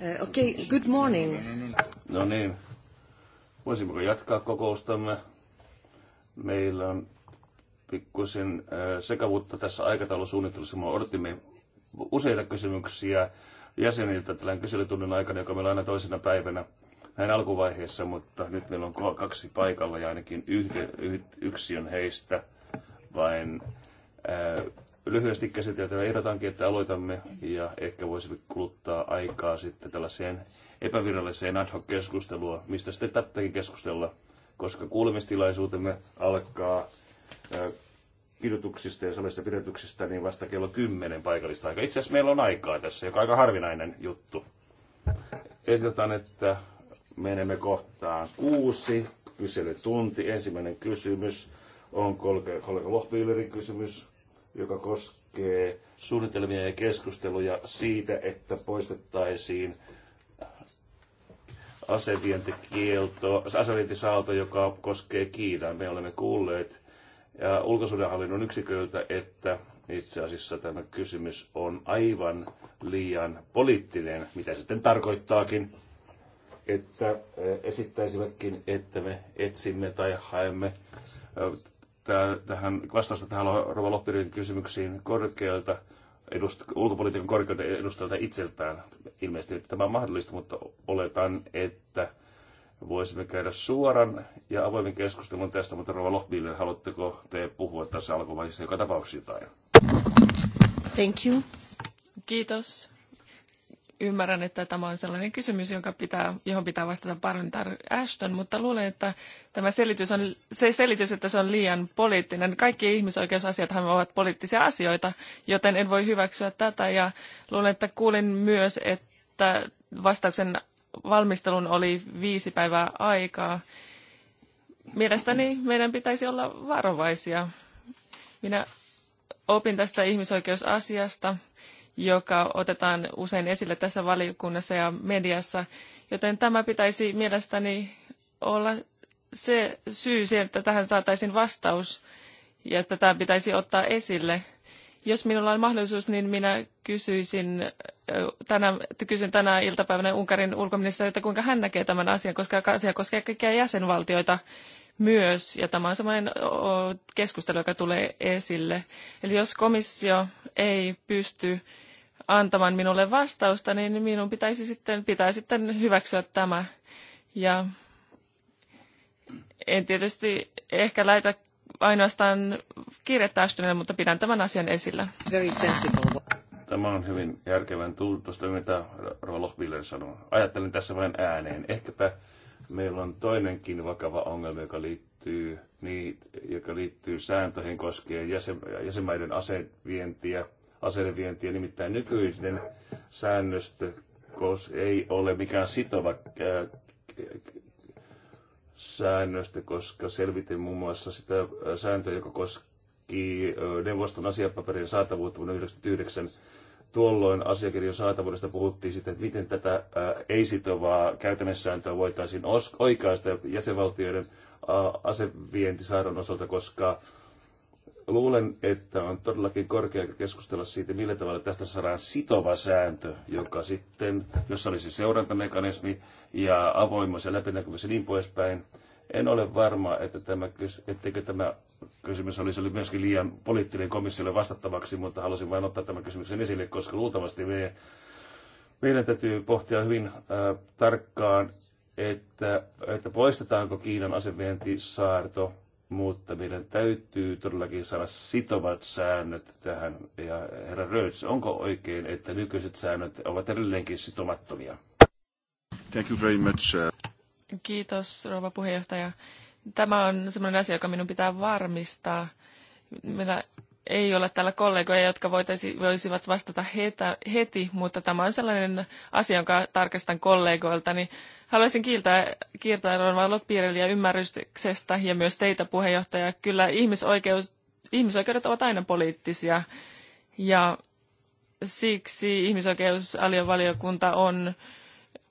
Eh, okei, okay, good morning. No niin, voisimmeko jatkaa kokoustamme? Meillä on pikkusen eh, sekavuutta tässä aikataulusuunnittelussa. Me odotimme useita kysymyksiä jäseniltä tällainen kyselytunnin aikana, joka meillä on aina toisena päivänä näin alkuvaiheessa, mutta nyt meillä on kaksi paikalla ja ainakin yhde, yksi on heistä vain eh, lyhyesti käsiteltävä. Ehdotankin, että aloitamme ja ehkä voisimme kuluttaa aikaa sitten tällaiseen epäviralliseen ad hoc mistä sitten tättäkin keskustella, koska kuulemistilaisuutemme alkaa kirjoituksista ja salista pidetyksistä niin vasta kello 10 paikallista aikaa. Itse asiassa meillä on aikaa tässä, joka on aika harvinainen juttu. Ehdotan, että menemme kohtaan kuusi kyselytunti. Ensimmäinen kysymys on kollega Lohpiilerin kysymys joka koskee suunnitelmia ja keskusteluja siitä, että poistettaisiin asevientikielto, asevientisaalto, joka koskee Kiinaa. Me olemme kuulleet ja ulkosuudenhallinnon yksiköiltä, että itse asiassa tämä kysymys on aivan liian poliittinen, mitä sitten tarkoittaakin, että eh, esittäisivätkin, että me etsimme tai haemme eh, tähän, vastausta tähän Rova Loppirin kysymyksiin korkealta edust, ulkopolitiikan korkealta edustajalta itseltään. Ilmeisesti tämä on mahdollista, mutta oletan, että voisimme käydä suoran ja avoimen keskustelun tästä, mutta Rova Lohbille, haluatteko te puhua tässä alkuvaiheessa joka tapauksessa jotain? Thank you. Kiitos ymmärrän, että tämä on sellainen kysymys, jonka pitää, johon pitää vastata parlamentar Ashton, mutta luulen, että tämä selitys on, se selitys, että se on liian poliittinen. Kaikki ihmisoikeusasiathan ovat poliittisia asioita, joten en voi hyväksyä tätä. Ja luulen, että kuulin myös, että vastauksen valmistelun oli viisi päivää aikaa. Mielestäni meidän pitäisi olla varovaisia. Minä opin tästä ihmisoikeusasiasta joka otetaan usein esille tässä valiokunnassa ja mediassa. Joten tämä pitäisi mielestäni olla se syy siihen, että tähän saataisiin vastaus ja että tämä pitäisi ottaa esille. Jos minulla on mahdollisuus, niin minä kysyisin tänä, kysyn tänä iltapäivänä Unkarin ulkoministeriltä, kuinka hän näkee tämän asian, koska asia koskee kaikkia jäsenvaltioita myös, ja tämä on sellainen keskustelu, joka tulee esille. Eli jos komissio ei pysty antamaan minulle vastausta, niin minun pitäisi sitten, pitää sitten hyväksyä tämä. Ja en tietysti ehkä laita ainoastaan kirjettä Ashtonille, mutta pidän tämän asian esillä. Very sensible. Tämä on hyvin järkevän tuntusta, mitä Rova Lohbiller sanoi. Ajattelin tässä vain ääneen. Ehkäpä meillä on toinenkin vakava ongelma, joka liittyy, niin, joka liittyy sääntöihin koskien jäsen, jäsenmaiden asevientiä aseiden vientiä. Nimittäin nykyinen säännöstö ei ole mikään sitova säännöstö, koska selvitin muun muassa sitä sääntöä, joka koski neuvoston asiapaperien saatavuutta vuonna 1999. Tuolloin asiakirjan saatavuudesta puhuttiin sitten, että miten tätä ei-sitovaa käytännössääntöä voitaisiin oikaista jäsenvaltioiden asevientisairaan osalta, koska luulen, että on todellakin korkea aika keskustella siitä, millä tavalla tästä saadaan sitova sääntö, joka sitten, jossa olisi seurantamekanismi ja avoimuus ja läpinäkyvyys ja niin poispäin. En ole varma, että tämä, etteikö tämä kysymys olisi oli myöskin liian poliittinen komissiolle vastattavaksi, mutta halusin vain ottaa tämän kysymyksen esille, koska luultavasti me, meidän täytyy pohtia hyvin äh, tarkkaan, että, että poistetaanko Kiinan asevientisaarto mutta meidän täytyy todellakin saada sitovat säännöt tähän. Ja herra Röds, onko oikein, että nykyiset säännöt ovat edelleenkin sitomattomia? Thank you very much. Uh, Kiitos, rouva puheenjohtaja. Tämä on sellainen asia, joka minun pitää varmistaa. Meillä ei ole täällä kollegoja, jotka voitaisi, voisivat vastata heitä, heti, mutta tämä on sellainen asia, jonka tarkastan kollegoilta. Niin haluaisin kiiltää, kiirtää Ronva Lokpiireliä ymmärryksestä ja myös teitä puheenjohtaja. Kyllä ihmisoikeus, ihmisoikeudet ovat aina poliittisia ja siksi valiokunta on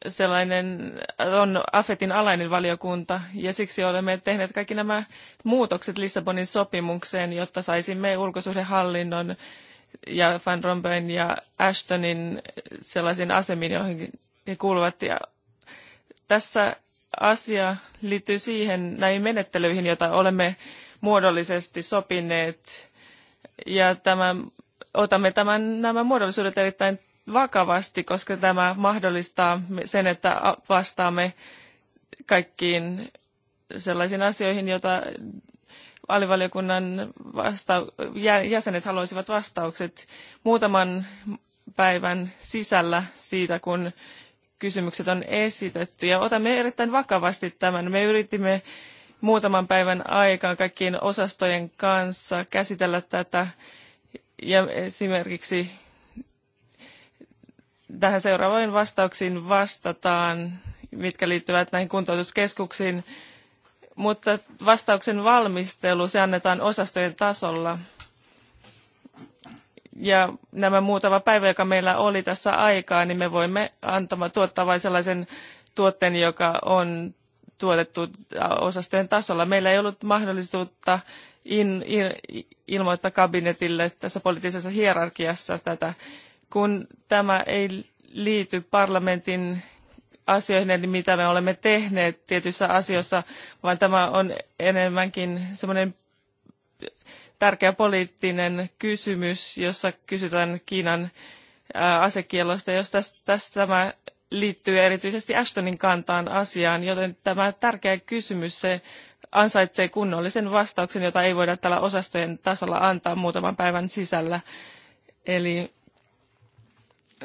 sellainen, on AFETin alainen valiokunta ja siksi olemme tehneet kaikki nämä muutokset Lissabonin sopimukseen, jotta saisimme ulkosuhdehallinnon ja Van Rompuyn ja Ashtonin sellaisiin asemiin, joihin he kuuluvat. Ja tässä asia liittyy siihen näihin menettelyihin, joita olemme muodollisesti sopineet. Ja otamme tämän, nämä muodollisuudet erittäin vakavasti, koska tämä mahdollistaa sen, että vastaamme kaikkiin sellaisiin asioihin, joita alivaliokunnan vasta- jäsenet haluaisivat vastaukset muutaman päivän sisällä siitä, kun kysymykset on esitetty. Ja otamme erittäin vakavasti tämän. Me yritimme muutaman päivän aikaan kaikkien osastojen kanssa käsitellä tätä ja esimerkiksi tähän seuraaviin vastauksiin vastataan, mitkä liittyvät näihin kuntoutuskeskuksiin, mutta vastauksen valmistelu, se annetaan osastojen tasolla. Ja nämä muutama päivä, joka meillä oli tässä aikaa, niin me voimme antama, tuottaa vain sellaisen tuotteen, joka on tuotettu osastojen tasolla. Meillä ei ollut mahdollisuutta in, in, ilmoittaa kabinetille tässä poliittisessa hierarkiassa tätä kun tämä ei liity parlamentin asioihin, eli mitä me olemme tehneet tietyissä asioissa, vaan tämä on enemmänkin semmoinen tärkeä poliittinen kysymys, jossa kysytään Kiinan asekielosta, jos tässä tämä liittyy erityisesti Ashtonin kantaan asiaan, joten tämä tärkeä kysymys, se ansaitsee kunnollisen vastauksen, jota ei voida tällä osastojen tasolla antaa muutaman päivän sisällä. Eli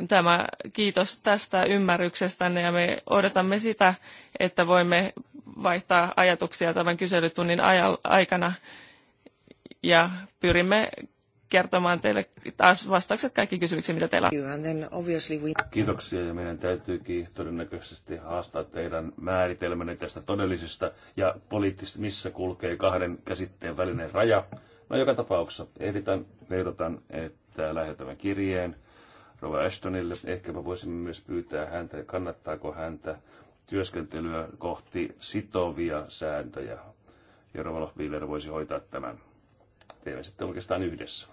tämä kiitos tästä ymmärryksestänne ja me odotamme sitä, että voimme vaihtaa ajatuksia tämän kyselytunnin aikana ja pyrimme kertomaan teille taas vastaukset kaikki kysymyksiin, mitä teillä on. Kiitoksia ja meidän täytyykin todennäköisesti haastaa teidän määritelmänne tästä todellisesta ja poliittisesta, missä kulkee kahden käsitteen välinen raja. No joka tapauksessa ehdotan, ehdotan että lähetämme kirjeen Rova Ashtonille. Ehkä me voisimme myös pyytää häntä, kannattaako häntä työskentelyä kohti sitovia sääntöjä. Ja Rova Lohbiiler voisi hoitaa tämän. Teemme sitten oikeastaan yhdessä.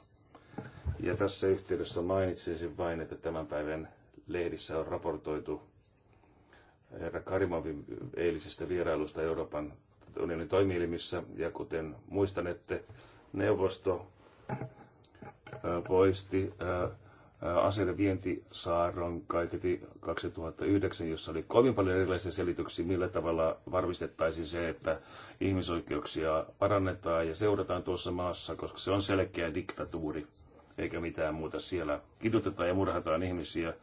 Ja tässä yhteydessä mainitsisin vain, että tämän päivän lehdissä on raportoitu herra Karimovin eilisestä vierailusta Euroopan unionin toimielimissä. Ja kuten muistanette, neuvosto poisti aseiden saaron kaiketi 2009, jossa oli kovin paljon erilaisia selityksiä, millä tavalla varmistettaisiin se, että ihmisoikeuksia parannetaan ja seurataan tuossa maassa, koska se on selkeä diktatuuri, eikä mitään muuta siellä. Kidutetaan ja murhataan ihmisiä.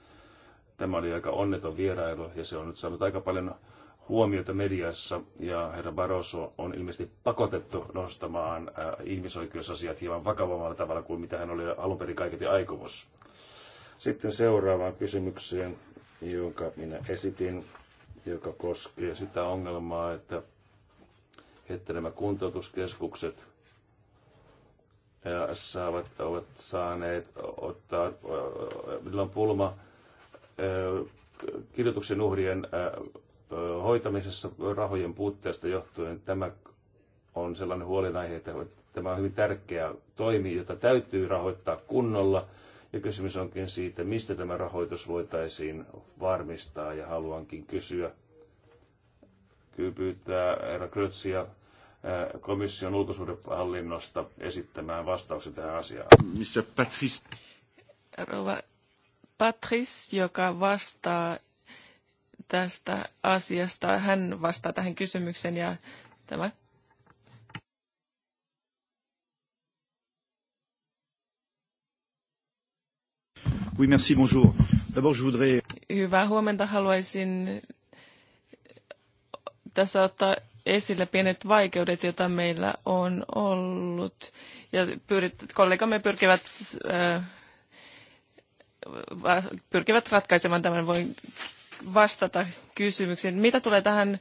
Tämä oli aika onneton vierailu ja se on nyt saanut aika paljon huomiota mediassa ja herra Barroso on ilmeisesti pakotettu nostamaan äh, ihmisoikeusasiat hieman vakavammalla tavalla kuin mitä hän oli alun perin kaiketi aikomus. Sitten seuraavaan kysymykseen, jonka minä esitin, joka koskee sitä ongelmaa, että, että nämä kuntoutuskeskukset äh, saavat, ovat saaneet ottaa, äh, milloin on pulma kirjoituksen uhrien hoitamisessa rahojen puutteesta johtuen tämä on sellainen huolenaihe, että tämä on hyvin tärkeä toimi, jota täytyy rahoittaa kunnolla. Ja kysymys onkin siitä, mistä tämä rahoitus voitaisiin varmistaa. Ja haluankin kysyä, pyytää herra Krötsiä komission ulkosuhdehallinnosta esittämään vastauksen tähän asiaan. Missä Patrice. Rouva Patrice, joka vastaa tästä asiasta. Hän vastaa tähän kysymykseen ja tämä Oui, merci, bonjour. D'abord, je voudrais... Hyvää huomenta. Haluaisin tässä ottaa esille pienet vaikeudet, joita meillä on ollut. Ja pyrit, kollegamme pyrkivät, äh, pyrkivät ratkaisemaan tämän. Voin vastata kysymykseen. Mitä tulee tähän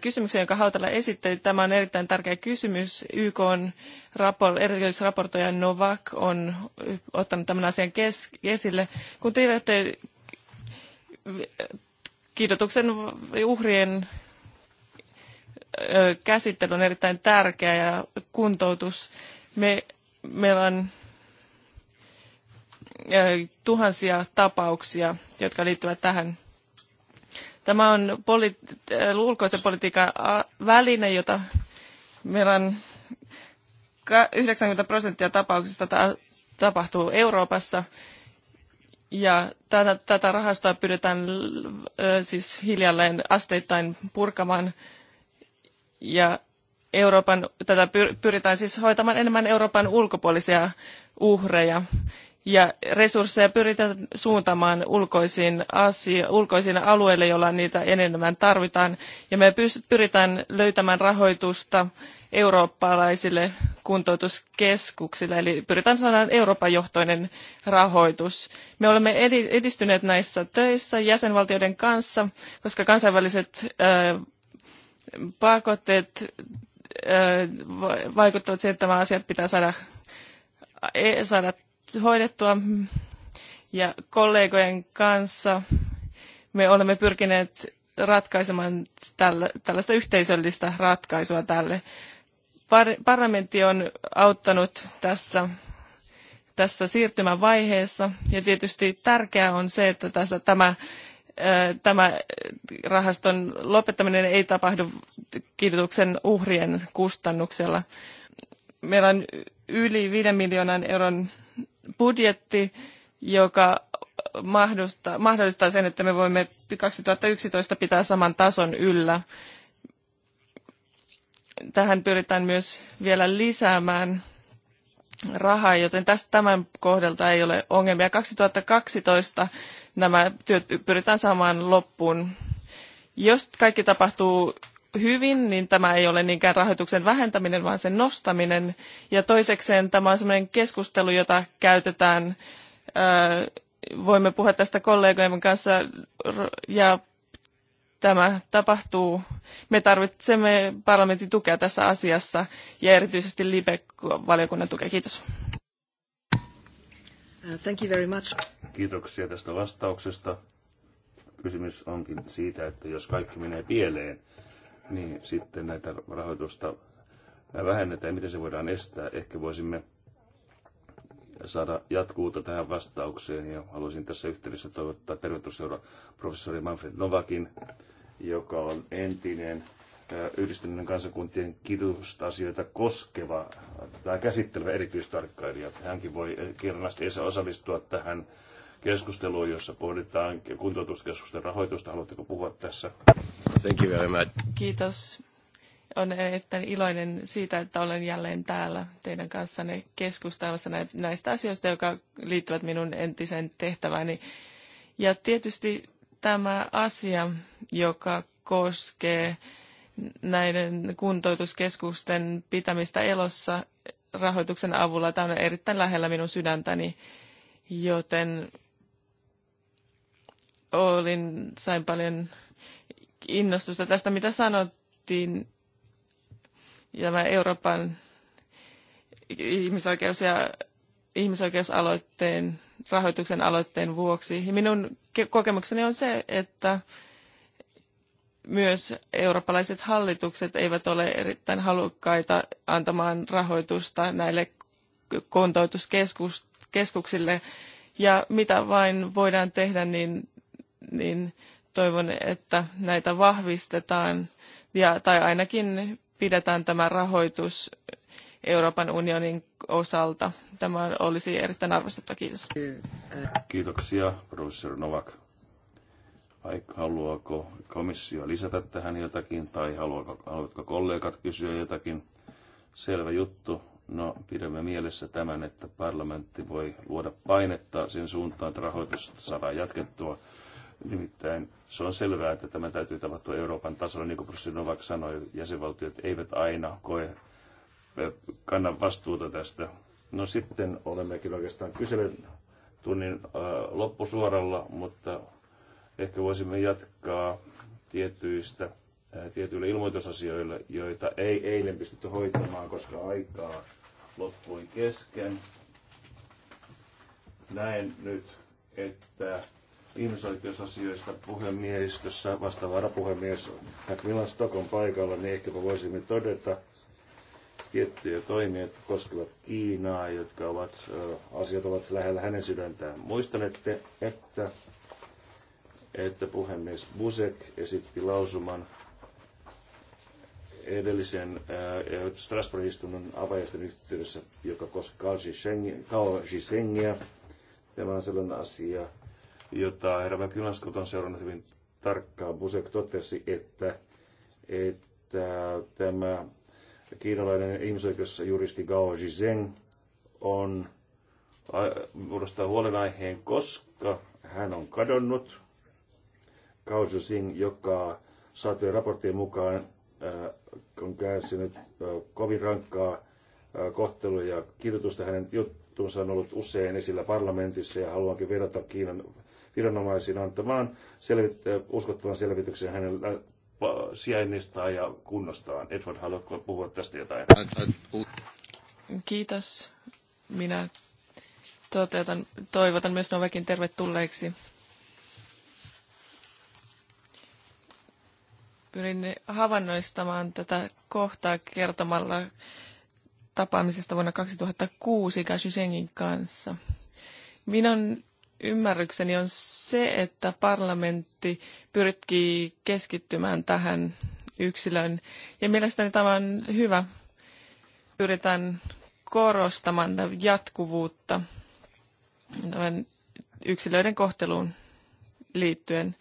kysymykseen, jonka Hautala esitteli. Tämä on erittäin tärkeä kysymys. YK on rapor- erityisraportoija Novak on ottanut tämän asian esille. Kun tiedätte kiidotuksen uhrien käsittely on erittäin tärkeä ja kuntoutus. Me, meillä on tuhansia tapauksia, jotka liittyvät tähän Tämä on poli- äh, ulkoisen politiikan äh, väline, jota meillä on 90 prosenttia tapauksista ta- tapahtuu Euroopassa. Ja tätä, tätä rahastoa pyydetään äh, siis hiljalleen asteittain purkamaan. Ja Euroopan, tätä pyritään siis hoitamaan enemmän Euroopan ulkopuolisia uhreja ja resursseja pyritään suuntamaan ulkoisiin, asio- ulkoisiin alueille, joilla niitä enemmän tarvitaan. Ja me pyritään löytämään rahoitusta eurooppalaisille kuntoutuskeskuksille, eli pyritään saamaan Euroopan johtoinen rahoitus. Me olemme edistyneet näissä töissä jäsenvaltioiden kanssa, koska kansainväliset äh, pakotteet vaikuttavat siihen, että nämä asiat pitää saada, e, saada hoidettua ja kollegojen kanssa me olemme pyrkineet ratkaisemaan tällaista yhteisöllistä ratkaisua tälle. parlamentti on auttanut tässä, tässä siirtymävaiheessa ja tietysti tärkeää on se, että tässä, tämä, tämä rahaston lopettaminen ei tapahdu kidutuksen uhrien kustannuksella. Meillä on yli 5 miljoonan euron budjetti, joka mahdollistaa, mahdollistaa sen, että me voimme 2011 pitää saman tason yllä. Tähän pyritään myös vielä lisäämään rahaa, joten tästä tämän kohdalta ei ole ongelmia. 2012 nämä työt pyritään saamaan loppuun. Jos kaikki tapahtuu hyvin, niin tämä ei ole niinkään rahoituksen vähentäminen, vaan sen nostaminen. Ja toisekseen tämä on sellainen keskustelu, jota käytetään, voimme puhua tästä kollegojen kanssa ja tämä tapahtuu. Me tarvitsemme parlamentin tukea tässä asiassa ja erityisesti LIBE-valiokunnan tukea. Kiitos. Uh, thank you very much. Kiitoksia tästä vastauksesta. Kysymys onkin siitä, että jos kaikki menee pieleen, niin sitten näitä rahoitusta vähennetään ja miten se voidaan estää. Ehkä voisimme saada jatkuuta tähän vastaukseen ja haluaisin tässä yhteydessä toivottaa tervetuloa professori Manfred Novakin, joka on entinen yhdistyneen kansakuntien kidustasioita koskeva tai käsittelevä erityistarkkailija. Hänkin voi kirjallisesti osallistua tähän keskustelua, jossa pohditaan kuntoutuskeskusten rahoitusta. Haluatteko puhua tässä? Thank you very much. Kiitos. On erittäin iloinen siitä, että olen jälleen täällä teidän kanssanne keskustelussa näistä asioista, jotka liittyvät minun entiseen tehtäväni. Ja tietysti tämä asia, joka koskee näiden kuntoutuskeskusten pitämistä elossa rahoituksen avulla. Tämä on erittäin lähellä minun sydäntäni, joten olin, sain paljon innostusta tästä, mitä sanottiin. Ja mä Euroopan ihmisoikeus- ja ihmisoikeusaloitteen, rahoituksen aloitteen vuoksi. Ja minun kokemukseni on se, että myös eurooppalaiset hallitukset eivät ole erittäin halukkaita antamaan rahoitusta näille kuntoutuskeskuksille. Ja mitä vain voidaan tehdä, niin niin toivon, että näitä vahvistetaan ja, tai ainakin pidetään tämä rahoitus Euroopan unionin osalta. Tämä olisi erittäin arvostettua. Kiitos. Kiitoksia, professori Novak. Aika, haluaako komissio lisätä tähän jotakin tai haluaako, haluatko kollegat kysyä jotakin? Selvä juttu. No, pidämme mielessä tämän, että parlamentti voi luoda painetta sen suuntaan, että rahoitusta saadaan jatkettua Nimittäin se on selvää, että tämä täytyy tapahtua Euroopan tasolla. Niin kuin professori Novak sanoi, jäsenvaltiot eivät aina koe, kanna vastuuta tästä. No sitten olemmekin oikeastaan kyselytunnin loppusuoralla, mutta ehkä voisimme jatkaa tietyistä tietyillä ilmoitusasioilla, joita ei eilen pystytty hoitamaan, koska aikaa loppui kesken. Näen nyt, että ihmisoikeusasioista puhemiehistössä vasta varapuhemies Macmillan Stock paikalla, niin ehkäpä voisimme todeta tiettyjä toimia, jotka koskevat Kiinaa, jotka ovat, asiat ovat lähellä hänen sydäntään. Muistanette, että, että puhemies Busek esitti lausuman edellisen äh, Strasbourgin istunnon avajaisten yhteydessä, joka koski Kao Shisengia. Tämä on sellainen asia, jota herra Väkyläskot on seurannut hyvin tarkkaan. Busek totesi, että, että tämä kiinalainen ihmisoikeusjuristi Gao Zhizhen on muodostaa huolenaiheen, koska hän on kadonnut. Gao Zhizhen, joka saatujen raporttien mukaan on kärsinyt kovin rankkaa kohtelua ja kirjoitusta hänen juttuunsa on ollut usein esillä parlamentissa ja haluankin vedota Kiinan viranomaisiin antamaan selvit- äh, uskottavan selvityksen hänen sijainnistaan ja kunnostaan. Edward, haluatko puhua tästä jotain? Kiitos. Minä toteutan, toivotan myös Novekin tervetulleeksi. Pyrin havainnoistamaan tätä kohtaa kertomalla tapaamisesta vuonna 2006 Kashi Shengin kanssa. Minun ymmärrykseni on se, että parlamentti pyrkii keskittymään tähän yksilön. Ja mielestäni tämä on hyvä. Pyritään korostamaan jatkuvuutta yksilöiden kohteluun liittyen.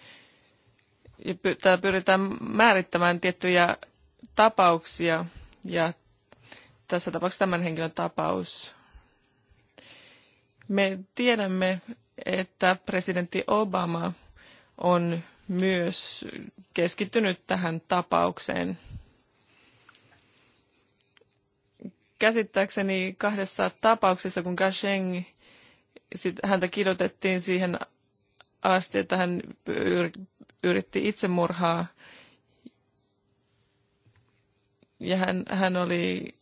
Ja pyritään määrittämään tiettyjä tapauksia ja tässä tapauksessa tämän henkilön tapaus. Me tiedämme että presidentti Obama on myös keskittynyt tähän tapaukseen. Käsittääkseni kahdessa tapauksessa, kun Kasheng, häntä kidotettiin siihen asti, että hän yritti itsemurhaa. Ja hän, hän oli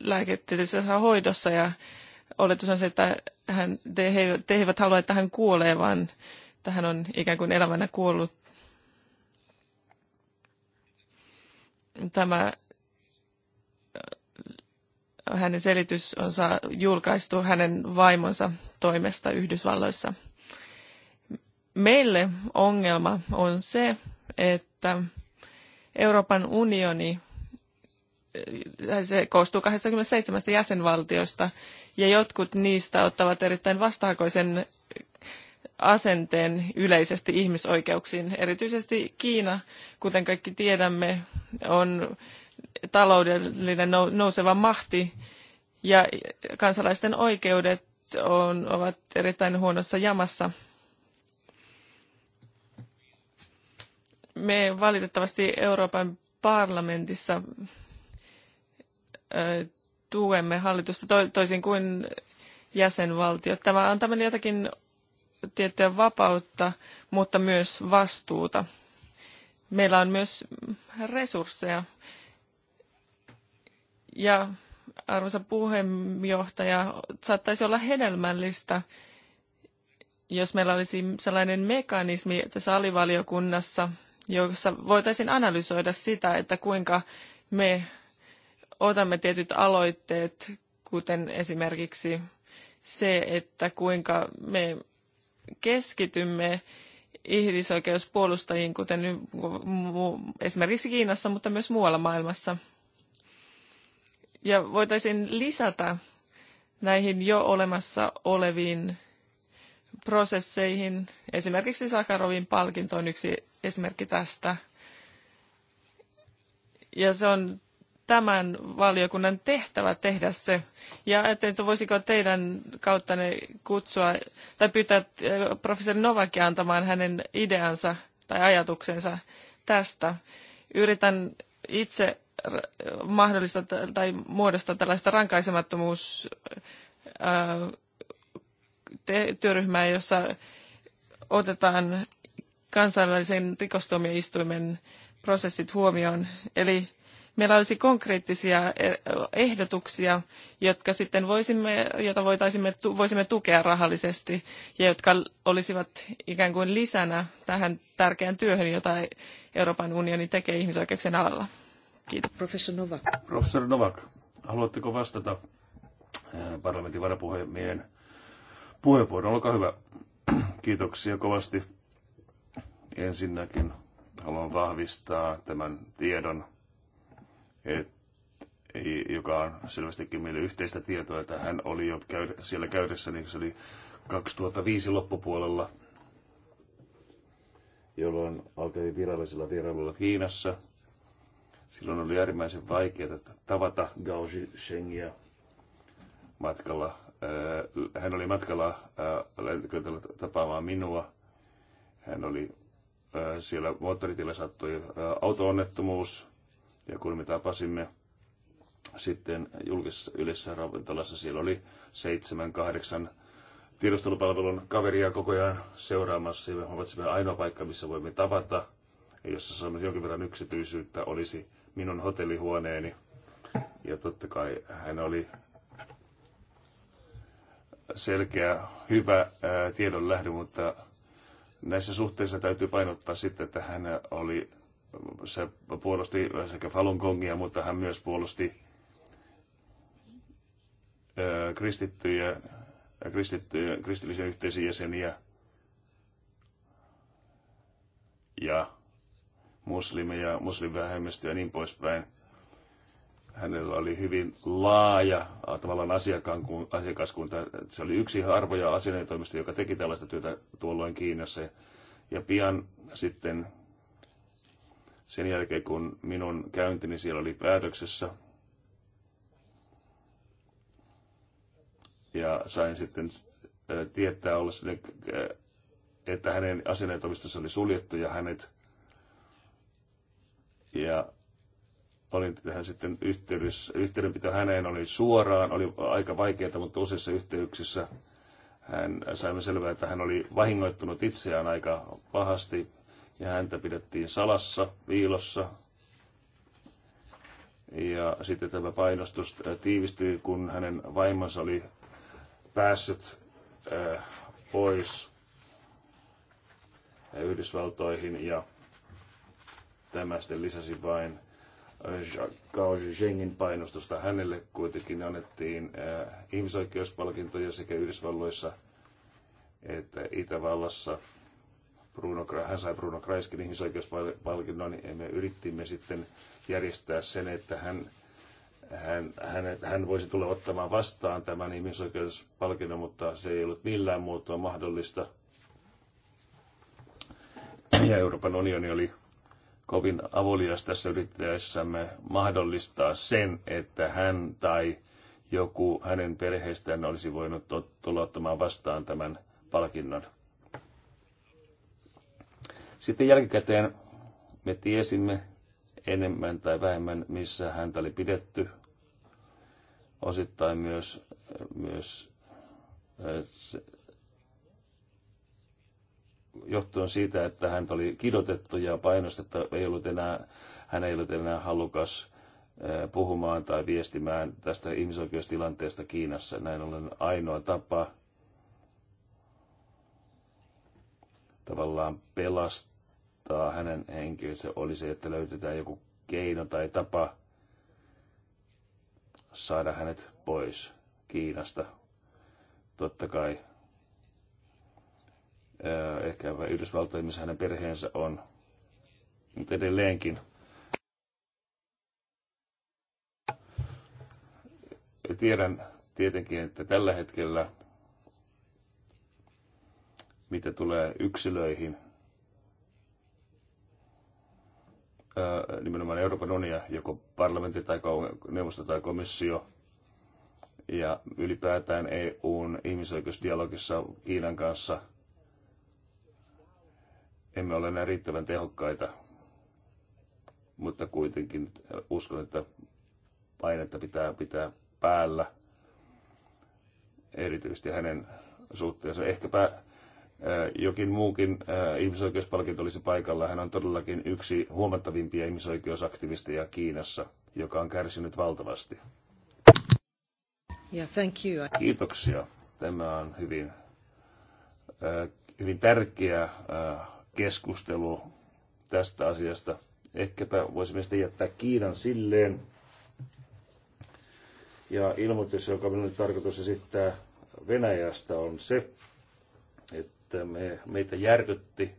lääketieteellisessä hoidossa ja oletus on se, että hän, te, he, te eivät halua, että hän kuolee, vaan että hän on ikään kuin elävänä kuollut. Tämä äh, hänen selitys on saa, julkaistu hänen vaimonsa toimesta Yhdysvalloissa. Meille ongelma on se, että Euroopan unioni Äh, se koostuu 27 jäsenvaltiosta ja jotkut niistä ottavat erittäin vastahakoisen asenteen yleisesti ihmisoikeuksiin. Erityisesti Kiina, kuten kaikki tiedämme, on taloudellinen nouseva mahti ja kansalaisten oikeudet on, ovat erittäin huonossa jamassa. Me valitettavasti Euroopan parlamentissa tuemme hallitusta to, toisin kuin jäsenvaltiot. Tämä antaa meille jotakin tiettyä vapautta, mutta myös vastuuta. Meillä on myös resursseja. Ja arvoisa puheenjohtaja, saattaisi olla hedelmällistä, jos meillä olisi sellainen mekanismi tässä alivaliokunnassa, jossa voitaisiin analysoida sitä, että kuinka me otamme tietyt aloitteet, kuten esimerkiksi se, että kuinka me keskitymme ihmisoikeuspuolustajiin, kuten esimerkiksi Kiinassa, mutta myös muualla maailmassa. Ja voitaisiin lisätä näihin jo olemassa oleviin prosesseihin, esimerkiksi Sakarovin palkinto on yksi esimerkki tästä. Ja se on tämän valiokunnan tehtävä tehdä se. Ja ajattelin, että voisiko teidän kauttanne kutsua tai pyytää äh, professori Novakia antamaan hänen ideansa tai ajatuksensa tästä. Yritän itse äh, mahdollista tai muodostaa tällaista rankaisemattomuus äh, työryhmää, jossa otetaan kansainvälisen rikostuomioistuimen prosessit huomioon. Eli meillä olisi konkreettisia eh, ehdotuksia, jotka sitten voisimme, joita voitaisimme, voisimme tukea rahallisesti ja jotka olisivat ikään kuin lisänä tähän tärkeään työhön, jota Euroopan unioni tekee ihmisoikeuksien alalla. Kiitos. Professor Novak. Professor Novak, haluatteko vastata eh, parlamentin varapuhemiehen puheenvuoron? Olkaa hyvä. Kiitoksia kovasti. Ensinnäkin haluan vahvistaa tämän tiedon et, joka on selvästikin meille yhteistä tietoa, että hän oli jo käydä, siellä käydessä, niin se oli 2005 loppupuolella, jolloin alkoi virallisella vierailulla Kiinassa. Silloin oli äärimmäisen vaikeaa tavata Gao Shengia matkalla. Hän oli matkalla lentokentällä tapaamaan minua. Hän oli siellä moottoritillä sattui auto-onnettomuus, ja kun me tapasimme sitten julkisessa yleisessä ravintolassa, siellä oli seitsemän, kahdeksan tiedustelupalvelun kaveria koko ajan seuraamassa. Ja me havaitsimme ainoa paikka, missä voimme tavata, ja jossa saamme jonkin verran yksityisyyttä, olisi minun hotellihuoneeni. Ja totta kai hän oli selkeä, hyvä ää, tiedonlähde, mutta näissä suhteissa täytyy painottaa sitten, että hän oli se puolusti sekä Falun Gongia, mutta hän myös puolusti kristittyjä, kristittyjä, kristillisiä yhteisön jäseniä ja muslimeja, muslimvähemmistöjä ja niin poispäin. Hänellä oli hyvin laaja tavallaan asiakaskunta. Se oli yksi harvoja asianajotoimisto, joka teki tällaista työtä tuolloin Kiinassa. Ja pian sitten sen jälkeen, kun minun käyntini siellä oli päätöksessä. Ja sain sitten tietää olla sinne, että hänen asianajotoimistonsa oli suljettu ja hänet. Ja olin tähän sitten yhteydessä, yhteydenpito häneen oli suoraan, oli aika vaikeaa, mutta useissa yhteyksissä hän saimme selvää, että hän oli vahingoittunut itseään aika pahasti ja häntä pidettiin salassa, viilossa. Ja sitten tämä painostus tiivistyi, kun hänen vaimonsa oli päässyt äh, pois äh, Yhdysvaltoihin ja tämä sitten lisäsi vain äh, Gao Zhengin painostusta. Hänelle kuitenkin annettiin ihmisoikeuspalkintoja sekä Yhdysvalloissa että Itävallassa Bruno, hän sai Bruno Kreiskin ihmisoikeuspalkinnon, niin me yrittimme sitten järjestää sen, että hän, hän, hän, hän voisi tulla ottamaan vastaan tämän ihmisoikeuspalkinnon, mutta se ei ollut millään muotoa mahdollista. Ja Euroopan unioni oli kovin avulias tässä yrittäessämme mahdollistaa sen, että hän tai joku hänen perheestään olisi voinut tulla ottamaan vastaan tämän palkinnon. Sitten jälkikäteen me tiesimme enemmän tai vähemmän, missä häntä oli pidetty. Osittain myös, myös äh, se, johtuen siitä, että hän oli kidotettu ja painostettu, ei ollut enää, hän ei ollut enää halukas äh, puhumaan tai viestimään tästä ihmisoikeustilanteesta Kiinassa. Näin ollen ainoa tapa tavallaan pelastaa auttaa hänen henkensä olisi, että löytetään joku keino tai tapa saada hänet pois Kiinasta. Totta kai ehkä Yhdysvaltoihin, missä hänen perheensä on, mutta edelleenkin tiedän tietenkin, että tällä hetkellä, mitä tulee yksilöihin, nimenomaan Euroopan unia, joko parlamentti tai neuvosto tai komissio, ja ylipäätään EUn ihmisoikeusdialogissa Kiinan kanssa emme ole enää riittävän tehokkaita, mutta kuitenkin uskon, että painetta pitää pitää päällä, erityisesti hänen suhteensa. Ehkäpä jokin muukin ihmisoikeuspalkinto olisi paikalla. Hän on todellakin yksi huomattavimpia ihmisoikeusaktivisteja Kiinassa, joka on kärsinyt valtavasti. Yeah, thank you. Kiitoksia. Tämä on hyvin, hyvin tärkeä keskustelu tästä asiasta. Ehkäpä voisimme sitten jättää Kiinan silleen. Ja ilmoitus, joka minulle tarkoitus esittää Venäjästä, on se, että että me, meitä järkytti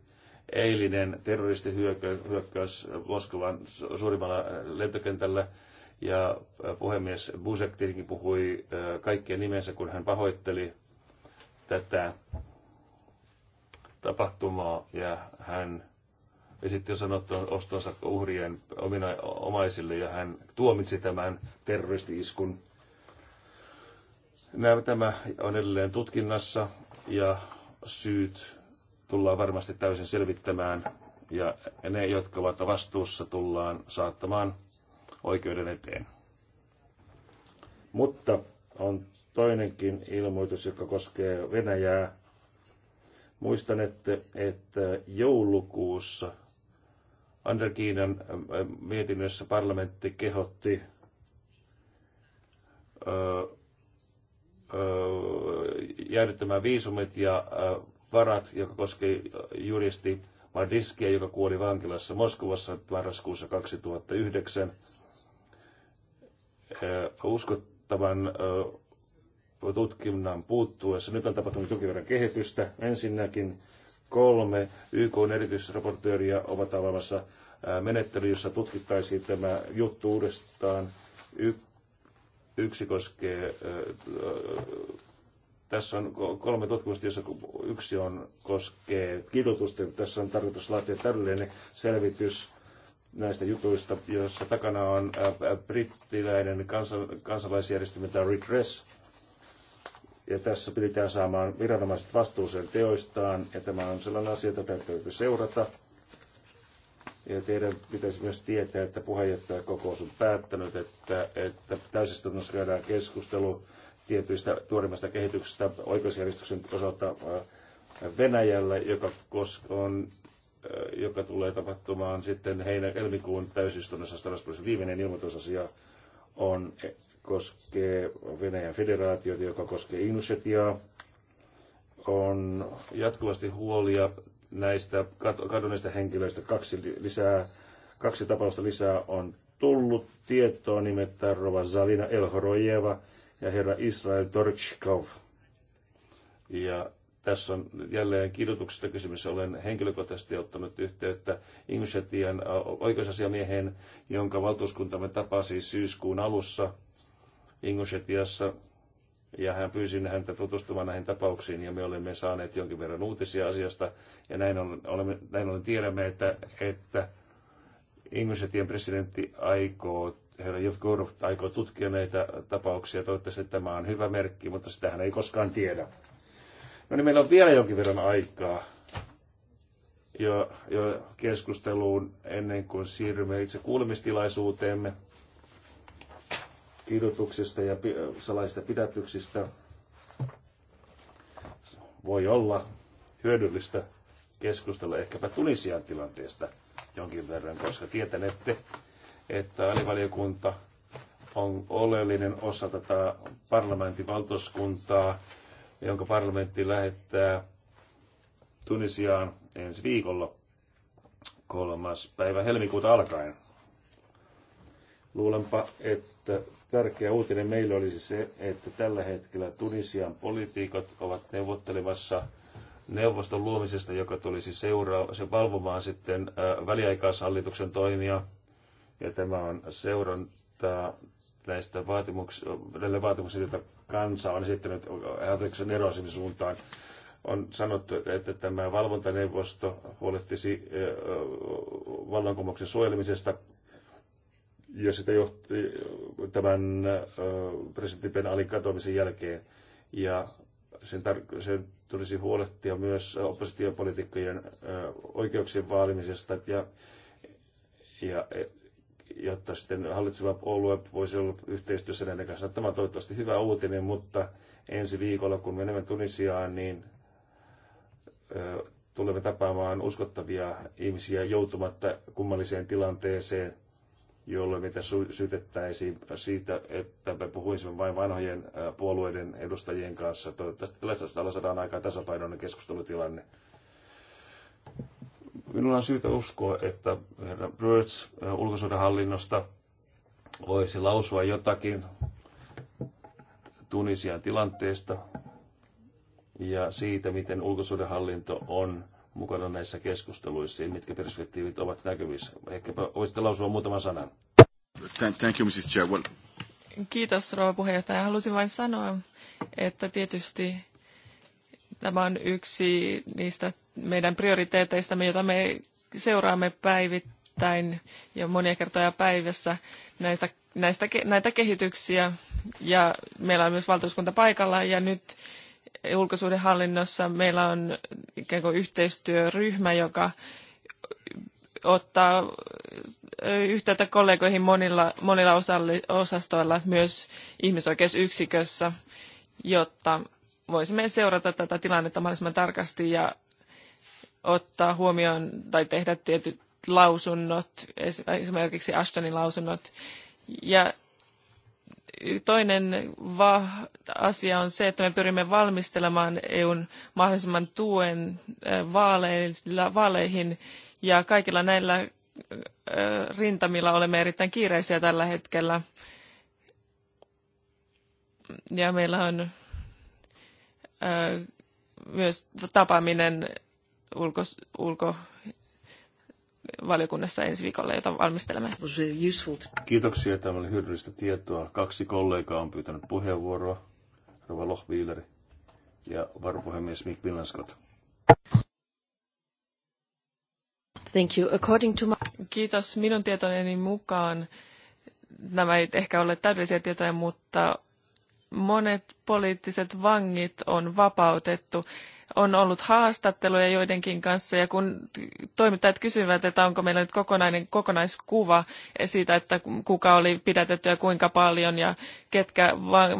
eilinen terroristihyökkäys Moskovan suurimmalla äh, lentokentällä. Ja äh, puhemies Busek tietenkin puhui äh, kaikkien nimensä, kun hän pahoitteli tätä tapahtumaa ja hän esitti jo sanottu ostonsa uhrien omina, omaisille ja hän tuomitsi tämän terroristi-iskun. Nämä, tämä on edelleen tutkinnassa ja syyt tullaan varmasti täysin selvittämään ja ne, jotka ovat vastuussa, tullaan saattamaan oikeuden eteen. Mutta on toinenkin ilmoitus, joka koskee Venäjää. Muistan, että, että joulukuussa Ander Kiinan äh, mietinnössä parlamentti kehotti äh, jäädyttämään viisumit ja varat, joka koski juristi Madiskiä, joka kuoli vankilassa Moskovassa marraskuussa 2009. Uskottavan tutkinnan puuttuessa. Nyt on tapahtunut jokin kehitystä. Ensinnäkin kolme YK erityisraportööriä ovat avaamassa menettely, jossa tutkittaisiin tämä juttu uudestaan. Yksi Yksi koskee, tässä on kolme tutkimusta, joissa yksi on, koskee kidutusta. Tässä on tarkoitus laatia täydellinen selvitys näistä jutuista, joissa takana on brittiläinen kansalaisjärjestelmä Redress, ja tässä pyritään saamaan viranomaiset vastuuseen teoistaan, ja tämä on sellainen asia, jota täytyy seurata. Ja teidän pitäisi myös tietää, että puheenjohtajakokous on päättänyt, että, että täysistunnossa käydään keskustelu tietyistä tuoreimmasta kehityksestä oikeusjärjestyksen osalta äh, Venäjällä, joka, on, äh, joka tulee tapahtumaan sitten heinä helmikuun täysistunnossa Strasbourgissa. Viimeinen ilmoitusasia on, e, koskee Venäjän federaatiota, joka koskee Inusetiaa. On jatkuvasti huolia näistä kadonneista henkilöistä kaksi, lisää, kaksi tapausta lisää on tullut tietoa nimeltään Rova Zalina Elhorojeva ja herra Israel Torchkov. Ja tässä on jälleen kirjoituksesta kysymys. Olen henkilökohtaisesti ottanut yhteyttä Ingushetian oikeusasiamieheen, jonka valtuuskuntamme tapasi syyskuun alussa Ingushetiassa ja hän pyysi häntä tutustumaan näihin tapauksiin ja me olemme saaneet jonkin verran uutisia asiasta ja näin ollen, näin ollen tiedämme, että, että Inglishetien presidentti aikoo, herra Jevgorov aikoo tutkia näitä tapauksia. Toivottavasti tämä on hyvä merkki, mutta sitähän ei koskaan tiedä. No niin, meillä on vielä jonkin verran aikaa jo, jo keskusteluun ennen kuin siirrymme itse kuulemistilaisuuteemme kidutuksesta ja salaisista pidätyksistä voi olla hyödyllistä keskustella ehkäpä Tunisian tilanteesta jonkin verran, koska tietänette, että alivaliokunta on oleellinen osa tätä parlamentin valtuuskuntaa, jonka parlamentti lähettää Tunisiaan ensi viikolla kolmas päivä helmikuuta alkaen. Luulenpa, että tärkeä uutinen meille olisi se, että tällä hetkellä Tunisian poliitikot ovat neuvottelemassa neuvoston luomisesta, joka tulisi seuraa, se valvomaan sitten väliaikaishallituksen toimia. Ja tämä on seurantaa näistä vaatimuksista, näille joita kansa on esittänyt hallituksen eroisen suuntaan. On sanottu, että tämä valvontaneuvosto huolehtisi vallankumouksen suojelemisesta ja sitä johti tämän presidentti Ben Alin katoamisen jälkeen. Ja sen, tar- sen tulisi huolehtia myös oppositiopolitiikkojen oikeuksien vaalimisesta ja, ja e, jotta sitten hallitseva puolue voisi olla yhteistyössä näiden kanssa. Tämä on toivottavasti hyvä uutinen, mutta ensi viikolla, kun menemme Tunisiaan, niin tulemme tapaamaan uskottavia ihmisiä joutumatta kummalliseen tilanteeseen jolloin meitä syytettäisiin siitä, että me puhuisimme vain vanhojen puolueiden edustajien kanssa. Toivottavasti tällä saadaan aika tasapainoinen keskustelutilanne. Minulla on syytä uskoa, että herra Birds ulkosuudenhallinnosta voisi lausua jotakin Tunisian tilanteesta ja siitä, miten ulkosuudenhallinto on mukana näissä keskusteluissa ja mitkä perspektiivit ovat näkyvissä. Ehkä voisitte lausua muutaman sanan. Thank, you, Mrs. Chair. Well... Kiitos, rouva puheenjohtaja. Halusin vain sanoa, että tietysti tämä on yksi niistä meidän prioriteeteistamme, jota me seuraamme päivittäin ja monia kertoja päivässä näitä, näistä, näitä kehityksiä. Ja meillä on myös valtuuskunta paikalla ja nyt ulkosuhdehallinnossa meillä on ikään kuin yhteistyöryhmä, joka ottaa yhteyttä kollegoihin monilla, monilla osalli, osastoilla myös ihmisoikeusyksikössä, jotta voisimme seurata tätä tilannetta mahdollisimman tarkasti ja ottaa huomioon tai tehdä tietyt lausunnot, esimerkiksi Ashtonin lausunnot. Ja Toinen asia on se, että me pyrimme valmistelemaan EUn mahdollisimman tuen vaaleihin ja kaikilla näillä rintamilla olemme erittäin kiireisiä tällä hetkellä. Ja meillä on myös tapaaminen ulko, ulko valiokunnassa ensi viikolla, jota valmistelemme. Kiitoksia, tämä oli hyödyllistä tietoa. Kaksi kollegaa on pyytänyt puheenvuoroa. Rova Lohviileri ja varapuhemies Mick Villanskot. Thank you. According to my... Kiitos. Minun tietoni mukaan nämä ei ehkä ole täydellisiä tietoja, mutta monet poliittiset vangit on vapautettu on ollut haastatteluja joidenkin kanssa ja kun toimittajat kysyvät, että onko meillä nyt kokonainen kokonaiskuva siitä, että kuka oli pidätetty ja kuinka paljon ja ketkä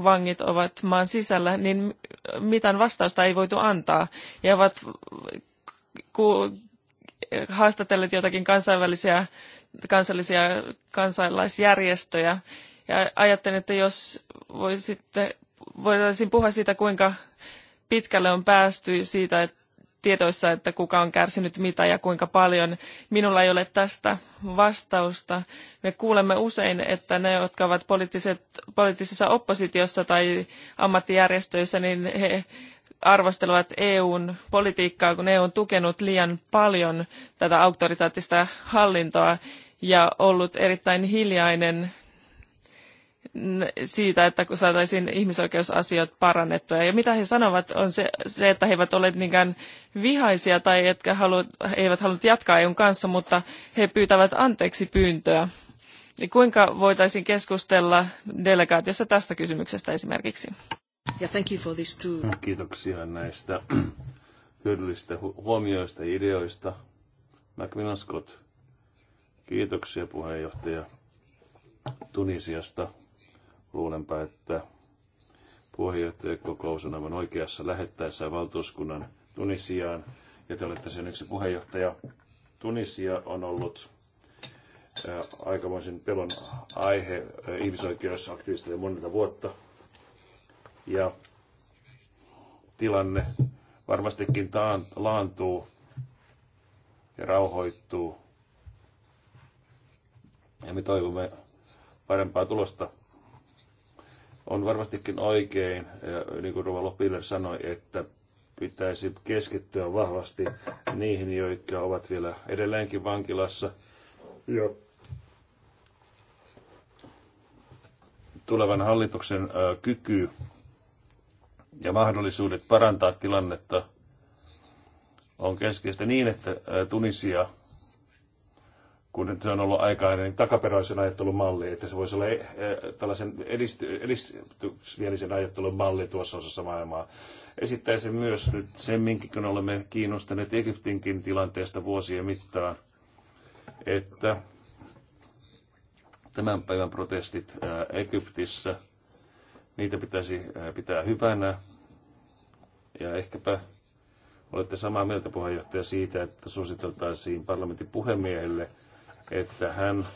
vangit ovat maan sisällä, niin mitään vastausta ei voitu antaa. Ja ovat haastatelleet jotakin kansainvälisiä, kansallisia kansalaisjärjestöjä. Ja ajattelin, että jos voisitte, voitaisiin puhua siitä, kuinka pitkälle on päästy siitä että tiedoissa, että kuka on kärsinyt mitä ja kuinka paljon. Minulla ei ole tästä vastausta. Me kuulemme usein, että ne, jotka ovat poliittisessa oppositiossa tai ammattijärjestöissä, niin he arvostelevat EUn politiikkaa, kun EU on tukenut liian paljon tätä auktoritaattista hallintoa ja ollut erittäin hiljainen siitä, että kun saataisiin ihmisoikeusasiat parannettua. Ja mitä he sanovat on se, se että he eivät ole niinkään vihaisia tai etkä halu, he eivät halunneet jatkaa EUn kanssa, mutta he pyytävät anteeksi pyyntöä. Ja kuinka voitaisiin keskustella delegaatiossa tästä kysymyksestä esimerkiksi? Yeah, thank you for this too. Kiitoksia näistä hyödyllistä huomioista ja ideoista. Macmillan Scott, kiitoksia puheenjohtaja Tunisiasta. Luulenpa, että puheenjohtajakokous on aivan oikeassa lähettäessä valtuuskunnan Tunisiaan, ja te olette sen yksi puheenjohtaja. Tunisia on ollut äh, aikamoisen pelon aihe äh, ihmisoikeusaktivisteille monta vuotta. Ja tilanne varmastikin laantuu ja rauhoittuu. Ja me toivomme parempaa tulosta on varmastikin oikein, niin kuin Ruvalo Piller sanoi, että pitäisi keskittyä vahvasti niihin, jotka ovat vielä edelleenkin vankilassa. Joo. Tulevan hallituksen kyky ja mahdollisuudet parantaa tilannetta on keskeistä niin, että Tunisia – kun se on ollut aikainen niin takaperäisen ajattelun malli, että se voisi olla eh, eh, tällaisen edisty, edistysmielisen ajattelun malli tuossa osassa maailmaa. Esittäisin myös nyt sen kun olemme kiinnostuneet Egyptinkin tilanteesta vuosien mittaan, että tämän päivän protestit eh, Egyptissä, niitä pitäisi pitää hyvänä. Ja ehkäpä olette samaa mieltä puheenjohtaja siitä, että suositeltaisiin parlamentin puhemiehelle – että hän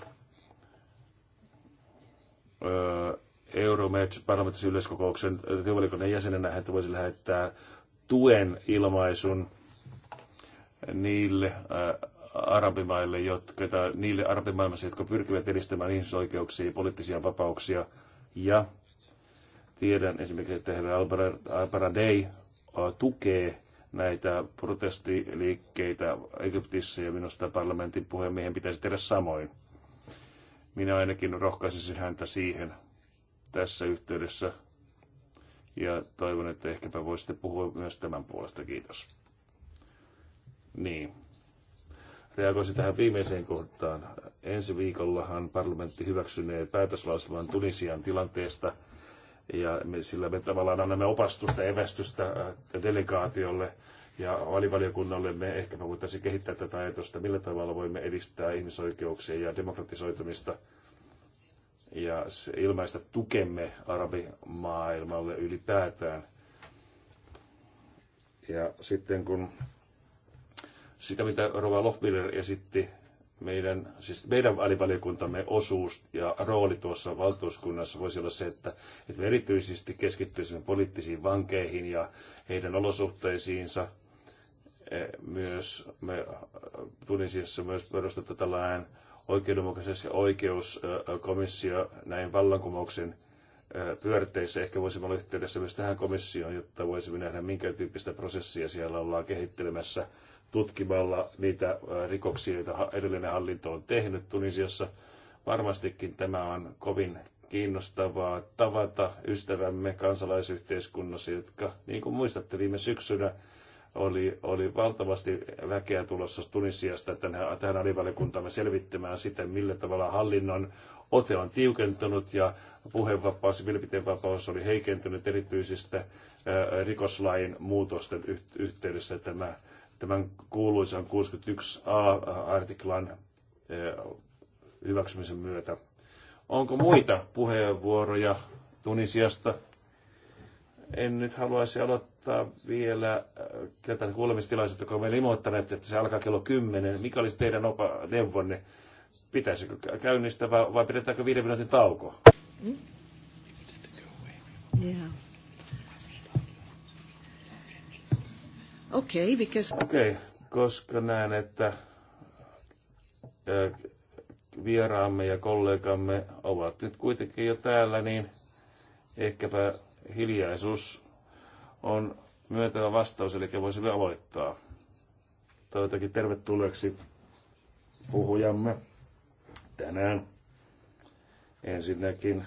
Euromed parlamentaarisen yleiskokouksen työvaliokunnan jäsenenä hän voisi lähettää tuen ilmaisun niille arabimaille, jotka, tai niille arabimaailmassa, jotka pyrkivät edistämään ihmisoikeuksia ja poliittisia vapauksia. Ja tiedän esimerkiksi, että herra Albaradei tukee näitä protestiliikkeitä Egyptissä ja minusta parlamentin puhemiehen pitäisi tehdä samoin. Minä ainakin rohkaisisin häntä siihen tässä yhteydessä ja toivon, että ehkäpä voisitte puhua myös tämän puolesta. Kiitos. Niin. Reagoisin tähän viimeiseen kohtaan. Ensi viikollahan parlamentti hyväksynee päätöslauselman Tunisian tilanteesta – ja me, sillä me tavallaan annamme opastusta, evästystä äh, delegaatiolle ja valivaliokunnalle. Me ehkä me voitaisiin kehittää tätä ajatusta, millä tavalla voimme edistää ihmisoikeuksia ja demokratisoitumista ja ilmaista tukemme arabimaailmalle ylipäätään. Ja sitten kun sitä, mitä Rova Lohbiller esitti meidän, siis meidän alivaliokuntamme osuus ja rooli tuossa valtuuskunnassa voisi olla se, että, että me erityisesti keskittyisimme poliittisiin vankeihin ja heidän olosuhteisiinsa. E, myös me Tunisiassa myös perustettu tällainen oikeudenmukaisuus- ja oikeuskomissio näin vallankumouksen e, pyörteissä. Ehkä voisimme olla yhteydessä myös tähän komissioon, jotta voisimme nähdä, minkä tyyppistä prosessia siellä ollaan kehittelemässä tutkimalla niitä rikoksia, joita edellinen hallinto on tehnyt Tunisiassa. Varmastikin tämä on kovin kiinnostavaa tavata ystävämme kansalaisyhteiskunnassa, jotka, niin kuin muistatte, viime syksynä oli, oli valtavasti väkeä tulossa Tunisiasta tähän, tähän alivaliokuntamme selvittämään sitä, millä tavalla hallinnon ote on tiukentunut ja puheenvapaus ja mielipiteenvapaus oli heikentynyt erityisistä rikoslain muutosten yhteydessä. Tämä tämän kuuluisan 61a-artiklan eh, hyväksymisen myötä. Onko muita puheenvuoroja Tunisiasta? En nyt haluaisi aloittaa vielä eh, tätä kuulemistilaisuutta, kun olemme ilmoittaneet, että se alkaa kello 10. Mikä olisi teidän opa neuvonne? Pitäisikö käynnistää vai, vai pidetäänkö viiden minuutin tauko? Mm? Yeah. Okay, because... okay, koska näen, että vieraamme ja kollegamme ovat nyt kuitenkin jo täällä, niin ehkäpä hiljaisuus on myöntävä vastaus, eli voisimme aloittaa. Toivottavasti tervetulleeksi puhujamme tänään. Ensinnäkin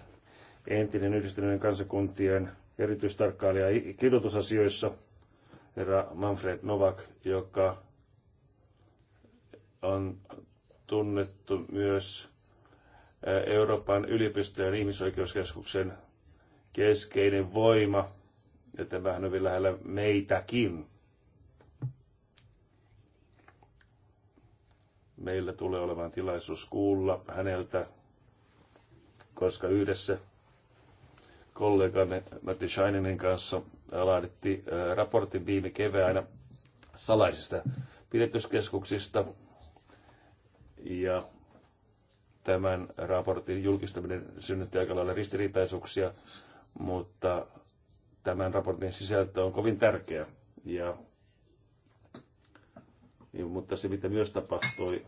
entinen yhdistyneiden kansakuntien erityistarkkailija kirjoitusasioissa – herra Manfred Novak, joka on tunnettu myös äh, Euroopan yliopistojen ihmisoikeuskeskuksen keskeinen voima, ja tämähän on hyvin lähellä meitäkin. Meillä tulee olemaan tilaisuus kuulla häneltä, koska yhdessä kolleganne Matti Scheininin kanssa laaditti raportin viime keväänä salaisista pidetyskeskuksista. Ja tämän raportin julkistaminen synnytti aika lailla ristiriitaisuuksia, mutta tämän raportin sisältö on kovin tärkeä. Ja, ja, mutta se, mitä myös tapahtui,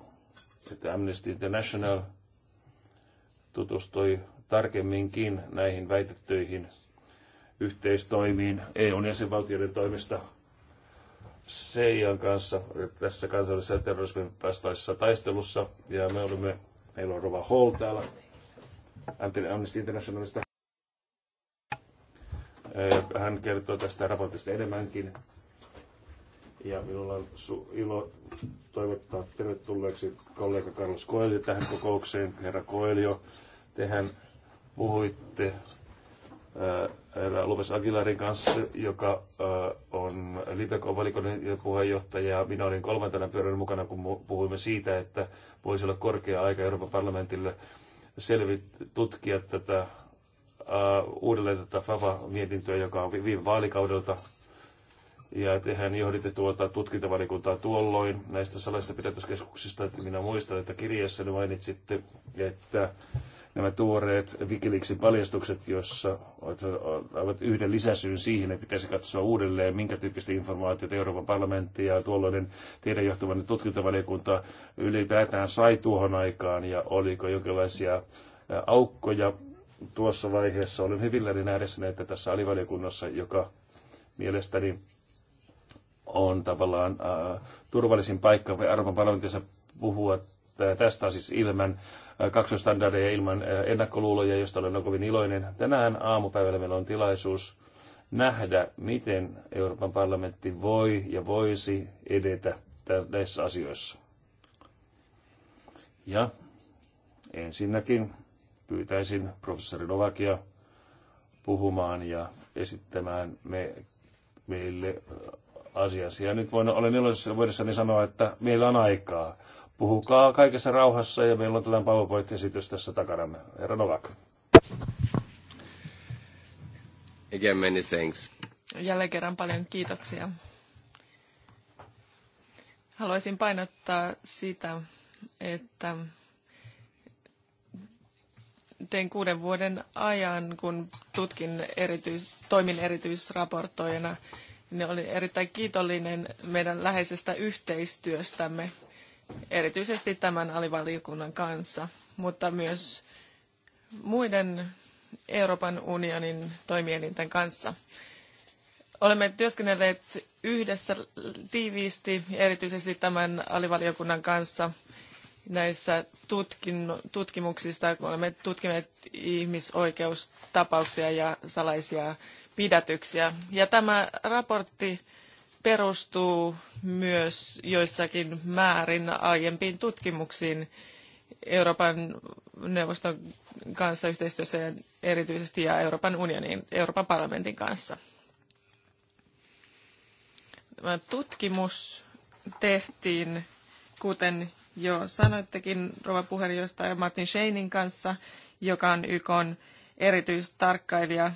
että Amnesty International tutustui tarkemminkin näihin väitettyihin yhteistoimiin EUn jäsenvaltioiden toimesta Seijan kanssa tässä kansallisessa terrorismin vastaisessa taistelussa. Ja me olemme, meillä on Rova Hall täällä Amnesty Internationalista. Hän kertoo tästä raportista enemmänkin. Ja minulla on ilo toivottaa tervetulleeksi kollega Carlos Coelho tähän kokoukseen. Herra Coelho, tehän puhuitte Äh, Lopes Aguilarin kanssa, joka äh, on Libekon valikoiden puheenjohtaja. ja Minä olin kolmantena pyörän mukana, kun puhuimme siitä, että voisi olla korkea aika Euroopan parlamentille selvit, tutkia tätä äh, uudelleen tätä FAVA-mietintöä, joka on viime vaalikaudelta. Ja tehän johditte tuota tutkintavalikuntaa tuolloin näistä salaisista pidätyskeskuksista. Minä muistan, että kirjassa mainitsitte, että nämä tuoreet Wikileaksin paljastukset, joissa ovat yhden lisäsyyn siihen, että pitäisi katsoa uudelleen, minkä tyyppistä informaatiota Euroopan parlamentti ja tuolloinen tiedonjohtavainen tutkintavaliokunta ylipäätään sai tuohon aikaan ja oliko jonkinlaisia aukkoja tuossa vaiheessa. Olen hyvilläni nähdessä, että tässä alivaliokunnassa, joka mielestäni on tavallaan äh, turvallisin paikka Euroopan parlamentissa puhua tästä on siis ilman kaksoistandardeja, ilman ennakkoluuloja, josta olen kovin iloinen. Tänään aamupäivällä meillä on tilaisuus nähdä, miten Euroopan parlamentti voi ja voisi edetä näissä asioissa. Ja ensinnäkin pyytäisin professori Novakia puhumaan ja esittämään me, meille asiasi. Ja nyt voin, olen iloisessa voidessani sanoa, että meillä on aikaa. Puhukaa kaikessa rauhassa ja meillä on tällainen PowerPoint-esitys tässä takanamme. Herra Novak. Again, many thanks. Jälleen kerran paljon kiitoksia. Haluaisin painottaa sitä, että tein kuuden vuoden ajan, kun tutkin erityis, toimin erityisraportoijana, niin olin erittäin kiitollinen meidän läheisestä yhteistyöstämme erityisesti tämän alivaliokunnan kanssa, mutta myös muiden Euroopan unionin toimielinten kanssa. Olemme työskennelleet yhdessä tiiviisti, erityisesti tämän alivaliokunnan kanssa näissä tutkimuksissa, kun olemme tutkineet ihmisoikeustapauksia ja salaisia pidätyksiä. Ja tämä raportti perustuu myös joissakin määrin aiempiin tutkimuksiin Euroopan neuvoston kanssa yhteistyössä ja erityisesti ja Euroopan unionin, Euroopan parlamentin kanssa. Tämä tutkimus tehtiin, kuten jo sanoittekin, rouva puheenjohtaja Martin Scheinin kanssa, joka on YK erityistarkkailija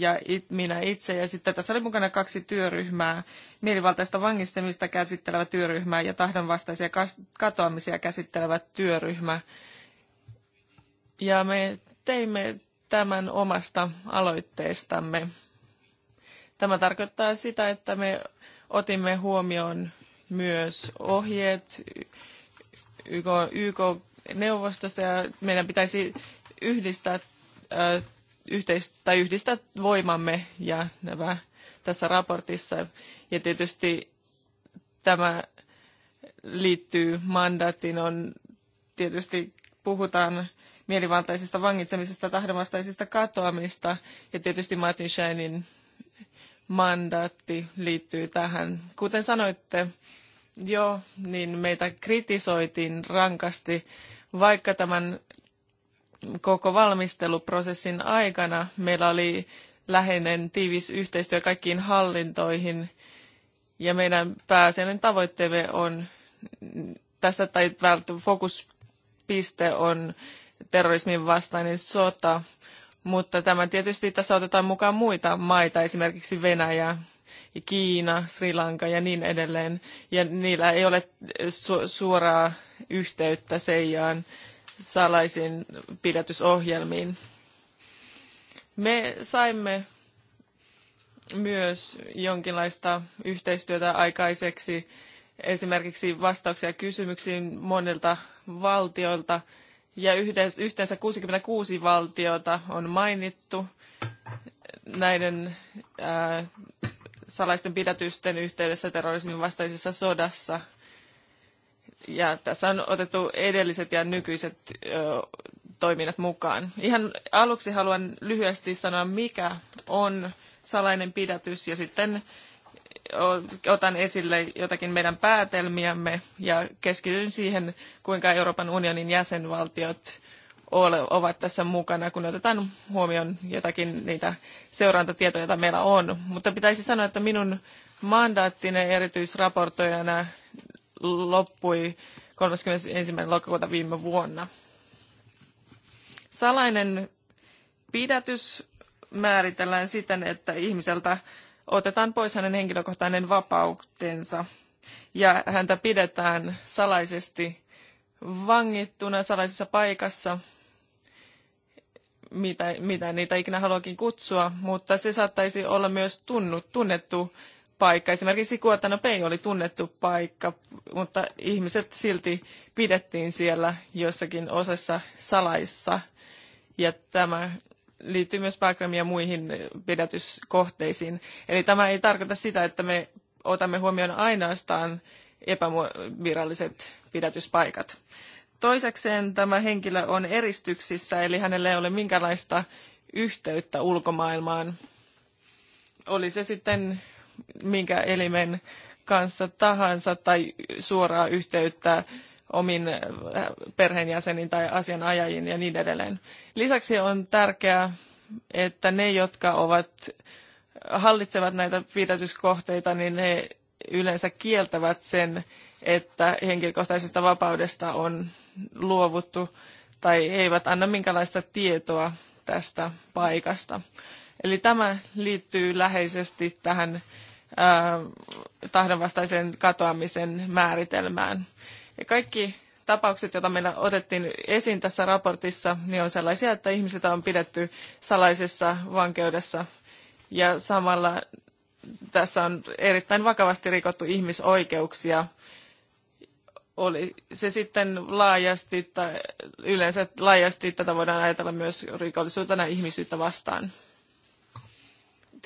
ja it, minä itse. Ja sitten tässä oli mukana kaksi työryhmää, mielivaltaista vangistamista käsittelevä työryhmä ja tahdonvastaisia katoamisia käsittelevä työryhmä. Ja me teimme tämän omasta aloitteestamme. Tämä tarkoittaa sitä, että me otimme huomioon myös ohjeet YK, YK neuvostosta ja meidän pitäisi yhdistää yhteis- tai yhdistä voimamme ja nämä tässä raportissa. Ja tietysti tämä liittyy mandaattiin, on tietysti puhutaan mielivaltaisesta vangitsemisesta, tahdonvastaisista katoamista ja tietysti Martin Scheinin mandaatti liittyy tähän. Kuten sanoitte jo, niin meitä kritisoitiin rankasti, vaikka tämän koko valmisteluprosessin aikana meillä oli läheinen tiivis yhteistyö kaikkiin hallintoihin ja meidän pääasiallinen tavoitteemme on tässä tai fokuspiste on terrorismin vastainen sota, mutta tämä tietysti tässä otetaan mukaan muita maita, esimerkiksi Venäjä, Kiina, Sri Lanka ja niin edelleen. Ja niillä ei ole su- suoraa yhteyttä Seijaan salaisiin pidätysohjelmiin. Me saimme myös jonkinlaista yhteistyötä aikaiseksi esimerkiksi vastauksia kysymyksiin monilta valtioilta ja yhteensä 66 valtiota on mainittu näiden ää, salaisten pidätysten yhteydessä terrorismin vastaisessa sodassa – ja tässä on otettu edelliset ja nykyiset ö, toiminnat mukaan. Ihan aluksi haluan lyhyesti sanoa, mikä on salainen pidätys ja sitten otan esille jotakin meidän päätelmiämme ja keskityn siihen, kuinka Euroopan unionin jäsenvaltiot ovat tässä mukana, kun otetaan huomioon jotakin niitä seurantatietoja, joita meillä on. Mutta pitäisi sanoa, että minun mandaattinen erityisraportoijana loppui 31. lokakuuta viime vuonna. Salainen pidätys määritellään siten, että ihmiseltä otetaan pois hänen henkilökohtainen vapautensa ja häntä pidetään salaisesti vangittuna salaisessa paikassa, mitä, mitä niitä ikinä haluakin kutsua, mutta se saattaisi olla myös tunnu, tunnettu paikka. Esimerkiksi Guantanamo Bay oli tunnettu paikka, mutta ihmiset silti pidettiin siellä jossakin osassa salaissa. Ja tämä liittyy myös Bagramin ja muihin pidätyskohteisiin. Eli tämä ei tarkoita sitä, että me otamme huomioon ainoastaan epäviralliset pidätyspaikat. Toisekseen tämä henkilö on eristyksissä, eli hänellä ei ole minkäänlaista yhteyttä ulkomaailmaan. Oli se sitten minkä elimen kanssa tahansa tai suoraa yhteyttä omin äh, perheenjäsenin tai asianajajiin ja niin edelleen. Lisäksi on tärkeää, että ne, jotka ovat, hallitsevat näitä pidätyskohteita, niin ne yleensä kieltävät sen, että henkilökohtaisesta vapaudesta on luovuttu tai he eivät anna minkälaista tietoa tästä paikasta. Eli tämä liittyy läheisesti tähän tahdonvastaisen katoamisen määritelmään. Ja kaikki tapaukset, joita meillä otettiin esiin tässä raportissa, niin on sellaisia, että ihmiset on pidetty salaisessa vankeudessa. Ja samalla tässä on erittäin vakavasti rikottu ihmisoikeuksia. Oli se sitten laajasti, tai yleensä laajasti tätä voidaan ajatella myös rikollisuutena ihmisyyttä vastaan.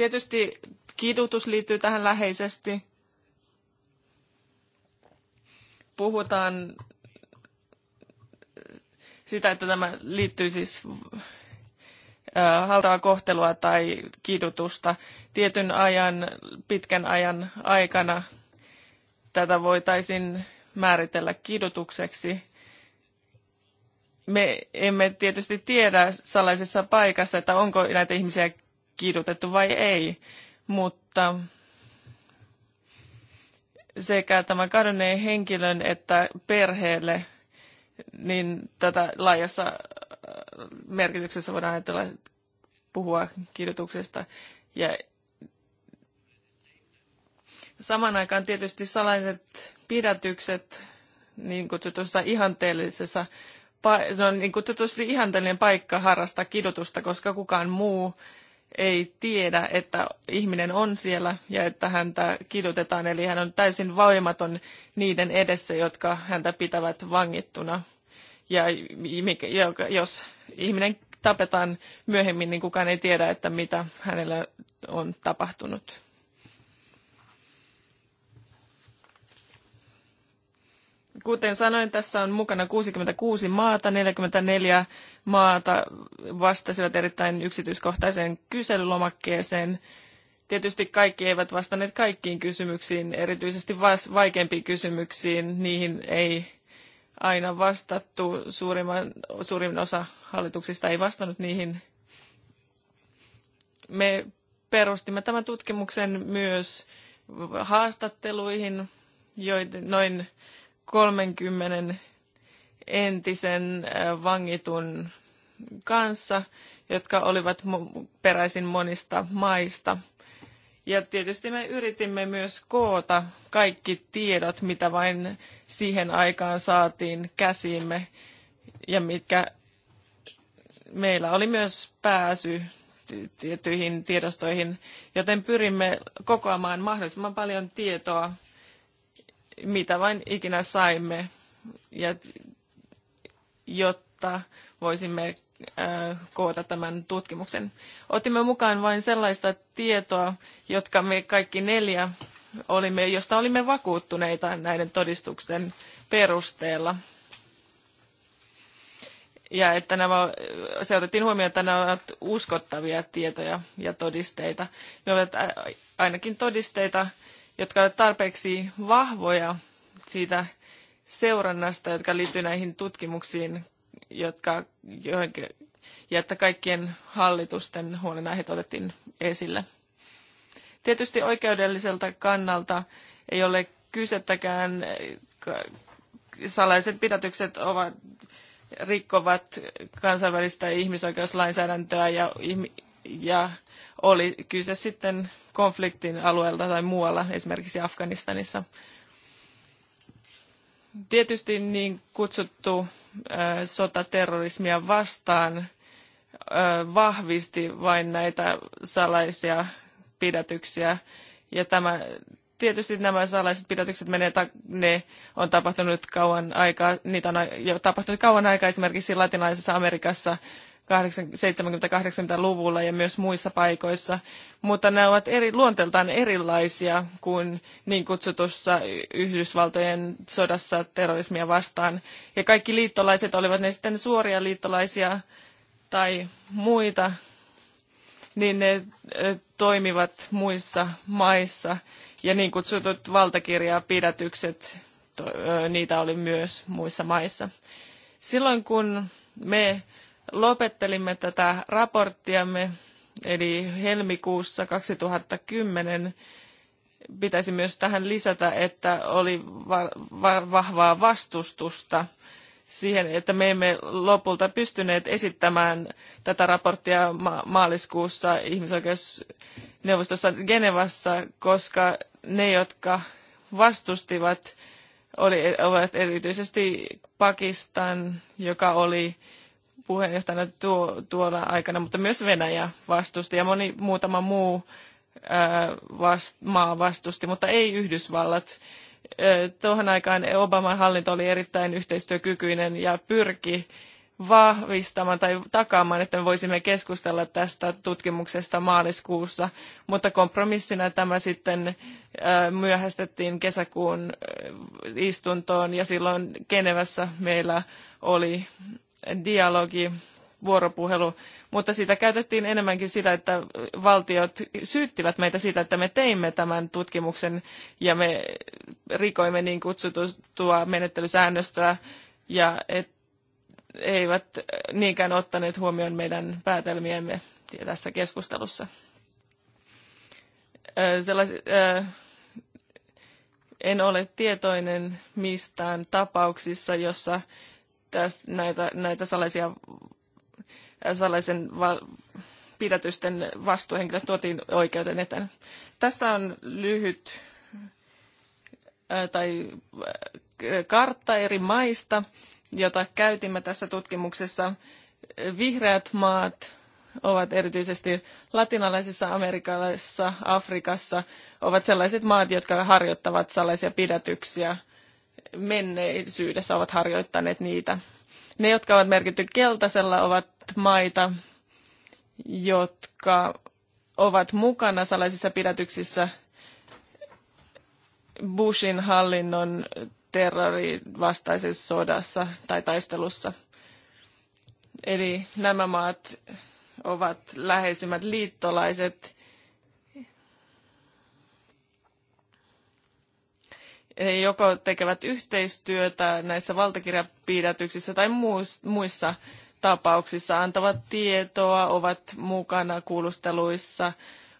Tietysti kidutus liittyy tähän läheisesti. Puhutaan sitä, että tämä liittyy siis haltaa kohtelua tai kidutusta tietyn ajan, pitkän ajan aikana. Tätä voitaisiin määritellä kidutukseksi. Me emme tietysti tiedä salaisessa paikassa, että onko näitä ihmisiä kidutettu vai ei, mutta sekä tämän kadonneen henkilön että perheelle, niin tätä laajassa äh, merkityksessä voidaan ajatella puhua kidutuksesta. Ja samaan aikaan tietysti salaiset pidätykset niin kutsutussa ihanteellisessa no, niin kutsutusti ihanteellinen paikka harrastaa kidutusta, koska kukaan muu ei tiedä, että ihminen on siellä ja että häntä kidutetaan, eli hän on täysin voimaton niiden edessä, jotka häntä pitävät vangittuna. Ja jos ihminen tapetaan myöhemmin, niin kukaan ei tiedä, että mitä hänellä on tapahtunut. Kuten sanoin, tässä on mukana 66 maata, 44 maata vastasivat erittäin yksityiskohtaiseen kyselylomakkeeseen. Tietysti kaikki eivät vastanneet kaikkiin kysymyksiin, erityisesti vaikeimpiin kysymyksiin. Niihin ei aina vastattu. Suurimman, suurin osa hallituksista ei vastannut niihin. Me perustimme tämän tutkimuksen myös haastatteluihin, joiden noin 30 entisen vangitun kanssa, jotka olivat peräisin monista maista. Ja tietysti me yritimme myös koota kaikki tiedot, mitä vain siihen aikaan saatiin käsimme ja mitkä meillä oli myös pääsy tiettyihin tiedostoihin, joten pyrimme kokoamaan mahdollisimman paljon tietoa mitä vain ikinä saimme, ja, jotta voisimme koota tämän tutkimuksen. Otimme mukaan vain sellaista tietoa, jotka me kaikki neljä olimme, josta olimme vakuuttuneita näiden todistusten perusteella. Ja että nämä, se otettiin huomioon, että nämä ovat uskottavia tietoja ja todisteita. Ne ovat ainakin todisteita, jotka ovat tarpeeksi vahvoja siitä seurannasta, jotka liittyy näihin tutkimuksiin, jotka, ja että kaikkien hallitusten huolenaiheet otettiin esille. Tietysti oikeudelliselta kannalta ei ole kysettäkään, salaiset pidätykset ovat, rikkovat kansainvälistä ihmisoikeuslainsäädäntöä ja ja oli kyse sitten konfliktin alueelta tai muualla, esimerkiksi Afganistanissa. Tietysti niin kutsuttu sota terrorismia vastaan vahvisti vain näitä salaisia pidätyksiä. Ja tämä, tietysti nämä salaiset pidätykset menee, ne on tapahtunut kauan aikaa, niitä on jo tapahtunut kauan aikaa esimerkiksi latinalaisessa Amerikassa 70-80-luvulla ja myös muissa paikoissa, mutta ne ovat eri, luonteeltaan erilaisia kuin niin kutsutussa Yhdysvaltojen sodassa terrorismia vastaan. Ja kaikki liittolaiset, olivat ne sitten suoria liittolaisia tai muita, niin ne toimivat muissa maissa. Ja niin kutsutut valtakirjapidätykset, niitä oli myös muissa maissa. Silloin kun me lopettelimme tätä raporttiamme, eli helmikuussa 2010 pitäisi myös tähän lisätä, että oli vahvaa vastustusta siihen, että me emme lopulta pystyneet esittämään tätä raporttia ma- maaliskuussa ihmisoikeusneuvostossa Genevassa, koska ne, jotka vastustivat, olivat erityisesti Pakistan, joka oli puheenjohtajana tuo, tuolla aikana, mutta myös Venäjä vastusti ja moni muutama muu ää, vast, maa vastusti, mutta ei Yhdysvallat. Ää, tuohon aikaan Obaman hallinto oli erittäin yhteistyökykyinen ja pyrki vahvistamaan tai takaamaan, että me voisimme keskustella tästä tutkimuksesta maaliskuussa, mutta kompromissina tämä sitten myöhästettiin kesäkuun istuntoon ja silloin Genevässä meillä oli dialogi, vuoropuhelu, mutta sitä käytettiin enemmänkin sitä, että valtiot syyttivät meitä siitä, että me teimme tämän tutkimuksen ja me rikoimme niin kutsutua menettelysäännöstöä ja et, eivät niinkään ottaneet huomioon meidän päätelmiämme tässä keskustelussa. Sellais, en ole tietoinen mistään tapauksissa, jossa tästä, näitä, näitä salaisia, äh, salaisen va- pidätysten vastuuhenkilöt tuotiin oikeuden eteen. Tässä on lyhyt äh, tai äh, kartta eri maista, jota käytimme tässä tutkimuksessa. Vihreät maat ovat erityisesti latinalaisessa Amerikassa, Afrikassa, ovat sellaiset maat, jotka harjoittavat salaisia pidätyksiä – menneisyydessä ovat harjoittaneet niitä. Ne, jotka ovat merkitty keltaisella, ovat maita, jotka ovat mukana salaisissa pidätyksissä Bushin hallinnon terrorivastaisessa sodassa tai taistelussa. Eli nämä maat ovat läheisimmät liittolaiset He joko tekevät yhteistyötä näissä valtakirjapidätyksissä tai muissa tapauksissa, antavat tietoa, ovat mukana kuulusteluissa,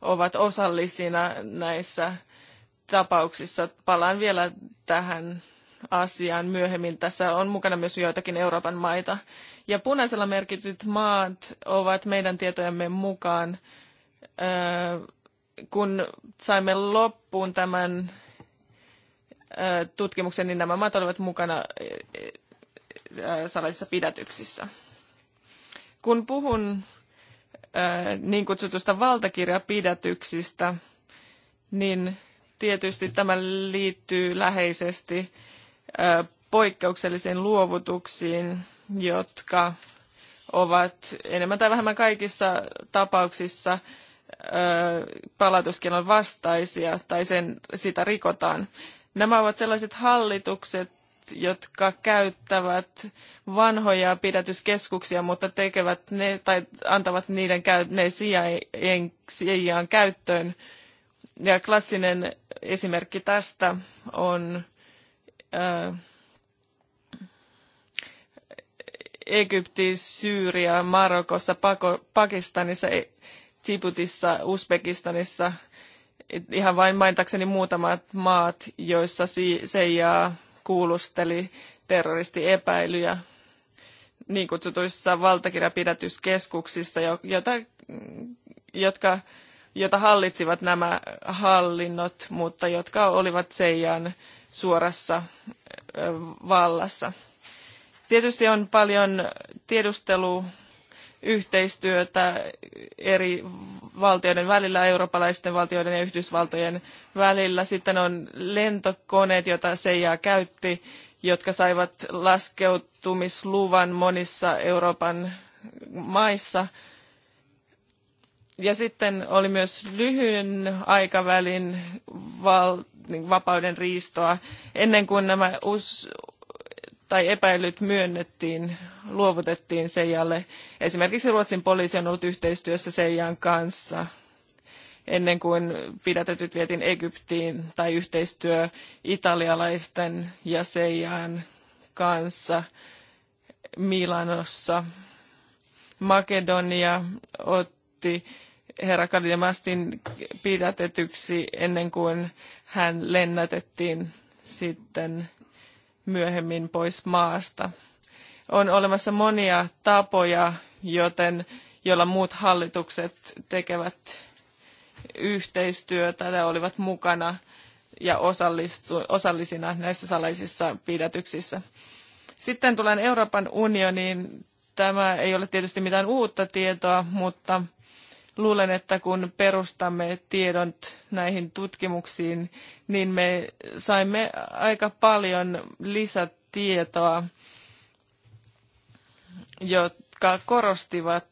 ovat osallisina näissä tapauksissa. Palaan vielä tähän asiaan myöhemmin. Tässä on mukana myös joitakin Euroopan maita. Ja punaisella merkityt maat ovat meidän tietojemme mukaan, kun saimme loppuun tämän tutkimuksen, niin nämä maat olivat mukana salaisissa pidätyksissä. Kun puhun niin kutsutusta valtakirjapidätyksistä, niin tietysti tämä liittyy läheisesti poikkeuksellisiin luovutuksiin, jotka ovat enemmän tai vähemmän kaikissa tapauksissa palautuskielon vastaisia tai sen, sitä rikotaan. Nämä ovat sellaiset hallitukset, jotka käyttävät vanhoja pidätyskeskuksia, mutta tekevät ne tai antavat niiden käy, ne sijaan käyttöön. Ja klassinen esimerkki tästä on ää, Egypti, Syyria, Marokossa, Pakistanissa, e-, Djiboutissa, Uzbekistanissa – ihan vain mainitakseni muutamat maat, joissa CIA kuulusteli terroristiepäilyjä niin kutsutuissa valtakirjapidätyskeskuksista, jota, jotka, jota hallitsivat nämä hallinnot, mutta jotka olivat Seijan suorassa vallassa. Tietysti on paljon tiedustelua yhteistyötä eri valtioiden välillä, eurooppalaisten valtioiden ja Yhdysvaltojen välillä. Sitten on lentokoneet, joita Seija käytti, jotka saivat laskeutumisluvan monissa Euroopan maissa. Ja sitten oli myös lyhyen aikavälin val- vapauden riistoa ennen kuin nämä tai epäilyt myönnettiin, luovutettiin Seijalle. Esimerkiksi Ruotsin poliisi on ollut yhteistyössä Seijan kanssa ennen kuin pidätetyt vietiin Egyptiin tai yhteistyö italialaisten ja Seijan kanssa Milanossa. Makedonia otti herra Kadimastin pidätetyksi ennen kuin hän lennätettiin sitten myöhemmin pois maasta. On olemassa monia tapoja, joten, joilla muut hallitukset tekevät yhteistyötä tai olivat mukana ja osallistu, osallisina näissä salaisissa pidätyksissä. Sitten tulen Euroopan unioniin. Tämä ei ole tietysti mitään uutta tietoa, mutta luulen, että kun perustamme tiedot näihin tutkimuksiin, niin me saimme aika paljon lisätietoa, jotka korostivat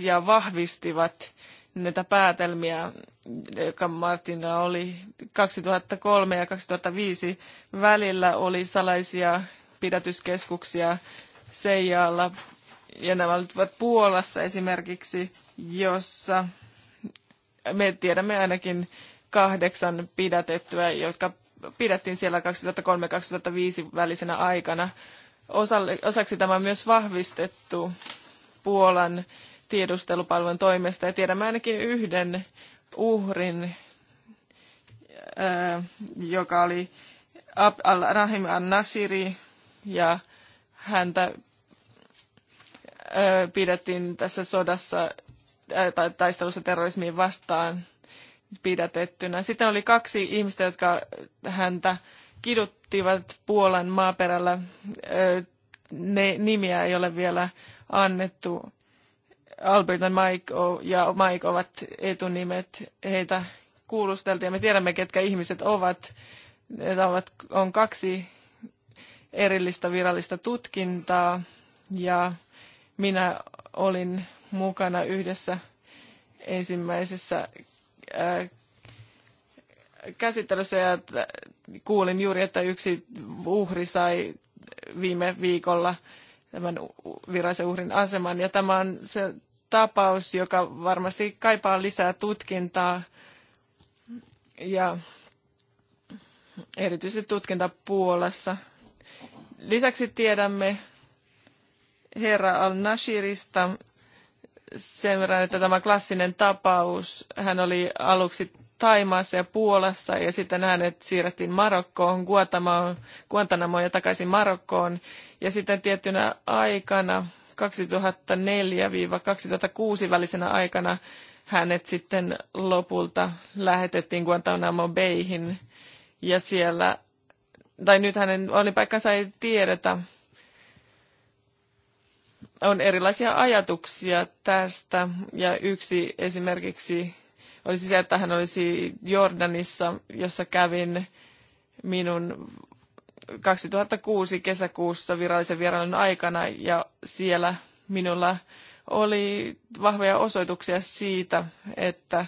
ja vahvistivat näitä päätelmiä, joka Martina oli 2003 ja 2005 välillä oli salaisia pidätyskeskuksia Seijalla ja nämä olivat Puolassa esimerkiksi, jossa me tiedämme ainakin kahdeksan pidätettyä, jotka pidettiin siellä 2003-2005 välisenä aikana. Osaksi tämä on myös vahvistettu Puolan tiedustelupalvelun toimesta ja tiedämme ainakin yhden uhrin, joka oli al-Rahim al-Nasiri ja häntä pidettiin tässä sodassa tai taistelussa terrorismiin vastaan pidätettynä. Sitten oli kaksi ihmistä, jotka häntä kiduttivat Puolan maaperällä. Ne nimiä ei ole vielä annettu. Albert ja Mike, ja Mike ovat etunimet. Heitä kuulusteltiin ja me tiedämme, ketkä ihmiset ovat. Heitä ovat, on kaksi erillistä virallista tutkintaa ja minä olin mukana yhdessä ensimmäisessä äh, käsittelyssä ja kuulin juuri, että yksi uhri sai viime viikolla tämän virallisen uhrin aseman. Ja tämä on se tapaus, joka varmasti kaipaa lisää tutkintaa ja erityisesti tutkintaa Puolassa. Lisäksi tiedämme, herra al-Nashirista sen verran, että tämä klassinen tapaus, hän oli aluksi Taimaassa ja Puolassa ja sitten hänet siirrettiin Marokkoon, Guantanamoon ja takaisin Marokkoon. Ja sitten tiettynä aikana, 2004-2006 välisenä aikana, hänet sitten lopulta lähetettiin Guantanamo Bayhin ja siellä, tai nyt hänen olinpaikkansa ei tiedetä, on erilaisia ajatuksia tästä ja yksi esimerkiksi olisi se, että hän olisi Jordanissa, jossa kävin minun 2006 kesäkuussa virallisen vierailun aikana ja siellä minulla oli vahvoja osoituksia siitä, että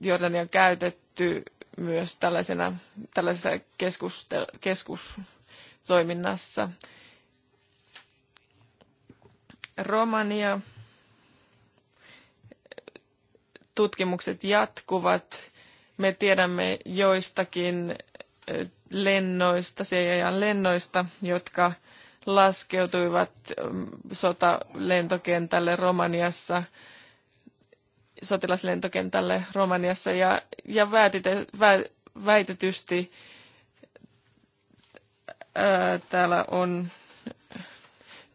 Jordania on käytetty myös tällaisena, tällaisessa keskustoiminnassa. Romania. Tutkimukset jatkuvat. Me tiedämme joistakin lennoista, CIAn lennoista, jotka laskeutuivat mm, sotalentokentälle Romaniassa, sotilaslentokentälle Romaniassa ja, ja väitite, vä, väitetysti ää, täällä on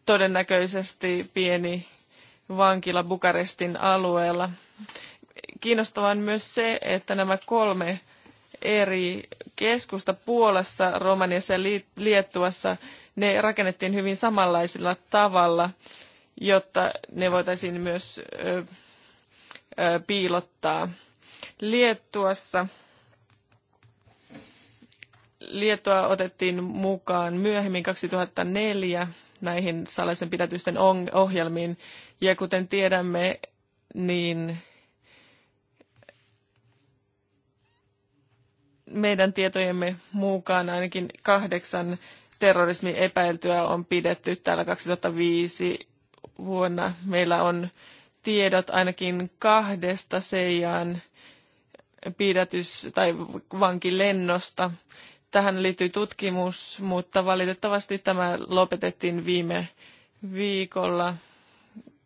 todennäköisesti pieni vankila Bukarestin alueella. Kiinnostavaa on myös se, että nämä kolme eri keskusta Puolassa, Romaniassa ja Liettuassa, ne rakennettiin hyvin samanlaisilla tavalla, jotta ne voitaisiin myös ö, ö, piilottaa. Liettuassa Liettua otettiin mukaan myöhemmin 2004 näihin salaisen pidätysten ohjelmiin. Ja kuten tiedämme, niin meidän tietojemme mukaan ainakin kahdeksan terrorismin epäiltyä on pidetty täällä 2005 vuonna. Meillä on tiedot ainakin kahdesta seijaan pidätys- tai vankilennosta. Tähän liittyy tutkimus, mutta valitettavasti tämä lopetettiin viime viikolla,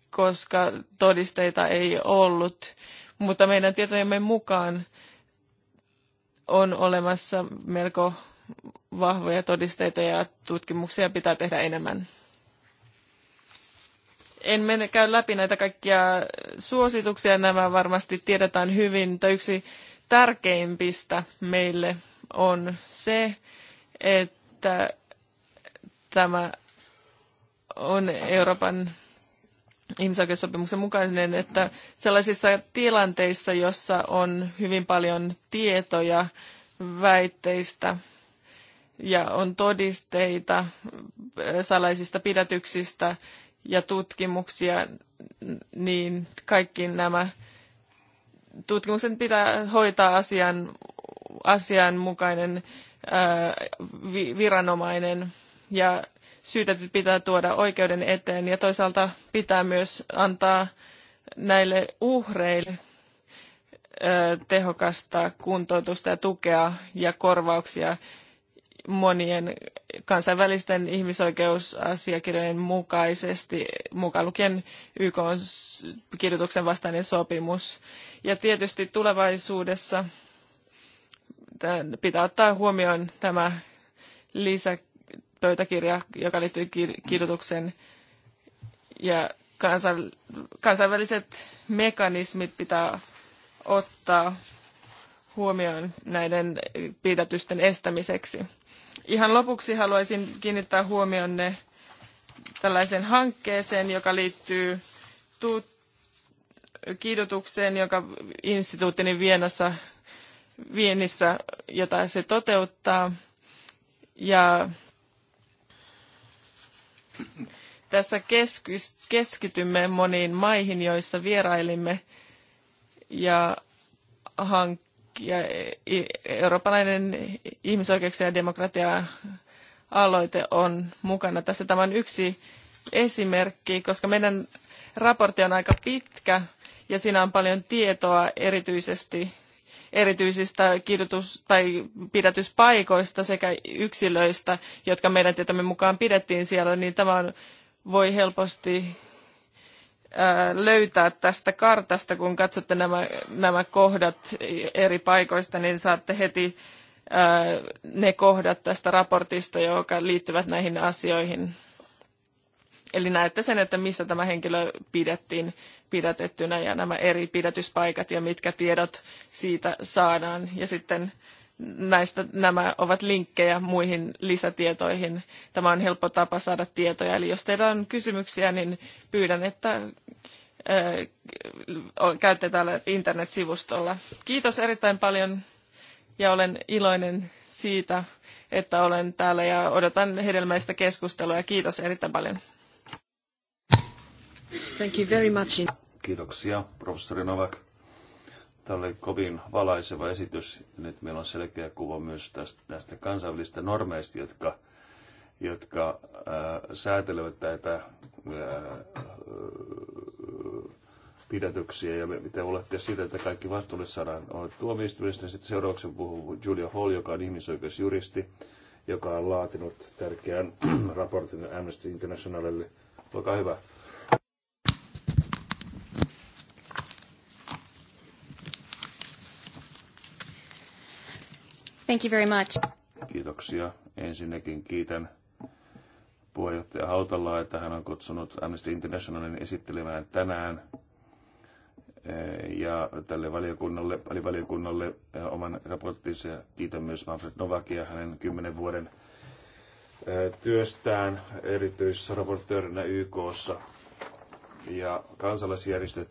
koska todisteita ei ollut. Mutta meidän tietojemme mukaan on olemassa melko vahvoja todisteita ja tutkimuksia pitää tehdä enemmän. En mene käy läpi näitä kaikkia suosituksia, nämä varmasti tiedetään hyvin, mutta yksi tärkeimpistä meille on se, että tämä on Euroopan ihmisoikeussopimuksen mukainen, että sellaisissa tilanteissa, jossa on hyvin paljon tietoja väitteistä ja on todisteita salaisista pidätyksistä ja tutkimuksia, niin kaikki nämä tutkimuksen pitää hoitaa asian asianmukainen viranomainen ja syytetyt pitää tuoda oikeuden eteen ja toisaalta pitää myös antaa näille uhreille tehokasta kuntoutusta ja tukea ja korvauksia monien kansainvälisten ihmisoikeusasiakirjojen mukaisesti, mukaan lukien YK kirjoituksen vastainen sopimus. Ja tietysti tulevaisuudessa pitää ottaa huomioon tämä lisäpöytäkirja, joka liittyy kidutukseen ja kansainväliset mekanismit pitää ottaa huomioon näiden pidätysten estämiseksi. Ihan lopuksi haluaisin kiinnittää huomionne tällaiseen hankkeeseen, joka liittyy tut- kiidotukseen, jonka instituuttini Vienassa viennissä, jota se toteuttaa. Ja tässä keskitymme moniin maihin, joissa vierailimme ja hankkia eurooppalainen ihmisoikeuksia ja demokratia aloite on mukana. Tässä tämä on yksi esimerkki, koska meidän raportti on aika pitkä ja siinä on paljon tietoa erityisesti erityisistä kidutus- tai pidätyspaikoista sekä yksilöistä, jotka meidän tietämme mukaan pidettiin siellä, niin tämä voi helposti löytää tästä kartasta, kun katsotte nämä, nämä kohdat eri paikoista, niin saatte heti ne kohdat tästä raportista, jotka liittyvät näihin asioihin. Eli näette sen, että missä tämä henkilö pidettiin pidätettynä ja nämä eri pidätyspaikat ja mitkä tiedot siitä saadaan. Ja sitten näistä nämä ovat linkkejä muihin lisätietoihin. Tämä on helppo tapa saada tietoja. Eli jos teillä on kysymyksiä, niin pyydän, että käytte täällä internetsivustolla. Kiitos erittäin paljon ja olen iloinen siitä, että olen täällä ja odotan hedelmäistä keskustelua. Kiitos erittäin paljon. Thank you very much. Kiitoksia, professori Novak. Tämä oli kovin valaiseva esitys. Nyt meillä on selkeä kuva myös tästä, näistä kansainvälisistä normeista, jotka, jotka äh, säätelevät näitä äh, pidätyksiä ja mitä olette siitä, että kaikki vastuulliset saadaan on Sitten seuraavaksi puhuu Julia Hall, joka on ihmisoikeusjuristi, joka on laatinut tärkeän raportin Amnesty Internationalille. Olkaa hyvä. Thank you very much. Kiitoksia. Ensinnäkin kiitän puheenjohtaja Hautalaa, että hän on kutsunut Amnesty Internationalin esittelemään tänään eh, ja tälle valiokunnalle, valiokunnalle eh, oman raporttinsa. Kiitän myös Manfred Novakia hänen kymmenen vuoden eh, työstään erityisraportöörinä YKssa. Ja kansalaisjärjestöt,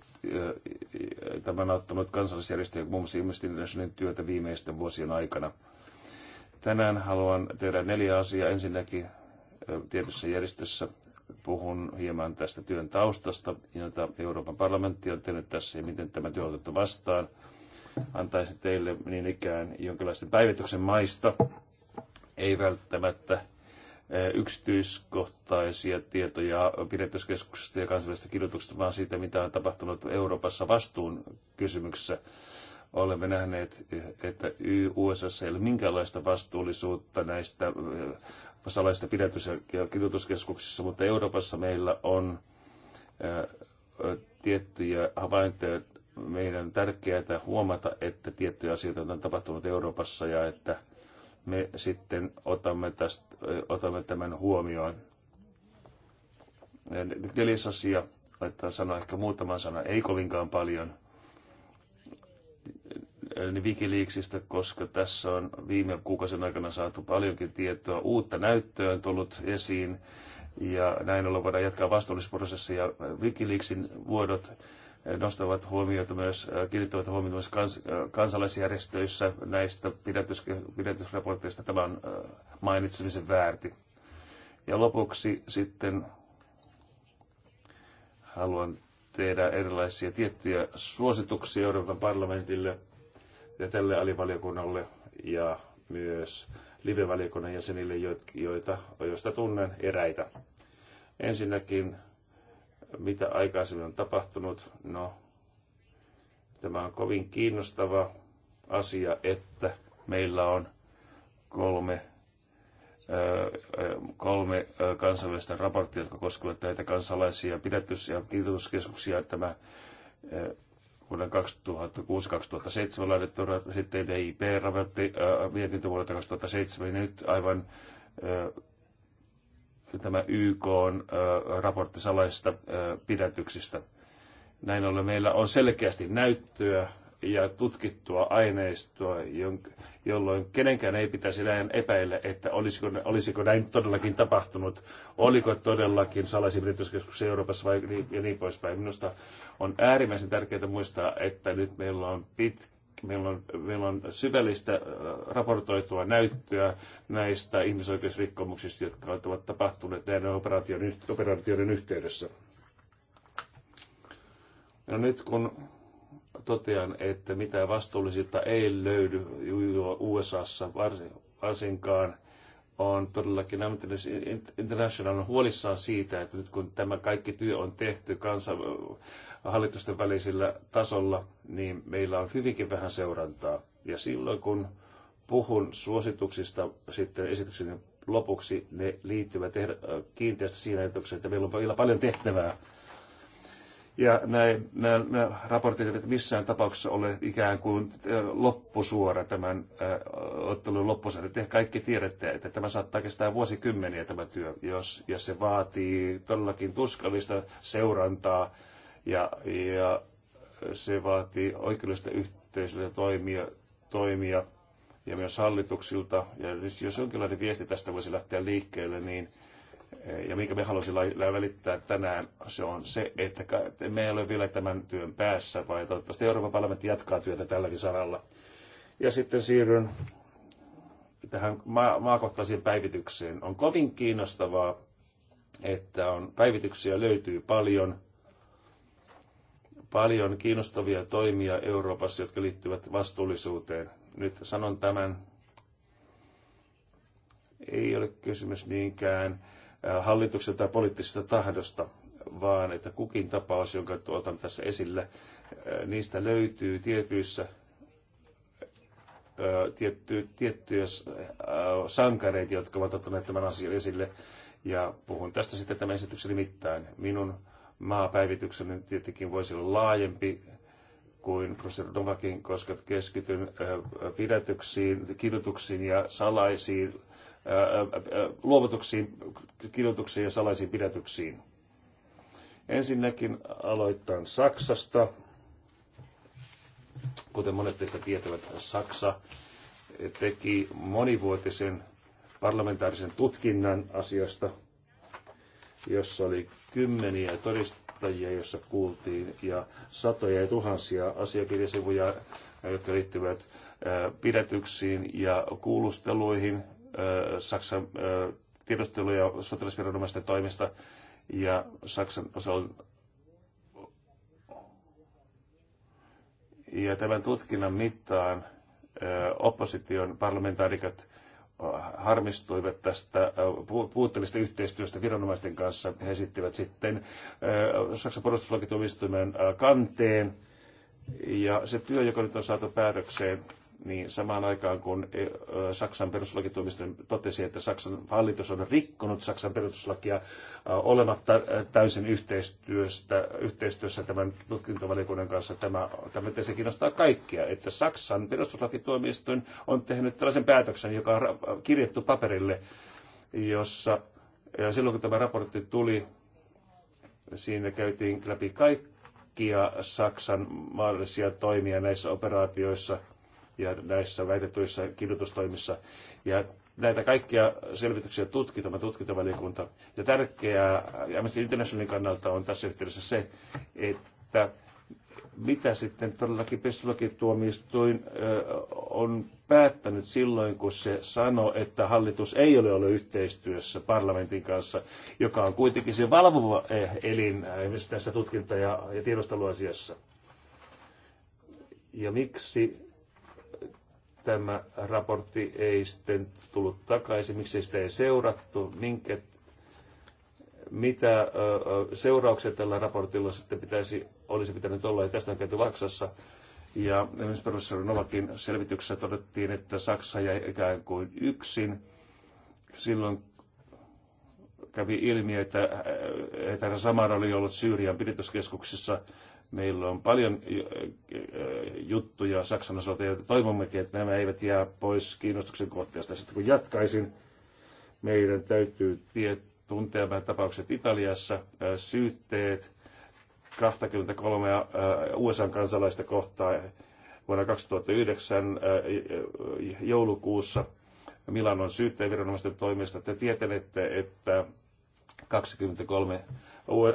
tämä on auttanut kansalaisjärjestöjä, muun muassa Amnesty Internationalin työtä viimeisten vuosien aikana – Tänään haluan tehdä neljä asiaa. Ensinnäkin tietyssä järjestössä puhun hieman tästä työn taustasta, jota Euroopan parlamentti on tehnyt tässä ja miten tämä työ on otettu vastaan. Antaisin teille niin ikään jonkinlaisten päivityksen maista, ei välttämättä yksityiskohtaisia tietoja pidetyskeskuksesta ja kansainvälisestä kirjoituksesta, vaan siitä, mitä on tapahtunut Euroopassa vastuun kysymyksessä olemme nähneet, että USA ei ole minkäänlaista vastuullisuutta näistä eh, salaisista pidätys- ja kirjoituskeskuksissa, mutta Euroopassa meillä on eh, tiettyjä havaintoja. Meidän on tärkeää huomata, että tiettyjä asioita on tapahtunut Euroopassa ja että me sitten otamme, tästä, eh, otamme tämän huomioon. Neljäs asia, että sanoa ehkä muutaman sanan, ei kovinkaan paljon – niin Wikileaksista, koska tässä on viime kuukausien aikana saatu paljonkin tietoa. Uutta näyttöä on tullut esiin ja näin ollen voidaan jatkaa vastuullisprosessia. Wikileaksin vuodot nostavat huomiota myös, kiinnittävät huomiota myös kans, kansalaisjärjestöissä näistä pidätys, pidätysraporteista. Tämä on mainitsemisen väärti. Ja lopuksi sitten haluan tehdä erilaisia tiettyjä suosituksia Euroopan parlamentille – ja tälle alivaliokunnalle ja myös live-valiokunnan jäsenille, joita, joista tunnen eräitä. Ensinnäkin, mitä aikaisemmin on tapahtunut? No, tämä on kovin kiinnostava asia, että meillä on kolme kolme kansainvälistä raporttia, jotka koskevat näitä kansalaisia pidätys- ja kidutuskeskuksia. Tämä vuoden 2006-2007 laadittu sitten DIP raportti äh, mietintö vuodelta 2007, niin nyt aivan äh, tämä YK on äh, raportti salaisista pidätyksistä. Näin ollen meillä on selkeästi näyttöä ja tutkittua aineistoa, jolloin kenenkään ei pitäisi näin epäillä, että olisiko, olisiko näin todellakin tapahtunut, oliko todellakin salaisia pidätyskeskuksia Euroopassa vai niin, ja niin poispäin. Minusta on äärimmäisen tärkeää muistaa, että nyt meillä on pitkä meillä on, meillä on syvällistä äh, raportoitua näyttöä näistä ihmisoikeusrikkomuksista, jotka ovat tapahtuneet näiden operaatioiden, operaatioiden yhteydessä. Ja nyt kun totean, että mitään vastuullisuutta ei löydy USAssa varsinkaan. On todellakin Amnesty International on huolissaan siitä, että nyt kun tämä kaikki työ on tehty kansan, hallitusten välisellä tasolla, niin meillä on hyvinkin vähän seurantaa. Ja silloin kun puhun suosituksista sitten esityksen lopuksi, ne liittyvät kiinteästi siinä ajatukseen, että meillä on vielä paljon tehtävää ja näin, nämä, nämä raportit eivät missään tapauksessa ole ikään kuin loppusuora tämän ottelun loppusarja. Te kaikki tiedätte, että tämä saattaa kestää vuosikymmeniä tämä työ, jos, ja se vaatii todellakin tuskallista seurantaa ja, ja se vaatii oikeudellista yhteisöltä toimia, toimia ja myös hallituksilta. Ja jos jonkinlainen viesti tästä voisi lähteä liikkeelle, niin ja mikä me haluaisimme välittää tänään, se on se, että me ei ole vielä tämän työn päässä, vaan toivottavasti Euroopan parlamentti jatkaa työtä tälläkin saralla. Ja sitten siirryn tähän ma- maakohtaisiin päivitykseen. On kovin kiinnostavaa, että on, päivityksiä löytyy paljon, paljon kiinnostavia toimia Euroopassa, jotka liittyvät vastuullisuuteen. Nyt sanon tämän. Ei ole kysymys niinkään hallituksen tai poliittisesta tahdosta, vaan että kukin tapaus, jonka otan tässä esille, niistä löytyy tietyissä tietty, tiettyjä sankareita, jotka ovat ottaneet tämän asian esille. Ja puhun tästä sitten tämän esityksen mittaan. Minun maapäivitykseni tietenkin voisi olla laajempi kuin professori Novakin, koska keskityn pidätyksiin, kidutuksiin ja salaisiin luovutuksiin, kidutuksiin ja salaisiin pidätyksiin. Ensinnäkin aloitan Saksasta. Kuten monet teistä tietävät, Saksa teki monivuotisen parlamentaarisen tutkinnan asiasta, jossa oli kymmeniä todistajia, jossa kuultiin, ja satoja ja tuhansia asiakirjasivuja, jotka liittyvät pidätyksiin ja kuulusteluihin, Saksan tiedustelu- ja sotilasviranomaisten toimesta ja Saksan osalta. Ja tämän tutkinnan mittaan opposition parlamentaarikot harmistuivat tästä puutteellisesta yhteistyöstä viranomaisten kanssa. He esittivät sitten Saksan puolustuslakituomistuimen kanteen. Ja se työ, joka nyt on saatu päätökseen, niin samaan aikaan kun e, Saksan perustuslakituomioistuin totesi, että Saksan hallitus on rikkonut Saksan perustuslakia olematta täysin yhteistyöstä, yhteistyössä tämän tutkintovaliokunnan kanssa, tämä, tämä tietysti kiinnostaa kaikkia, että Saksan perustuslakituomioistuin on tehnyt tällaisen päätöksen, joka on kirjattu paperille, jossa ja silloin kun tämä raportti tuli, siinä käytiin läpi kaikki kaikkia Saksan mahdollisia toimia näissä operaatioissa ja näissä väitetyissä kidutustoimissa. Ja näitä kaikkia selvityksiä tutki tämä tutkintavaliokunta. Ja tärkeää Amnesty Internationalin kannalta on tässä yhteydessä se, että mitä sitten todellakin perustuslakituomioistuin on päättänyt silloin, kun se sanoi, että hallitus ei ole ollut yhteistyössä parlamentin kanssa, joka on kuitenkin se valvova elin tässä tutkinta- ja, tiedosteluasiassa Ja miksi tämä raportti ei sitten tullut takaisin, miksi sitä ei seurattu, minkä, mitä seurauksia tällä raportilla sitten pitäisi, olisi pitänyt olla, ja tästä on käyty Vaksassa. Ja esimerkiksi professori Novakin selvityksessä todettiin, että Saksa jäi ikään kuin yksin. Silloin kävi ilmi, että, että Samar oli ollut Syyrian pidetyskeskuksissa Meillä on paljon juttuja Saksan osalta, joita toivommekin, että nämä eivät jää pois kiinnostuksen kohteesta. Sitten kun jatkaisin, meidän täytyy tuntea nämä tapaukset Italiassa, syytteet 23 USA-kansalaista kohtaan vuonna 2009 joulukuussa Milanon syyttäjäviranomaisten toimesta. Te tietänette, että 23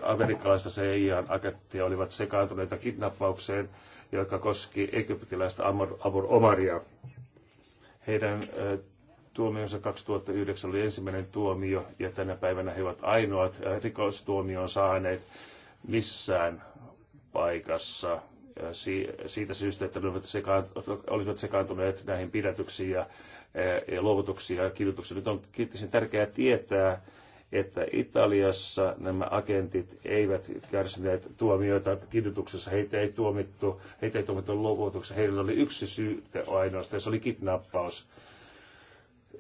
amerikkalaista CIA-agenttia olivat sekaantuneita kidnappaukseen, joka koski egyptiläistä Amor, Omaria. Heidän tuomionsa 2009 oli ensimmäinen tuomio ja tänä päivänä he ovat ainoat rikostuomioon saaneet missään paikassa siitä syystä, että ne olisivat sekaantuneet näihin pidätyksiin ja, ja luovutuksiin ja kidutuksiin. Nyt on kiittisen tärkeää tietää, että Italiassa nämä agentit eivät kärsineet tuomioita kidutuksessa. Heitä ei tuomittu, heitä ei tuomittu luovutuksessa. Heillä oli yksi syy ainoastaan, se oli kidnappaus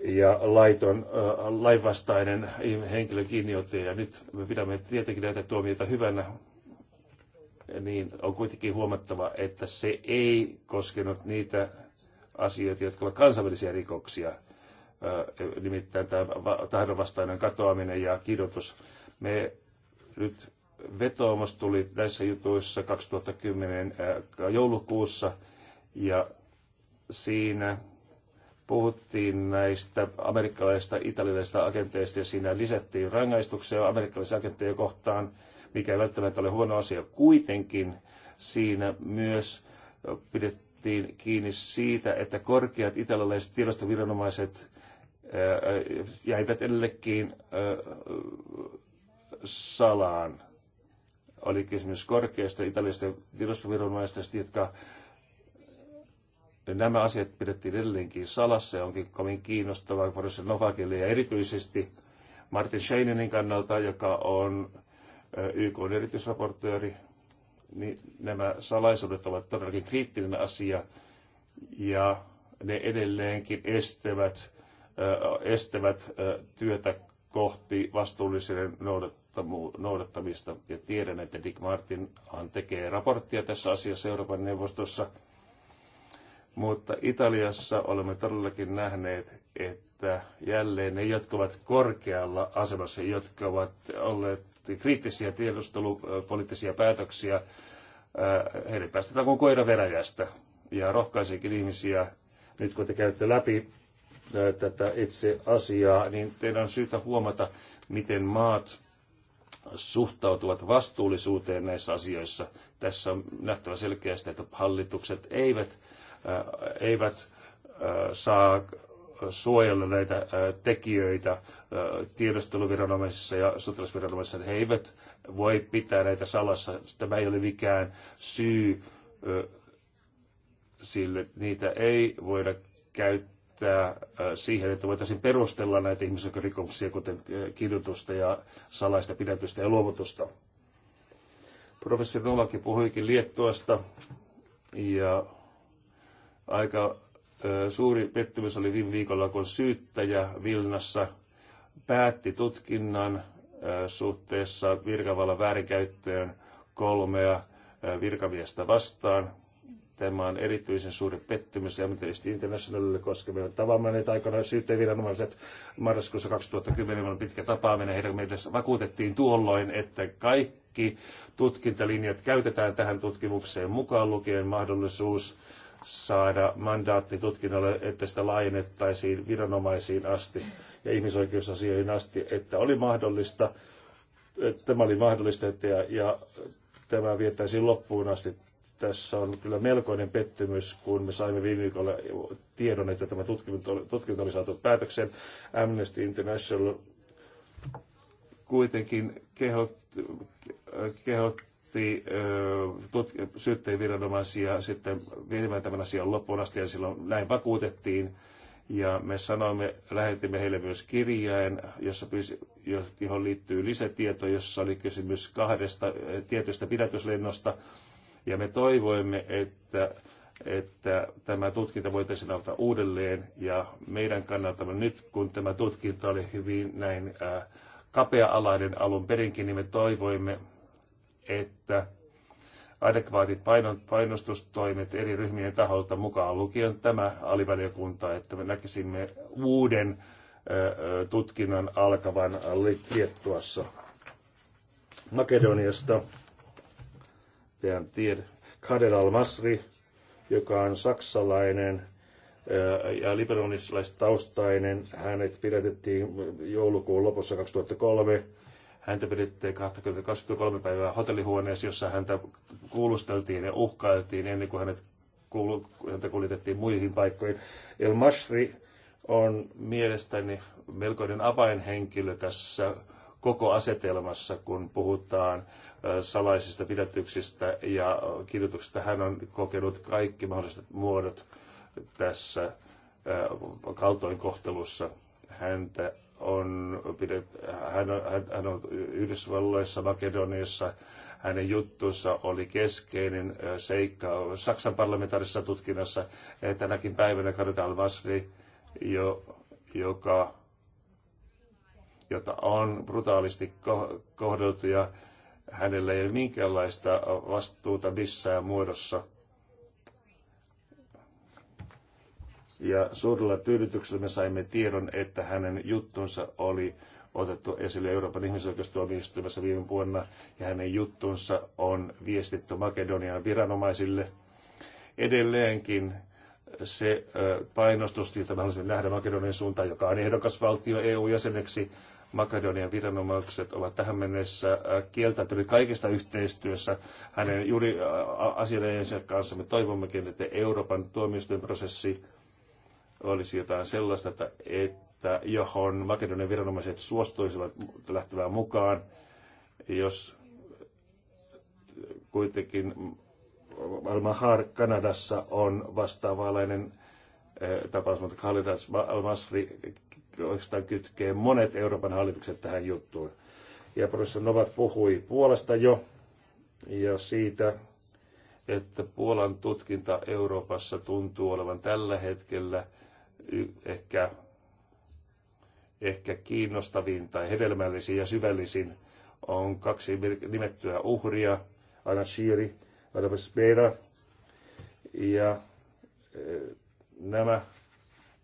ja laiton, äh, lainvastainen henkilö kiinniottaja. Ja nyt me pidämme tietenkin näitä tuomioita hyvänä, niin on kuitenkin huomattava, että se ei koskenut niitä asioita, jotka ovat kansainvälisiä rikoksia – nimittäin tämä tahdonvastainen katoaminen ja kidutus. Me nyt vetoomus tuli näissä jutuissa 2010 joulukuussa ja siinä puhuttiin näistä amerikkalaisista italialaisista agenteista ja siinä lisättiin rangaistuksia amerikkalaisia agentteja kohtaan, mikä ei välttämättä ole huono asia. Kuitenkin siinä myös pidettiin kiinni siitä, että korkeat italialaiset tiedostoviranomaiset jäivät ellekin salaan. Oli kysymys korkeista italialaisista virusviranomaisista, jotka nämä asiat pidettiin edelleenkin salassa ja onkin kovin kiinnostavaa Boris Novakille ja erityisesti Martin Scheininin kannalta, joka on YK on erityisraportööri, niin nämä salaisuudet ovat todellakin kriittinen asia ja ne edelleenkin estävät estävät työtä kohti vastuullisen noudattamista. Ja tiedän, että Dick Martin tekee raporttia tässä asiassa Euroopan neuvostossa. Mutta Italiassa olemme todellakin nähneet, että jälleen ne, jotka ovat korkealla asemassa, jotka ovat olleet kriittisiä tiedustelupoliittisia päätöksiä, heidät päästetään kuin koira veräjästä. Ja rohkaisikin ihmisiä, nyt kun te käytte läpi tätä itse asiaa, niin teidän on syytä huomata, miten maat suhtautuvat vastuullisuuteen näissä asioissa. Tässä on nähtävä selkeästi, että hallitukset eivät, äh, eivät äh, saa suojella näitä äh, tekijöitä äh, tiedusteluviranomaisissa ja sotilasviranomaisissa. He eivät voi pitää näitä salassa. Tämä ei ole mikään syy äh, sille. Niitä ei voida käyttää käyttää äh, siihen, että voitaisiin perustella näitä ihmisoikeusrikoksia, kuten äh, kidutusta ja salaista pidätystä ja luovutusta. Professori Novakki puhuikin Liettuasta ja aika äh, suuri pettymys oli viime viikolla, kun syyttäjä Vilnassa päätti tutkinnan suhteessa virkavallan väärinkäyttöön kolmea virkamiestä vastaan – Tämä on erityisen suuri pettymys Amnesty Internationalille, koska me tavamme näitä aikanaan syyttäjäviranomaiset marraskuussa 2010, meillä on pitkä tapaaminen. Heidän mielessä vakuutettiin tuolloin, että kaikki tutkintalinjat käytetään tähän tutkimukseen mukaan lukien mahdollisuus saada mandaatti tutkinnolle, että sitä laajennettaisiin viranomaisiin asti ja ihmisoikeusasioihin asti, että oli mahdollista, että tämä oli mahdollista että ja, ja tämä vietäisiin loppuun asti tässä on kyllä melkoinen pettymys, kun me saimme viime viikolla tiedon, että tämä tutkinto, oli, tutkinto oli saatu päätökseen. Amnesty International kuitenkin kehotti, kehotti syyttäjien viranomaisia sitten viemään tämän asian loppuun asti, ja silloin näin vakuutettiin. Ja me sanoimme, lähetimme heille myös kirjeen, jossa pyysi, johon liittyy lisätieto, jossa oli kysymys kahdesta tietystä pidätyslennosta, ja me toivoimme, että, että tämä tutkinta voitaisiin avata uudelleen. Ja meidän kannaltamme nyt, kun tämä tutkinta oli hyvin näin äh, kapea-alainen alun perinkin, niin me toivoimme, että adekvaatit painostustoimet eri ryhmien taholta mukaan lukien tämä alivaliokunta, että me näkisimme uuden äh, äh, tutkinnan alkavan Liettuassa Makedoniasta tiedä, Kader al-Masri, joka on saksalainen ja liberonilaistaustainen. Hänet pidätettiin joulukuun lopussa 2003. Häntä pidettiin 23 päivää hotellihuoneessa, jossa häntä kuulusteltiin ja uhkailtiin ennen kuin hänet kuulu, häntä kuljetettiin muihin paikkoihin. El Masri on mielestäni melkoinen avainhenkilö tässä koko asetelmassa, kun puhutaan salaisista pidätyksistä ja kidutuksista. Hän on kokenut kaikki mahdolliset muodot tässä kaltoinkohtelussa. Häntä on, hän, hän, hän on Yhdysvalloissa, Makedoniassa, hänen juttunsa oli keskeinen seikka Saksan parlamentaarisessa tutkinnassa. Tänäkin päivänä Karita al jo, joka jota on brutaalisti kohdeltu ja hänellä ei ole minkäänlaista vastuuta missään muodossa. Ja suurella tyydytyksellä me saimme tiedon, että hänen juttunsa oli otettu esille Euroopan ihmisoikeustuomioistuimessa viime vuonna, ja hänen juttunsa on viestitty Makedonian viranomaisille. Edelleenkin se painostus, jota me halusimme nähdä Makedonian suuntaan, joka on valtio EU-jäseneksi, Makedonian viranomaiset ovat tähän mennessä äh, kieltäytyneet kaikesta yhteistyössä hänen juuri äh, asianajajansa kanssa. Me toivommekin, että Euroopan tuomioistuinprosessi olisi jotain sellaista, että, että johon Makedonian viranomaiset suostuisivat lähtevään mukaan, jos kuitenkin Al-Mahar Kanadassa on vastaavanlainen äh, tapaus, mutta Khalid Al-Masri oikeastaan kytkee monet Euroopan hallitukset tähän juttuun. Ja professori Novak puhui Puolasta jo ja siitä, että Puolan tutkinta Euroopassa tuntuu olevan tällä hetkellä ehkä, ehkä kiinnostavin tai hedelmällisin ja syvällisin on kaksi nimettyä uhria, Anna Shiri, Adam Spera, ja e, nämä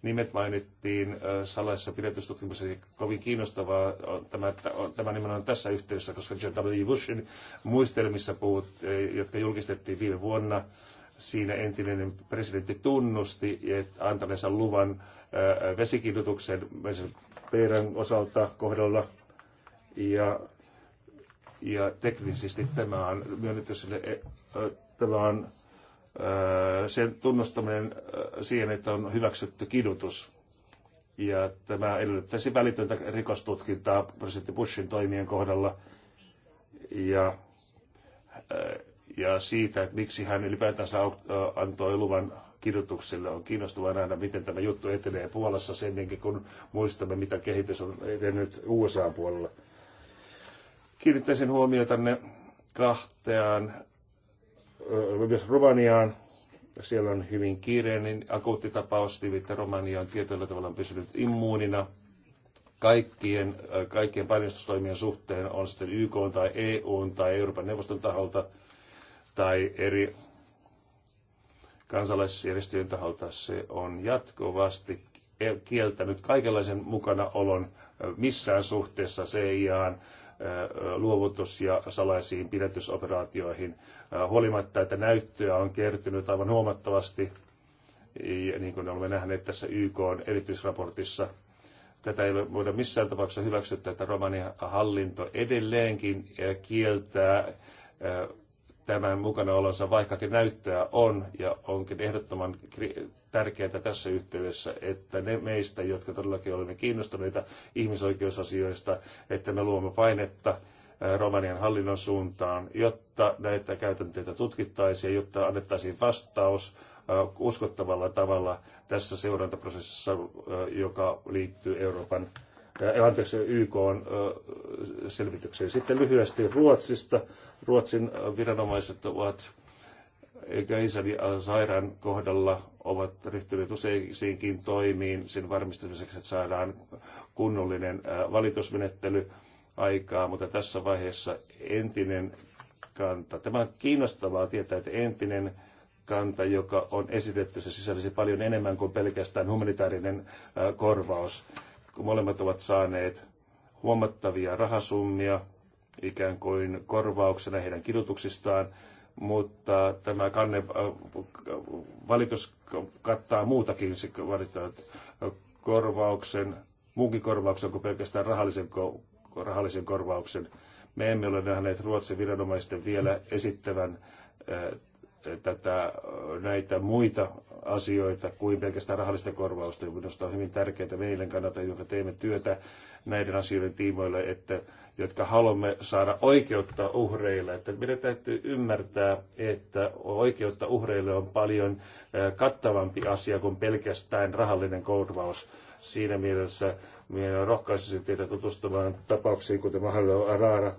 Nimet mainittiin salaisessa pidetystutkimuksessa, ja kovin kiinnostavaa on tämä, on tämä nimenomaan tässä yhteydessä, koska John W. Bushin muistelmissa, puhut, jotka julkistettiin viime vuonna, siinä entinen presidentti tunnusti että antaneensa luvan vesikidutuksen perän osalta kohdalla. Ja, ja teknisesti tämä on myönnetty sille, e, tämä on sen tunnustaminen siihen, että on hyväksytty kidutus. Ja tämä edellyttäisi välitöntä rikostutkintaa presidentti Bushin toimien kohdalla ja, ja siitä, että miksi hän ylipäätänsä antoi luvan kidutukselle. On kiinnostavaa nähdä, miten tämä juttu etenee Puolassa senkin, kun muistamme, mitä kehitys on edennyt USA-puolella. Kiinnittäisin tänne kahteen myös Romaniaan. Siellä on hyvin kiireinen niin tapaus, että Romania on tietyllä tavalla pysynyt immuunina kaikkien, kaikkien painostustoimien suhteen, on sitten YK tai EU tai Euroopan neuvoston taholta tai eri kansalaisjärjestöjen taholta, se on jatkuvasti kieltänyt kaikenlaisen mukanaolon missään suhteessa CIAan luovutus- ja salaisiin pidätysoperaatioihin. Huolimatta, että näyttöä on kertynyt aivan huomattavasti, ja niin kuin olemme nähneet tässä YK erityisraportissa, tätä ei voida missään tapauksessa hyväksyä, että Romanian hallinto edelleenkin kieltää tämän mukana olonsa, vaikkakin näyttöä on ja onkin ehdottoman tärkeää tässä yhteydessä, että ne meistä, jotka todellakin olemme kiinnostuneita ihmisoikeusasioista, että me luomme painetta äh, Romanian hallinnon suuntaan, jotta näitä käytänteitä tutkittaisiin ja jotta annettaisiin vastaus äh, uskottavalla tavalla tässä seurantaprosessissa, äh, joka liittyy Euroopan anteeksi, YK selvitykseen. Sitten lyhyesti Ruotsista. Ruotsin viranomaiset ovat Keisarin sairaan kohdalla ovat ryhtyneet useisiinkin toimiin sen varmistamiseksi, että saadaan kunnollinen valitusmenettely aikaa, mutta tässä vaiheessa entinen kanta. Tämä on kiinnostavaa tietää, että entinen kanta, joka on esitetty, se sisälsi paljon enemmän kuin pelkästään humanitaarinen korvaus. Kun molemmat ovat saaneet huomattavia rahasummia ikään kuin korvauksena heidän kidutuksistaan, mutta tämä kanne, äh, valitus kattaa muutakin, se valitaan äh, korvauksen, muunkin korvauksen kuin pelkästään rahallisen, rahallisen korvauksen. Me emme ole nähneet Ruotsin viranomaisten vielä esittävän äh, tätä, näitä muita asioita kuin pelkästään rahallista korvausta. Minusta on hyvin tärkeää meidän kannalta, jonka teemme työtä näiden asioiden tiimoilla, että jotka haluamme saada oikeutta uhreille. Että meidän täytyy ymmärtää, että oikeutta uhreille on paljon kattavampi asia kuin pelkästään rahallinen korvaus. Siinä mielessä minä rohkaisisin teitä tutustumaan tapauksiin, kuten Mahalo Arara,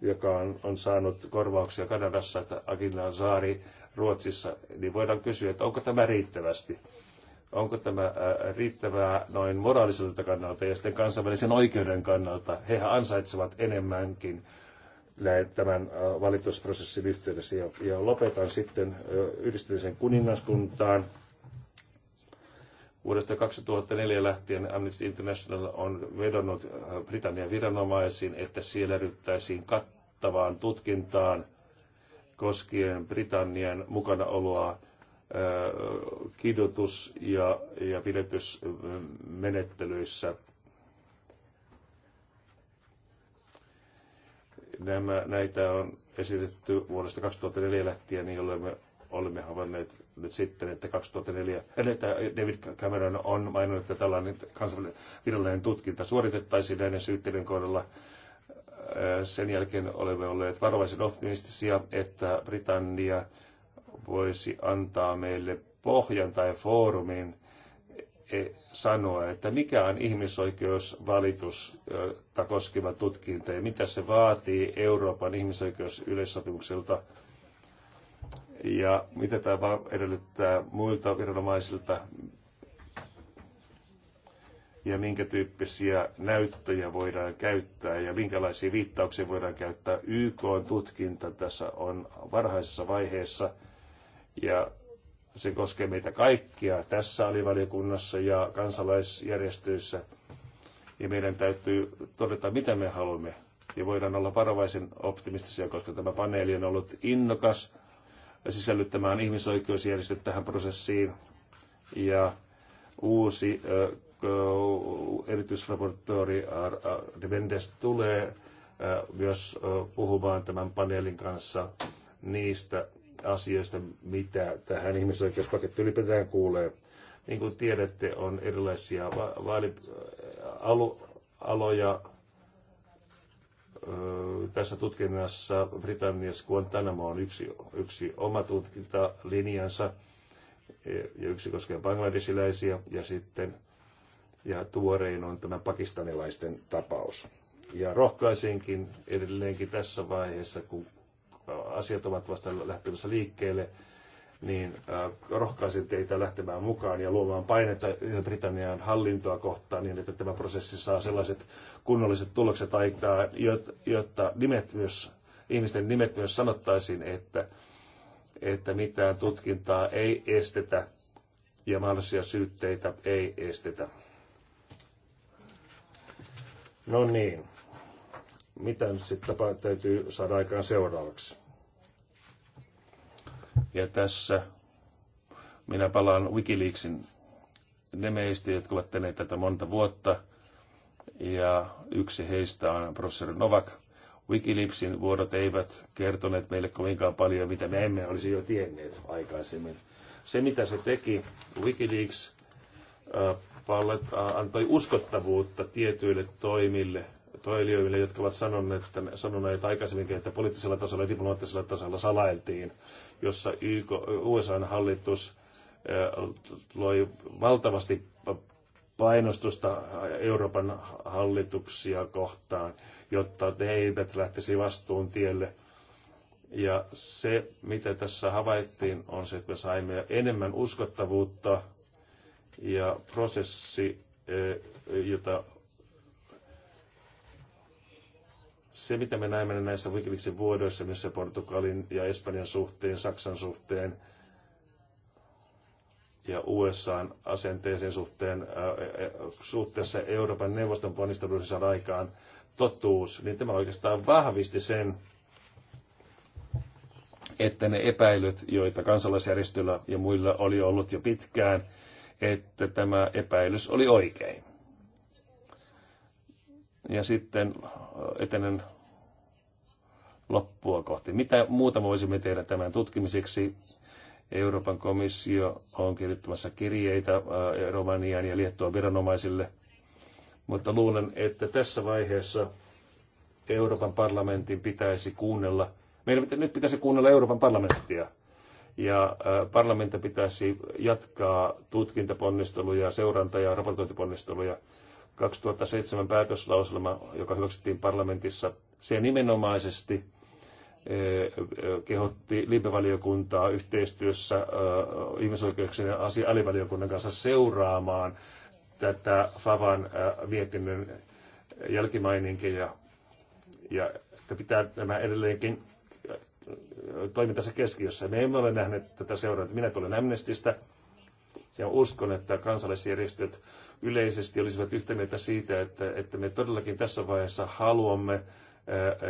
joka on, on saanut korvauksia Kanadassa, että Akilan saari Ruotsissa, niin voidaan kysyä, että onko tämä riittävästi. Onko tämä riittävää noin moraaliselta kannalta ja sitten kansainvälisen oikeuden kannalta? Hehän ansaitsevat enemmänkin tämän valitusprosessin yhteydessä. Ja lopetan sitten yhdistyneeseen kuningaskuntaan. Vuodesta 2004 lähtien Amnesty International on vedonnut Britannian viranomaisiin, että siellä ryhtäisiin kattavaan tutkintaan koskien Britannian mukanaoloa kidutus- ja, ja pidetysmenettelyissä. Nämä, näitä on esitetty vuodesta 2004 lähtien, niin olemme, olemme havainneet nyt sitten, että 2004, äh, että David Cameron on maininnut, että tällainen kansainvälinen virallinen tutkinta suoritettaisiin näiden syytteiden kohdalla. Sen jälkeen olemme olleet varovaisen optimistisia, että Britannia voisi antaa meille pohjan tai foorumin e, sanoa, että mikä on ihmisoikeusvalitusta koskeva tutkinta ja mitä se vaatii Euroopan ihmisoikeusyleissopimukselta ja mitä tämä edellyttää muilta viranomaisilta ja minkä tyyppisiä näyttöjä voidaan käyttää ja minkälaisia viittauksia voidaan käyttää. YK on tutkinta tässä on varhaisessa vaiheessa – ja se koskee meitä kaikkia tässä alivaliokunnassa ja kansalaisjärjestöissä. Ja meidän täytyy todeta, mitä me haluamme. Ja voidaan olla varovaisen optimistisia, koska tämä paneeli on ollut innokas sisällyttämään ihmisoikeusjärjestöt tähän prosessiin. Ja uusi erityisraportööri Vendes tulee myös puhumaan tämän paneelin kanssa niistä asioista, mitä tähän ihmisoikeuspakettiin ylipäätään kuulee. Niin kuin tiedätte, on erilaisia vaali- äh, alu- aloja öö, tässä tutkinnassa. Britanniassa Guantanamo on yksi, yksi oma tutkintalinjansa e, ja yksi koskee bangladesiläisiä ja sitten ja tuorein on tämä pakistanilaisten tapaus. Ja rohkaisinkin edelleenkin tässä vaiheessa, kun asiat ovat vasta lähtemässä liikkeelle, niin äh, rohkaisen teitä lähtemään mukaan ja luomaan painetta Britannian hallintoa kohtaan niin, että tämä prosessi saa sellaiset kunnolliset tulokset aikaan, jotta nimet myös, ihmisten nimet myös sanottaisiin, että, että mitään tutkintaa ei estetä ja mahdollisia syytteitä ei estetä. No niin mitä nyt sitten täytyy saada aikaan seuraavaksi. Ja tässä minä palaan Wikileaksin ne jotka ovat tehneet tätä monta vuotta. Ja yksi heistä on professori Novak. Wikileaksin vuodot eivät kertoneet meille kovinkaan paljon, mitä me emme olisi jo tienneet aikaisemmin. Se, mitä se teki, Wikileaks antoi uskottavuutta tietyille toimille – toilijoille, jotka ovat sanoneet, että, sanoneet aikaisemminkin, että poliittisella tasolla ja diplomaattisella tasolla salailtiin, jossa YK, USA-hallitus eh, loi valtavasti painostusta Euroopan hallituksia kohtaan, jotta ne eivät lähtisi vastuun tielle. Ja se, mitä tässä havaittiin, on se, että me saimme enemmän uskottavuutta ja prosessi, eh, jota Se, mitä me näemme näissä Wikileaksin vuodoissa, missä Portugalin ja Espanjan suhteen, Saksan suhteen ja USAn asenteeseen suhteen, suhteessa Euroopan neuvoston ponnisteluissa saada aikaan totuus, niin tämä oikeastaan vahvisti sen, että ne epäilyt, joita kansalaisjärjestöillä ja muilla oli ollut jo pitkään, että tämä epäilys oli oikein. Ja sitten äh, etenen loppua kohti. Mitä muuta voisimme tehdä tämän tutkimiseksi? Euroopan komissio on kirjoittamassa kirjeitä äh, Romanian ja Liettuan viranomaisille, mutta luulen, että tässä vaiheessa Euroopan parlamentin pitäisi kuunnella, meidän nyt pitäisi kuunnella Euroopan parlamenttia, ja äh, parlamentti pitäisi jatkaa tutkintaponnisteluja, seuranta- ja raportointiponnisteluja, 2007 päätöslauselma, joka hyväksyttiin parlamentissa, se nimenomaisesti eh, eh, kehotti libevaliokuntaa yhteistyössä eh, ihmisoikeuksien asia alivaliokunnan kanssa seuraamaan tätä Favan mietinnön jälkimaininkeja. Ja että pitää nämä edelleenkin toimintansa keskiössä. Me emme ole nähneet tätä seurantaa. Minä tulen Amnestista, ja uskon, että kansalaisjärjestöt yleisesti olisivat yhtä mieltä siitä, että, että me todellakin tässä vaiheessa haluamme,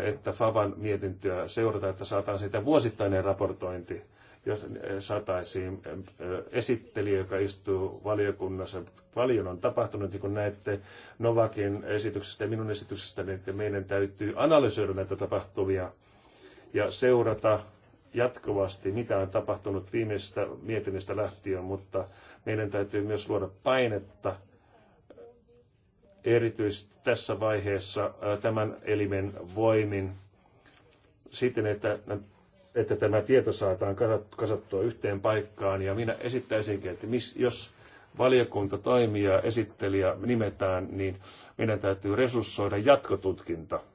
että Favan mietintöä seurataan, että saataisiin siitä vuosittainen raportointi jos saataisiin esittelijä, joka istuu valiokunnassa. Paljon on tapahtunut, niin kuin näette Novakin esityksestä ja minun esityksestäni, niin että meidän täytyy analysoida näitä tapahtumia ja seurata jatkuvasti, mitä on tapahtunut viimeisestä mietinnöstä lähtien, mutta meidän täytyy myös luoda painetta erityisesti tässä vaiheessa tämän elimen voimin siten, että, että tämä tieto saataan kasattua yhteen paikkaan. Ja minä esittäisinkin, että jos valiokunta toimii ja esittelijä nimetään, niin meidän täytyy resurssoida jatkotutkinta –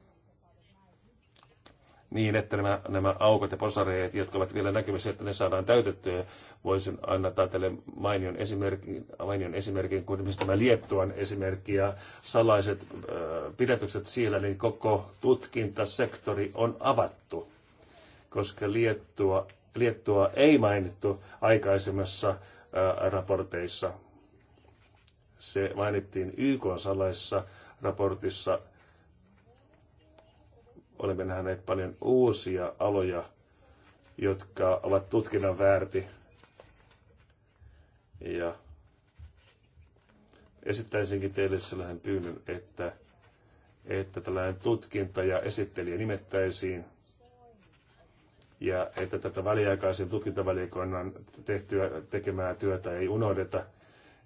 niin, että nämä, nämä aukot ja posareet, jotka ovat vielä näkyvissä, että ne saadaan täytettyä. Voisin antaa teille mainion esimerkin, mainion esimerkin kuten esimerkiksi tämä Liettuan esimerkki ja salaiset äh, pidätykset siellä, niin koko tutkintasektori on avattu, koska Liettua, Liettua ei mainittu aikaisemmassa äh, raporteissa. Se mainittiin YK salaisessa raportissa – olemme nähneet paljon uusia aloja, jotka ovat tutkinnan väärti. Ja esittäisinkin teille sellaisen pyynnön, että, että tällainen tutkinta ja esittelijä nimettäisiin ja että tätä väliaikaisen tutkintavaliokunnan tehtyä, tekemää työtä ei unohdeta.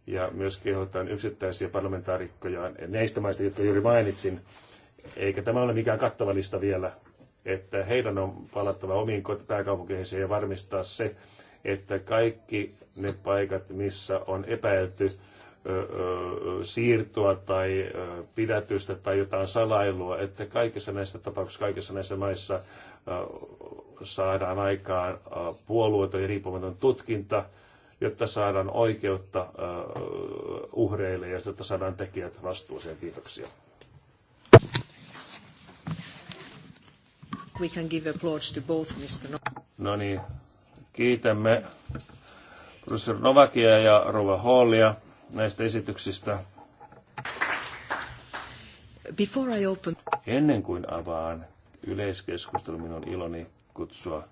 Ja myös kehotan yksittäisiä parlamentaarikkoja näistä maista, jotka juuri mainitsin, eikä tämä ole mikään kattava lista vielä, että heidän on palattava omiin pääkaupunkeihinsa ja varmistaa se, että kaikki ne paikat, missä on epäilty siirtoa tai pidätystä tai jotain salailua, että kaikissa näissä tapauksissa, kaikissa näissä maissa saadaan aikaan puolueeton ja riippumaton tutkinta, jotta saadaan oikeutta uhreille ja jotta saadaan tekijät vastuuseen. Kiitoksia. we can give applause to both Mr. Novak. No niin, kiitämme professori Novakia ja Rova Hallia näistä esityksistä. Before I open... Ennen kuin avaan yleiskeskustelun, minun iloni kutsua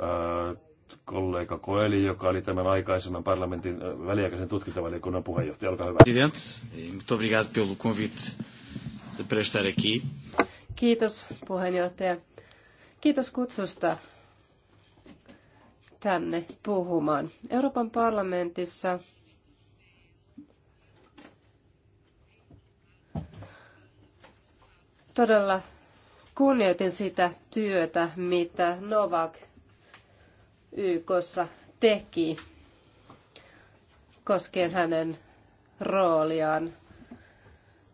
äh, kollega Koeli, joka oli tämän aikaisemman parlamentin äh, väliaikaisen tutkintavaliokunnan puheenjohtaja. Olkaa hyvä. President, eh, muito obrigado pelo convite de prestar aqui. Kiitos puheenjohtaja. Kiitos kutsusta tänne puhumaan. Euroopan parlamentissa todella kunnioitin sitä työtä, mitä Novak YKssa teki koskien hänen rooliaan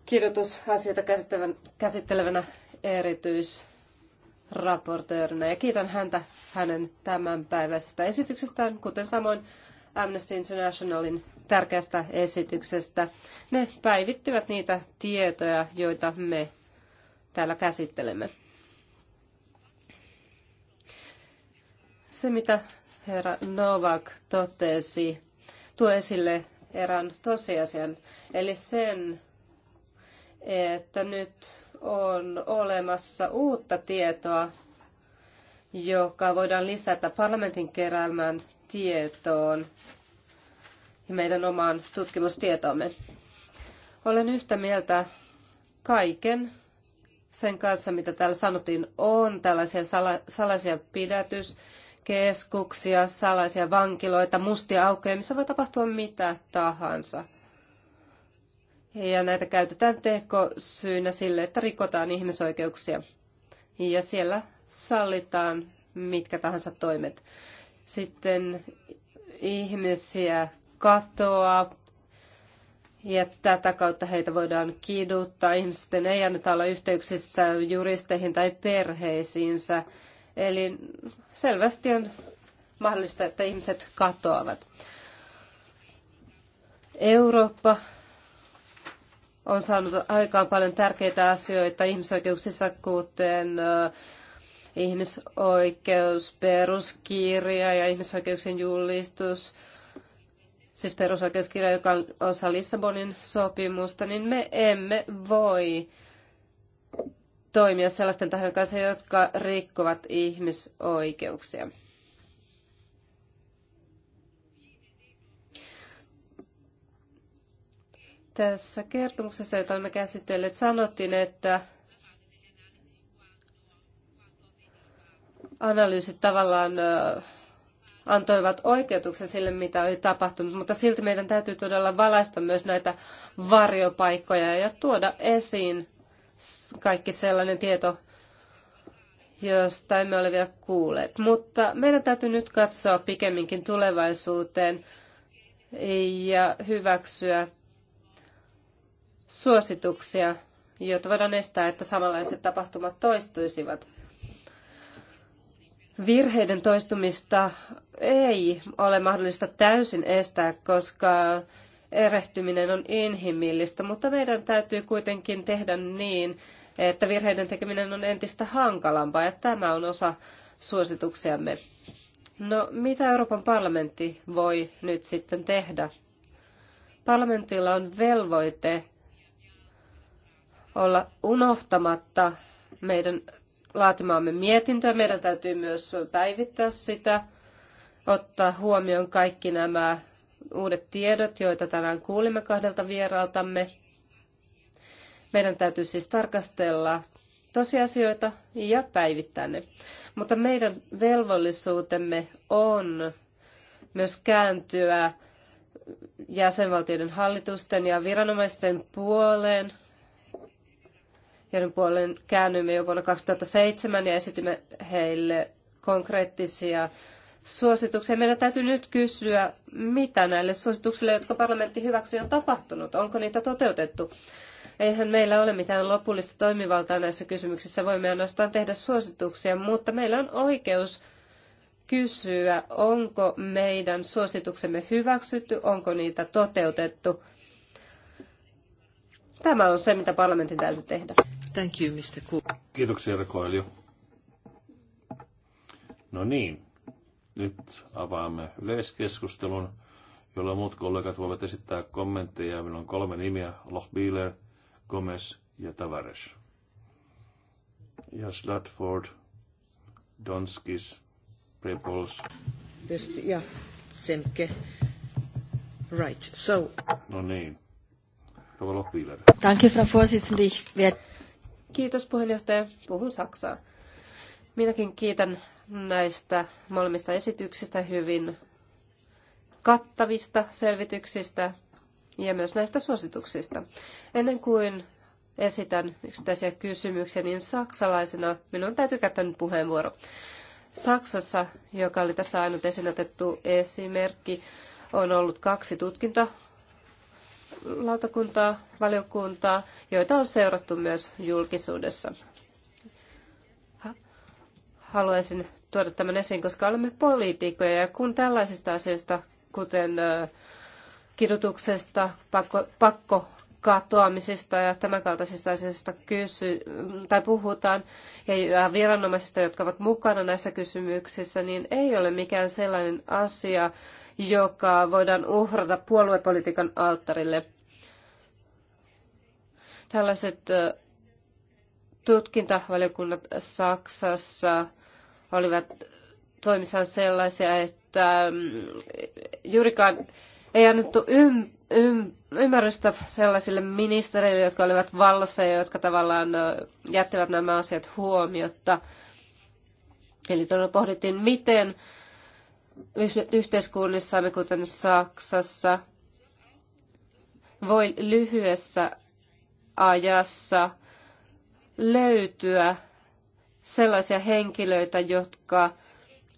kirjoitusasioita käsittelevänä erityis raportöörinä ja kiitän häntä hänen tämänpäiväisestä esityksestään, kuten samoin Amnesty Internationalin tärkeästä esityksestä. Ne päivittivät niitä tietoja, joita me täällä käsittelemme. Se, mitä herra Novak totesi, tuo esille erään tosiasian, eli sen, että nyt on olemassa uutta tietoa, joka voidaan lisätä parlamentin keräämään tietoon ja meidän omaan tutkimustietomme. Olen yhtä mieltä kaiken sen kanssa, mitä täällä sanottiin, on tällaisia sala- salaisia pidätyskeskuksia, salaisia vankiloita, mustia aukkoja, missä voi tapahtua mitä tahansa – ja näitä käytetään tekosyynä sille, että rikotaan ihmisoikeuksia. Ja siellä sallitaan mitkä tahansa toimet. Sitten ihmisiä katoaa ja tätä kautta heitä voidaan kiduttaa. Ihmisten ei anneta olla yhteyksissä juristeihin tai perheisiinsä. Eli selvästi on mahdollista, että ihmiset katoavat. Eurooppa on saanut aikaan paljon tärkeitä asioita ihmisoikeuksissa, kuten ihmisoikeusperuskirja ja ihmisoikeuksien julistus, siis perusoikeuskirja, joka on osa Lissabonin sopimusta, niin me emme voi toimia sellaisten tahojen kanssa, jotka rikkovat ihmisoikeuksia. Tässä kertomuksessa, jota olemme käsitelleet, sanottiin, että analyysit tavallaan antoivat oikeutuksen sille, mitä oli tapahtunut, mutta silti meidän täytyy todella valaista myös näitä varjopaikkoja ja tuoda esiin kaikki sellainen tieto, josta emme ole vielä kuulleet. Mutta meidän täytyy nyt katsoa pikemminkin tulevaisuuteen ja hyväksyä suosituksia, jotta voidaan estää, että samanlaiset tapahtumat toistuisivat. Virheiden toistumista ei ole mahdollista täysin estää, koska erehtyminen on inhimillistä, mutta meidän täytyy kuitenkin tehdä niin, että virheiden tekeminen on entistä hankalampaa, ja tämä on osa suosituksiamme. No, mitä Euroopan parlamentti voi nyt sitten tehdä? Parlamentilla on velvoite olla unohtamatta meidän laatimaamme mietintöä. Meidän täytyy myös päivittää sitä, ottaa huomioon kaikki nämä uudet tiedot, joita tänään kuulimme kahdelta vieraaltamme. Meidän täytyy siis tarkastella tosiasioita ja päivittää ne. Mutta meidän velvollisuutemme on myös kääntyä jäsenvaltioiden hallitusten ja viranomaisten puoleen joiden puoleen käännyimme jo vuonna 2007 ja esitimme heille konkreettisia suosituksia. Meidän täytyy nyt kysyä, mitä näille suosituksille, jotka parlamentti hyväksyi, on tapahtunut. Onko niitä toteutettu? Eihän meillä ole mitään lopullista toimivaltaa näissä kysymyksissä. Voimme ainoastaan tehdä suosituksia, mutta meillä on oikeus kysyä, onko meidän suosituksemme hyväksytty, onko niitä toteutettu – Tämä on se, mitä parlamentin täytyy tehdä. Thank you, Mr. Cook. Kiitoksia, Rekoilio. No niin, nyt avaamme yleiskeskustelun, jolla muut kollegat voivat esittää kommentteja. Meillä on kolme Loch Bieler, Gomez ja Tavares. Ja Slatford, Donskis, Prepols. Ja Semke. Right, so... No niin. Danke, Frau Vorsitzende. Kiitos puheenjohtaja. Puhun Saksaa. Minäkin kiitän näistä molemmista esityksistä hyvin kattavista selvityksistä ja myös näistä suosituksista. Ennen kuin esitän yksittäisiä kysymyksiä, niin saksalaisena minun täytyy käyttää nyt puheenvuoro. Saksassa, joka oli tässä ainut esiin otettu esimerkki, on ollut kaksi tutkintaa lautakuntaa, valiokuntaa, joita on seurattu myös julkisuudessa. Haluaisin tuoda tämän esiin, koska olemme poliitikkoja ja kun tällaisista asioista, kuten kidutuksesta, pakko, pakko katoamisista ja tämänkaltaisista asioista kysy- tai puhutaan, ja viranomaisista, jotka ovat mukana näissä kysymyksissä, niin ei ole mikään sellainen asia, joka voidaan uhrata puoluepolitiikan alttarille. Tällaiset tutkintavaliokunnat Saksassa olivat toimissaan sellaisia, että mm, juurikaan ei annettu ym, ym, ymmärrystä sellaisille ministereille, jotka olivat vallassa ja jotka tavallaan jättivät nämä asiat huomiotta. Eli tuolla pohdittiin, miten yhteiskunnissamme, kuten Saksassa, voi lyhyessä ajassa löytyä sellaisia henkilöitä, jotka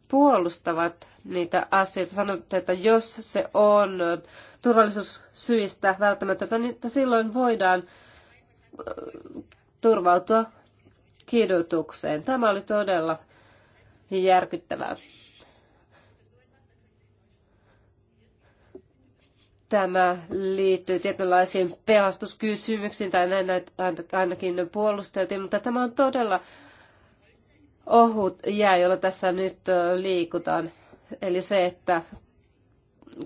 puolustavat niitä asioita. Sanotte, että jos se on turvallisuussyistä välttämätöntä, niin että silloin voidaan äh, turvautua kidutukseen. Tämä oli todella järkyttävää. tämä liittyy tietynlaisiin pelastuskysymyksiin, tai näin ainakin puolusteltiin, mutta tämä on todella ohut jää, jolla tässä nyt liikutaan. Eli se, että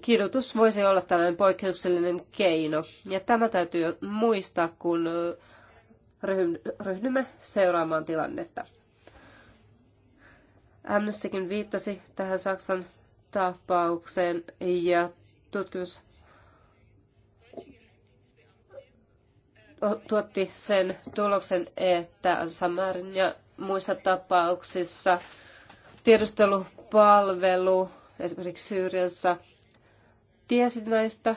kirjoitus voisi olla tällainen poikkeuksellinen keino. Ja tämä täytyy muistaa, kun ryhdymme seuraamaan tilannetta. Amnestykin viittasi tähän Saksan tapaukseen ja tutkimus tuotti sen tuloksen, että Samarin ja muissa tapauksissa tiedustelupalvelu esimerkiksi Syyriassa tiesi näistä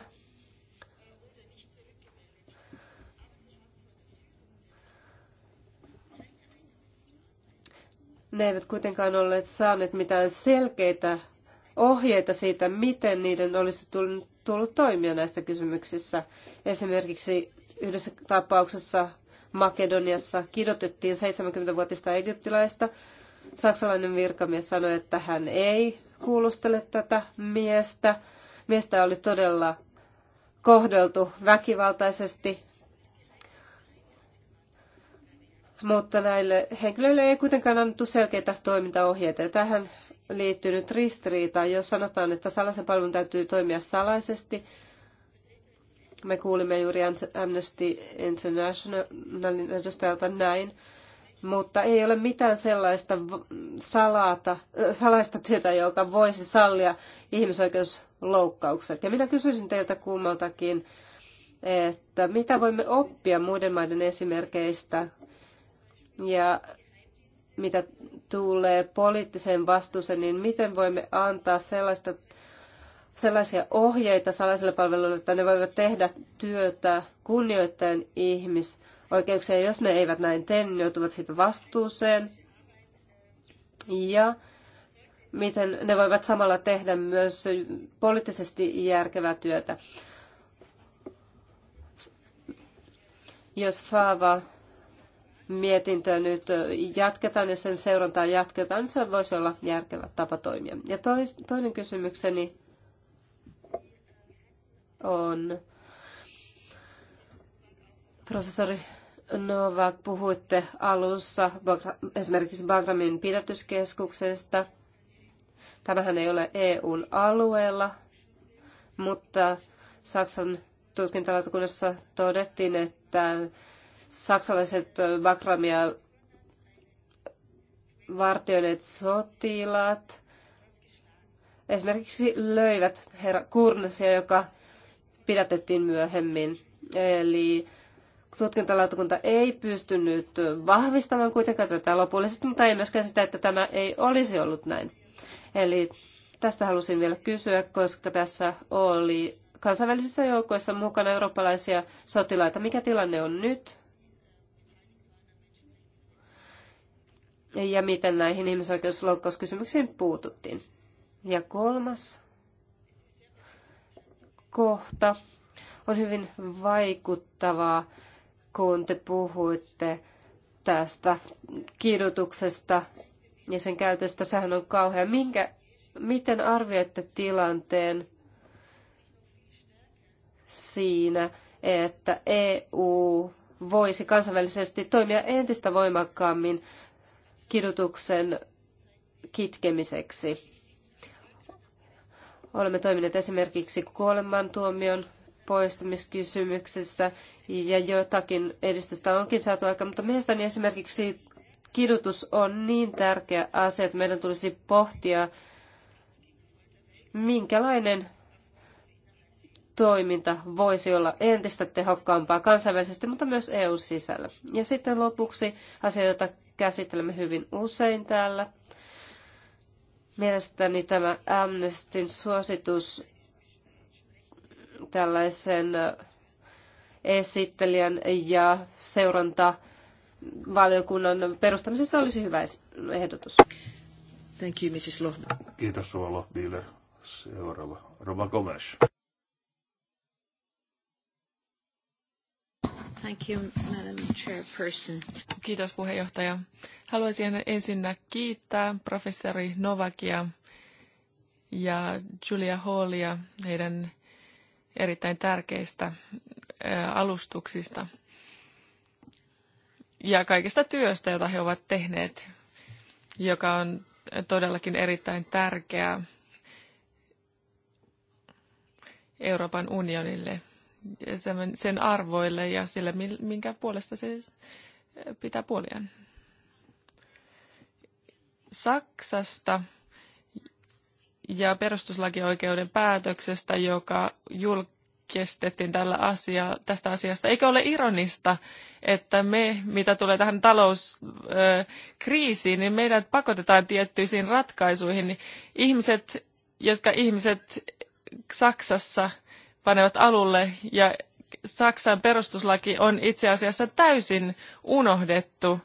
Ne eivät kuitenkaan olleet saaneet mitään selkeitä ohjeita siitä, miten niiden olisi tullut toimia näistä kysymyksissä. Esimerkiksi Yhdessä tapauksessa Makedoniassa kidotettiin 70-vuotista egyptiläistä. Saksalainen virkamies sanoi, että hän ei kuulustele tätä miestä. Miestä oli todella kohdeltu väkivaltaisesti, mutta näille henkilöille ei kuitenkaan annettu selkeitä toimintaohjeita. Ja tähän liittyy nyt ristiriita, jos sanotaan, että salaisen palvelun täytyy toimia salaisesti, me kuulimme juuri Amnesty Internationalin edustajalta näin, mutta ei ole mitään sellaista salata, äh, salaista työtä, joka voisi sallia ihmisoikeusloukkaukset. Ja minä kysyisin teiltä kummaltakin, että mitä voimme oppia muiden maiden esimerkkeistä ja mitä tulee poliittiseen vastuuseen, niin miten voimme antaa sellaista sellaisia ohjeita salaisille palveluille, että ne voivat tehdä työtä kunnioittajan ihmisoikeuksia. Jos ne eivät näin tee, niin joutuvat siitä vastuuseen. Ja miten ne voivat samalla tehdä myös poliittisesti järkevää työtä. Jos Faava mietintöä nyt jatketaan ja sen seurantaa jatketaan, niin se voisi olla järkevä tapa toimia. Ja toinen kysymykseni on. Professori Novak, puhuitte alussa esimerkiksi Bagramin pidätyskeskuksesta. Tämähän ei ole EUn alueella, mutta Saksan tutkintalautakunnassa todettiin, että saksalaiset Bagramia vartioineet sotilaat esimerkiksi löivät herra Kurnasia, joka pidätettiin myöhemmin. Eli tutkintalautakunta ei pystynyt vahvistamaan kuitenkaan tätä lopullisesti, mutta ei myöskään sitä, että tämä ei olisi ollut näin. Eli tästä halusin vielä kysyä, koska tässä oli kansainvälisissä joukoissa mukana eurooppalaisia sotilaita. Mikä tilanne on nyt? Ja miten näihin ihmisoikeusloukkauskysymyksiin puututtiin? Ja kolmas kohta on hyvin vaikuttavaa, kun te puhuitte tästä kidutuksesta ja sen käytöstä. Sehän on kauhea. Minkä, miten arvioitte tilanteen siinä, että EU voisi kansainvälisesti toimia entistä voimakkaammin kidutuksen kitkemiseksi? Olemme toimineet esimerkiksi kuolemantuomion poistamiskysymyksessä ja jotakin edistystä onkin saatu aikaan, mutta mielestäni esimerkiksi kidutus on niin tärkeä asia, että meidän tulisi pohtia, minkälainen toiminta voisi olla entistä tehokkaampaa kansainvälisesti, mutta myös EU sisällä. Ja sitten lopuksi asia, jota käsittelemme hyvin usein täällä, Mielestäni tämä Amnestin suositus tällaisen esittelijän ja seuranta valiokunnan perustamisesta olisi hyvä ehdotus. Thank you, Mrs. Kiitos, Suola Seuraava, Roma Gomes. Thank you, Madam Chairperson. Kiitos puheenjohtaja. Haluaisin ensinnä kiittää professori Novakia ja Julia Hallia heidän erittäin tärkeistä alustuksista ja kaikesta työstä, jota he ovat tehneet, joka on todellakin erittäin tärkeää Euroopan unionille – sen arvoille ja sille, minkä puolesta se pitää puoliaan. Saksasta ja perustuslakioikeuden päätöksestä, joka julkistettiin tällä asia, tästä asiasta. Eikö ole ironista, että me, mitä tulee tähän talouskriisiin, niin meidät pakotetaan tiettyisiin ratkaisuihin. Ihmiset, jotka ihmiset Saksassa – panevat alulle ja Saksan perustuslaki on itse asiassa täysin unohdettu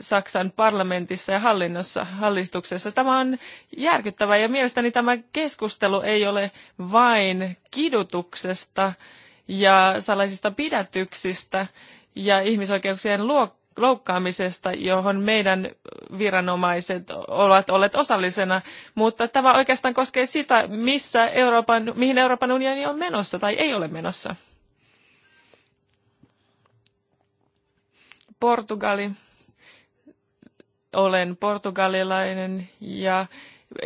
Saksan parlamentissa ja hallinnossa, hallituksessa. Tämä on järkyttävää ja mielestäni tämä keskustelu ei ole vain kidutuksesta ja salaisista pidätyksistä ja ihmisoikeuksien luo, loukkaamisesta, johon meidän viranomaiset ovat olleet osallisena, mutta tämä oikeastaan koskee sitä, missä Euroopan, mihin Euroopan unioni on menossa tai ei ole menossa. Portugali. Olen portugalilainen ja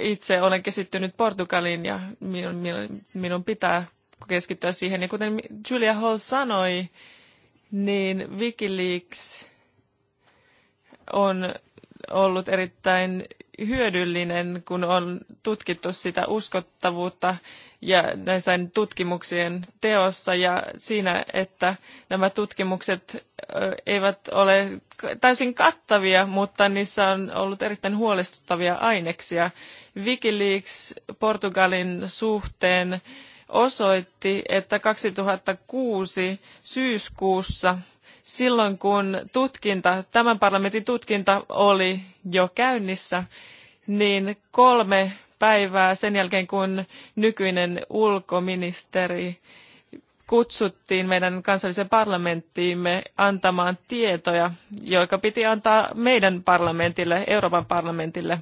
itse olen kesittynyt Portugaliin ja minun, minun, minun pitää keskittyä siihen. Ja kuten Julia Hall sanoi, niin Wikileaks on ollut erittäin hyödyllinen, kun on tutkittu sitä uskottavuutta ja näiden tutkimuksien teossa ja siinä, että nämä tutkimukset eivät ole täysin kattavia, mutta niissä on ollut erittäin huolestuttavia aineksia. Wikileaks Portugalin suhteen osoitti, että 2006 syyskuussa – silloin, kun tutkinta, tämän parlamentin tutkinta oli jo käynnissä, niin kolme päivää sen jälkeen, kun nykyinen ulkoministeri kutsuttiin meidän kansalliseen parlamenttiimme antamaan tietoja, joka piti antaa meidän parlamentille, Euroopan parlamentille.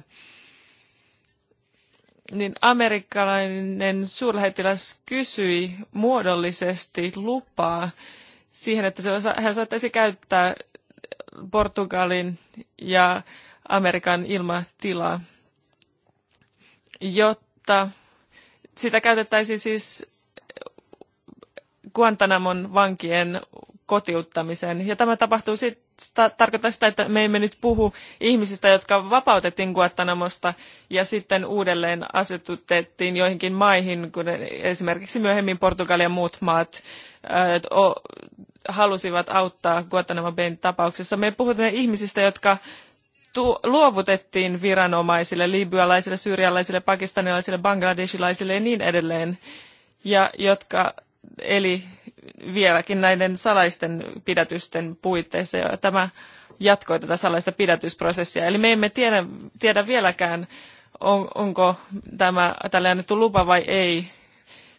Niin amerikkalainen suurlähettiläs kysyi muodollisesti lupaa siihen, että se osa, hän saattaisi käyttää Portugalin ja Amerikan ilmatilaa, jotta sitä käytettäisiin siis Guantanamon vankien Kotiuttamisen Ja tämä tapahtuu sit, sitä, tarkoittaa sitä, että me emme nyt puhu ihmisistä, jotka vapautettiin Guantanamosta ja sitten uudelleen asetutettiin joihinkin maihin, kun esimerkiksi myöhemmin Portugalia ja muut maat äh, o, halusivat auttaa Guantanamo Bayn tapauksessa. Me puhutaan ihmisistä, jotka tu, luovutettiin viranomaisille, libyalaisille, syyrialaisille, pakistanilaisille, bangladesilaisille ja niin edelleen, ja jotka eli vieläkin näiden salaisten pidätysten puitteissa. Ja tämä jatkoi tätä salaista pidätysprosessia. Eli me emme tiedä, tiedä vieläkään, on, onko tämä, tälle annettu lupa vai ei.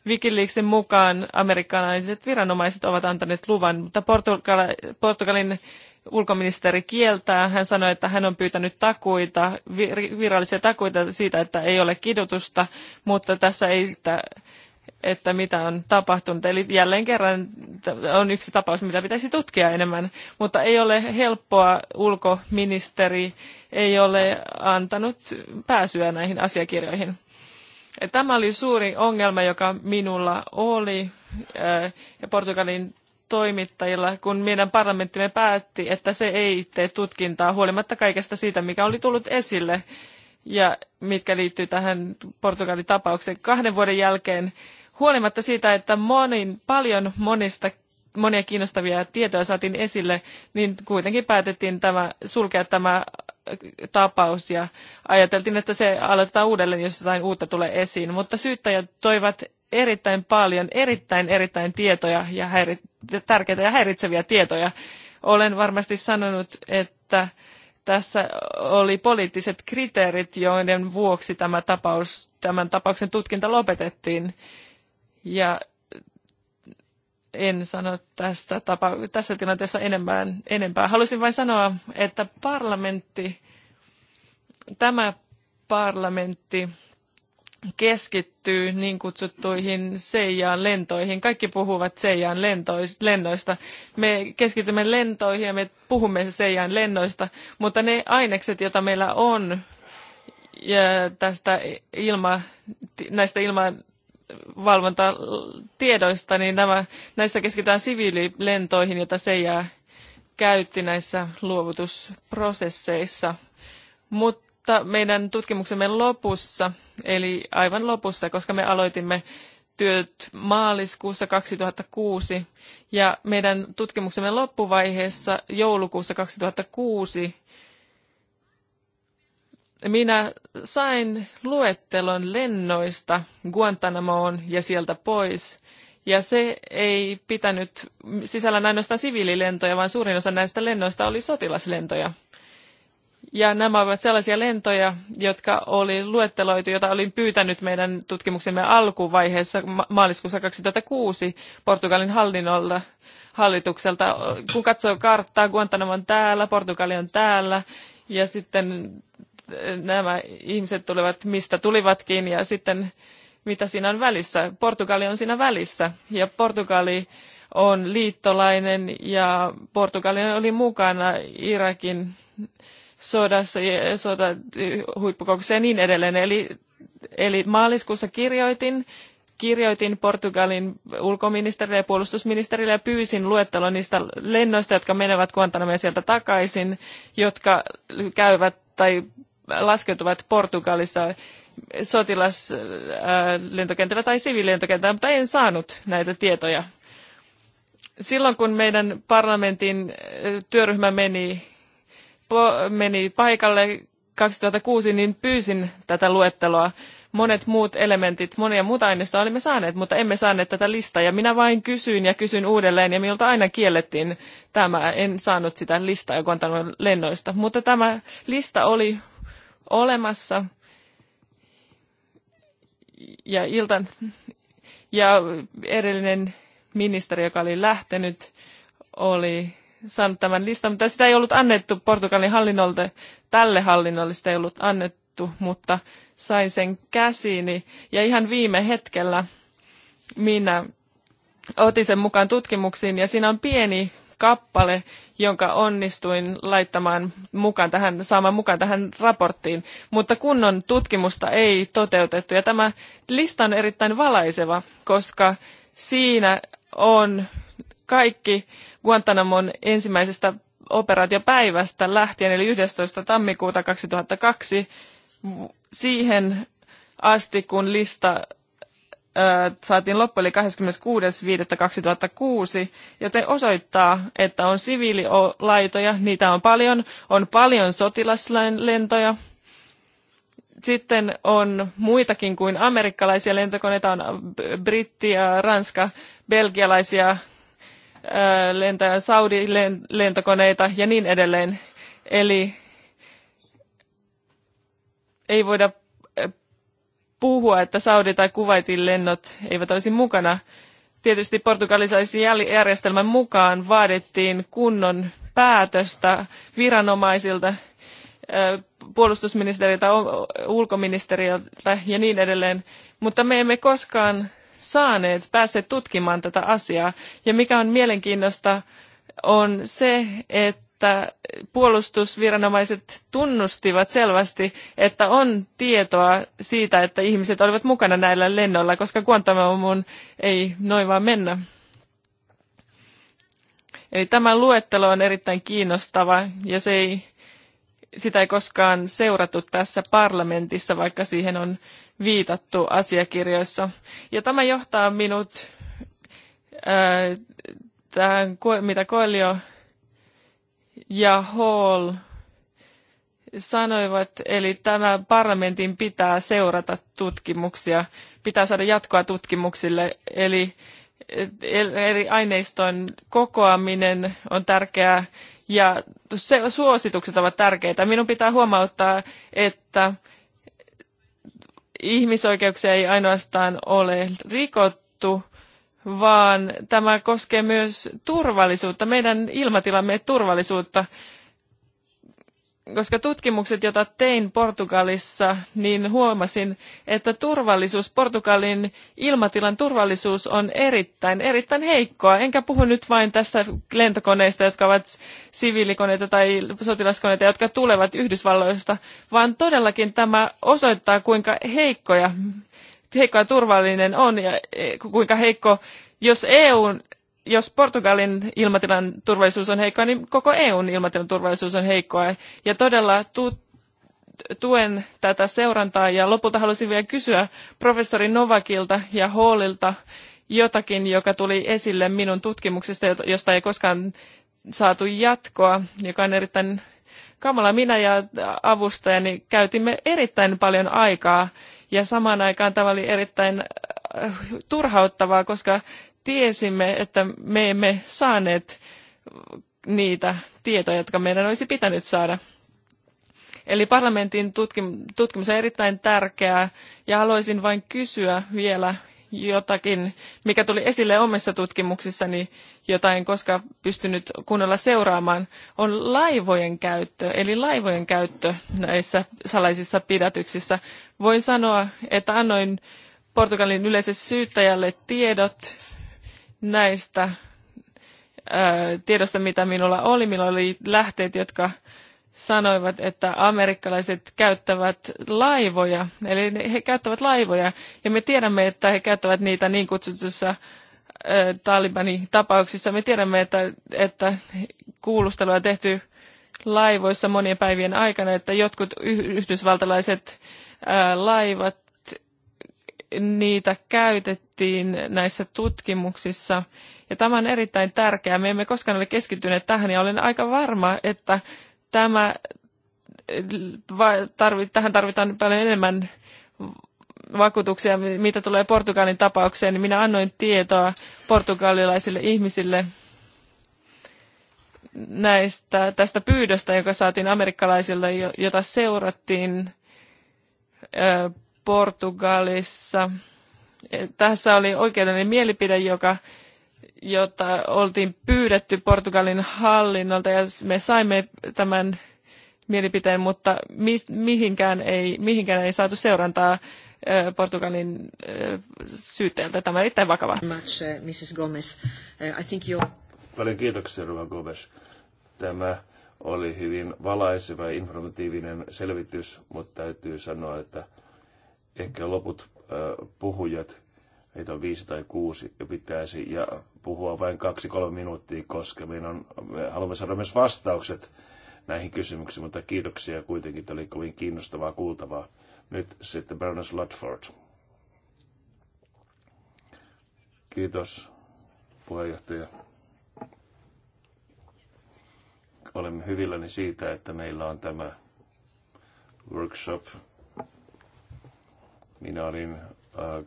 Wikileaksin mukaan amerikkalaiset viranomaiset ovat antaneet luvan, mutta Portugal, Portugalin ulkoministeri kieltää. Hän sanoi, että hän on pyytänyt takuita, virallisia takuita siitä, että ei ole kidutusta, mutta tässä ei että mitä on tapahtunut. Eli jälleen kerran on yksi tapaus, mitä pitäisi tutkia enemmän, mutta ei ole helppoa. Ulkoministeri ei ole antanut pääsyä näihin asiakirjoihin. Tämä oli suuri ongelma, joka minulla oli äh, ja Portugalin toimittajilla, kun meidän parlamenttimme päätti, että se ei tee tutkintaa huolimatta kaikesta siitä, mikä oli tullut esille ja mitkä liittyy tähän Portugalin tapaukseen kahden vuoden jälkeen. Huolimatta siitä, että monin, paljon monista, monia kiinnostavia tietoja saatiin esille, niin kuitenkin päätettiin tämä, sulkea tämä äh, tapaus ja ajateltiin, että se aloitetaan uudelleen, jos jotain uutta tulee esiin. Mutta syyttäjät toivat erittäin paljon, erittäin erittäin tietoja ja häiri- tärkeitä ja häiritseviä tietoja. Olen varmasti sanonut, että tässä oli poliittiset kriteerit, joiden vuoksi tämä tapaus, tämän tapauksen tutkinta lopetettiin. Ja en sano tästä tapa, tässä tilanteessa enemmän, enempää. Halusin vain sanoa, että parlamentti, tämä parlamentti keskittyy niin kutsuttuihin Seijaan lentoihin. Kaikki puhuvat Seijaan lennoista. Me keskitymme lentoihin ja me puhumme Seijaan lennoista, mutta ne ainekset, joita meillä on ja tästä ilma, näistä ilmavalvontatiedoista, niin nämä, näissä keskitytään siviililentoihin, joita seija käytti näissä luovutusprosesseissa. Mutta mutta meidän tutkimuksemme lopussa, eli aivan lopussa, koska me aloitimme työt maaliskuussa 2006 ja meidän tutkimuksemme loppuvaiheessa joulukuussa 2006 minä sain luettelon lennoista Guantanamoon ja sieltä pois. Ja se ei pitänyt sisällä ainoastaan siviililentoja, vaan suurin osa näistä lennoista oli sotilaslentoja. Ja nämä ovat sellaisia lentoja, jotka oli luetteloitu, jota olin pyytänyt meidän tutkimuksemme alkuvaiheessa maaliskuussa 2006 Portugalin hallinnolta hallitukselta. Kun katsoo karttaa, Guantanamo on täällä, Portugali on täällä ja sitten eh, nämä ihmiset tulevat mistä tulivatkin ja sitten mitä siinä on välissä. Portugali on siinä välissä ja Portugali on liittolainen ja Portugali oli mukana Irakin sodassa, huippukokouksessa ja niin edelleen. Eli, eli maaliskuussa kirjoitin, kirjoitin Portugalin ulkoministerille ja puolustusministerille ja pyysin luettelon niistä lennoista, jotka menevät Guantanamia sieltä takaisin, jotka käyvät tai laskeutuvat Portugalissa sotilaslentokentällä äh, tai siviililentokentällä, mutta en saanut näitä tietoja. Silloin kun meidän parlamentin äh, työryhmä meni meni paikalle 2006, niin pyysin tätä luetteloa. Monet muut elementit, monia muuta aineista olimme saaneet, mutta emme saaneet tätä listaa. Ja minä vain kysyin ja kysyin uudelleen, ja minulta aina kiellettiin tämä. En saanut sitä listaa Guantanamon lennoista. Mutta tämä lista oli olemassa. Ja ilta, ja edellinen ministeri, joka oli lähtenyt, oli saanut tämän listan, mutta sitä ei ollut annettu Portugalin hallinnolta. Tälle hallinnolle sitä ei ollut annettu, mutta sain sen käsiini. Ja ihan viime hetkellä minä otin sen mukaan tutkimuksiin ja siinä on pieni kappale, jonka onnistuin laittamaan mukaan tähän, saamaan mukaan tähän raporttiin, mutta kunnon tutkimusta ei toteutettu. Ja tämä lista on erittäin valaiseva, koska siinä on kaikki Guantanamon ensimmäisestä operaatiopäivästä lähtien, eli 11. tammikuuta 2002, siihen asti, kun lista saatiin loppu, eli 26.5.2006, joten osoittaa, että on siviililaitoja, niitä on paljon, on paljon sotilaslentoja, sitten on muitakin kuin amerikkalaisia lentokoneita, on britti- ja ranska, belgialaisia Äh, lentäjä, Saudi-lentokoneita ja niin edelleen. Eli ei voida äh, puhua, että Saudi- tai Kuwaitin lennot eivät olisi mukana. Tietysti portugalisaisen järjestelmän mukaan vaadittiin kunnon päätöstä viranomaisilta, äh, puolustusministeriltä, ulkoministeriöltä ja niin edelleen, mutta me emme koskaan saaneet, päässeet tutkimaan tätä asiaa. Ja mikä on mielenkiinnosta, on se, että puolustusviranomaiset tunnustivat selvästi, että on tietoa siitä, että ihmiset olivat mukana näillä lennoilla, koska Guantanamoon ei noin vaan mennä. Eli tämä luettelo on erittäin kiinnostava ja se ei, sitä ei koskaan seurattu tässä parlamentissa, vaikka siihen on viitattu asiakirjoissa. Ja tämä johtaa minut ää, tähän, mitä Koelio ja Hall sanoivat, eli tämä parlamentin pitää seurata tutkimuksia, pitää saada jatkoa tutkimuksille, eli eri aineiston kokoaminen on tärkeää ja suositukset ovat tärkeitä. Minun pitää huomauttaa, että ihmisoikeuksia ei ainoastaan ole rikottu, vaan tämä koskee myös turvallisuutta, meidän ilmatilamme turvallisuutta koska tutkimukset, joita tein Portugalissa, niin huomasin, että turvallisuus, Portugalin ilmatilan turvallisuus on erittäin, erittäin heikkoa. Enkä puhu nyt vain tästä lentokoneista, jotka ovat siviilikoneita tai sotilaskoneita, jotka tulevat Yhdysvalloista, vaan todellakin tämä osoittaa, kuinka heikkoja, heikkoa turvallinen on ja e, kuinka heikko jos EUn jos Portugalin ilmatilan turvallisuus on heikkoa, niin koko EUn ilmatilan turvallisuus on heikkoa. Ja todella tu- tuen tätä seurantaa ja lopulta haluaisin vielä kysyä professori Novakilta ja Hallilta jotakin, joka tuli esille minun tutkimuksesta, josta ei koskaan saatu jatkoa, joka on erittäin kamala. Minä ja avustajani käytimme erittäin paljon aikaa ja samaan aikaan tämä oli erittäin äh, turhauttavaa, koska tiesimme, että me emme saaneet niitä tietoja, jotka meidän olisi pitänyt saada. Eli parlamentin tutkimus on erittäin tärkeää ja haluaisin vain kysyä vielä jotakin, mikä tuli esille omissa tutkimuksissani, jota en koskaan pystynyt kunnolla seuraamaan, on laivojen käyttö, eli laivojen käyttö näissä salaisissa pidätyksissä. Voin sanoa, että annoin Portugalin yleisessä syyttäjälle tiedot näistä tiedosta, mitä minulla oli. Minulla oli lähteet, jotka sanoivat, että amerikkalaiset käyttävät laivoja, eli he käyttävät laivoja, ja me tiedämme, että he käyttävät niitä niin kutsutussa Talibanin tapauksissa. Me tiedämme, että, että kuulustelua on tehty laivoissa monien päivien aikana, että jotkut yhdysvaltalaiset laivat niitä käytettiin näissä tutkimuksissa. Ja tämä on erittäin tärkeää. Me emme koskaan ole keskittyneet tähän ja olen aika varma, että tämä, tähän tarvitaan paljon enemmän vakuutuksia, mitä tulee Portugalin tapaukseen, niin minä annoin tietoa portugalilaisille ihmisille näistä, tästä pyydöstä, joka saatiin amerikkalaisilta, jota seurattiin Portugalissa. E, tässä oli oikeudellinen mielipide, joka, jota oltiin pyydetty Portugalin hallinnolta ja me saimme tämän mielipiteen, mutta mi- mihinkään, ei, mihinkään ei saatu seurantaa e, Portugalin e, syyttäjältä. Tämä on erittäin vakava. Much, uh, Mrs. Gomez. Uh, I think you... Paljon kiitoksia, Ruva Gomes. Tämä oli hyvin valaiseva ja informatiivinen selvitys, mutta täytyy sanoa, että ehkä loput puhujat, heitä on viisi tai kuusi, ja pitäisi ja puhua vain kaksi-kolme minuuttia, koska meidän on, me haluamme saada myös vastaukset näihin kysymyksiin, mutta kiitoksia kuitenkin, tämä oli kovin kiinnostavaa kuultavaa. Nyt sitten Baroness Ludford. Kiitos, puheenjohtaja. Olemme hyvilläni siitä, että meillä on tämä workshop minä olin äh,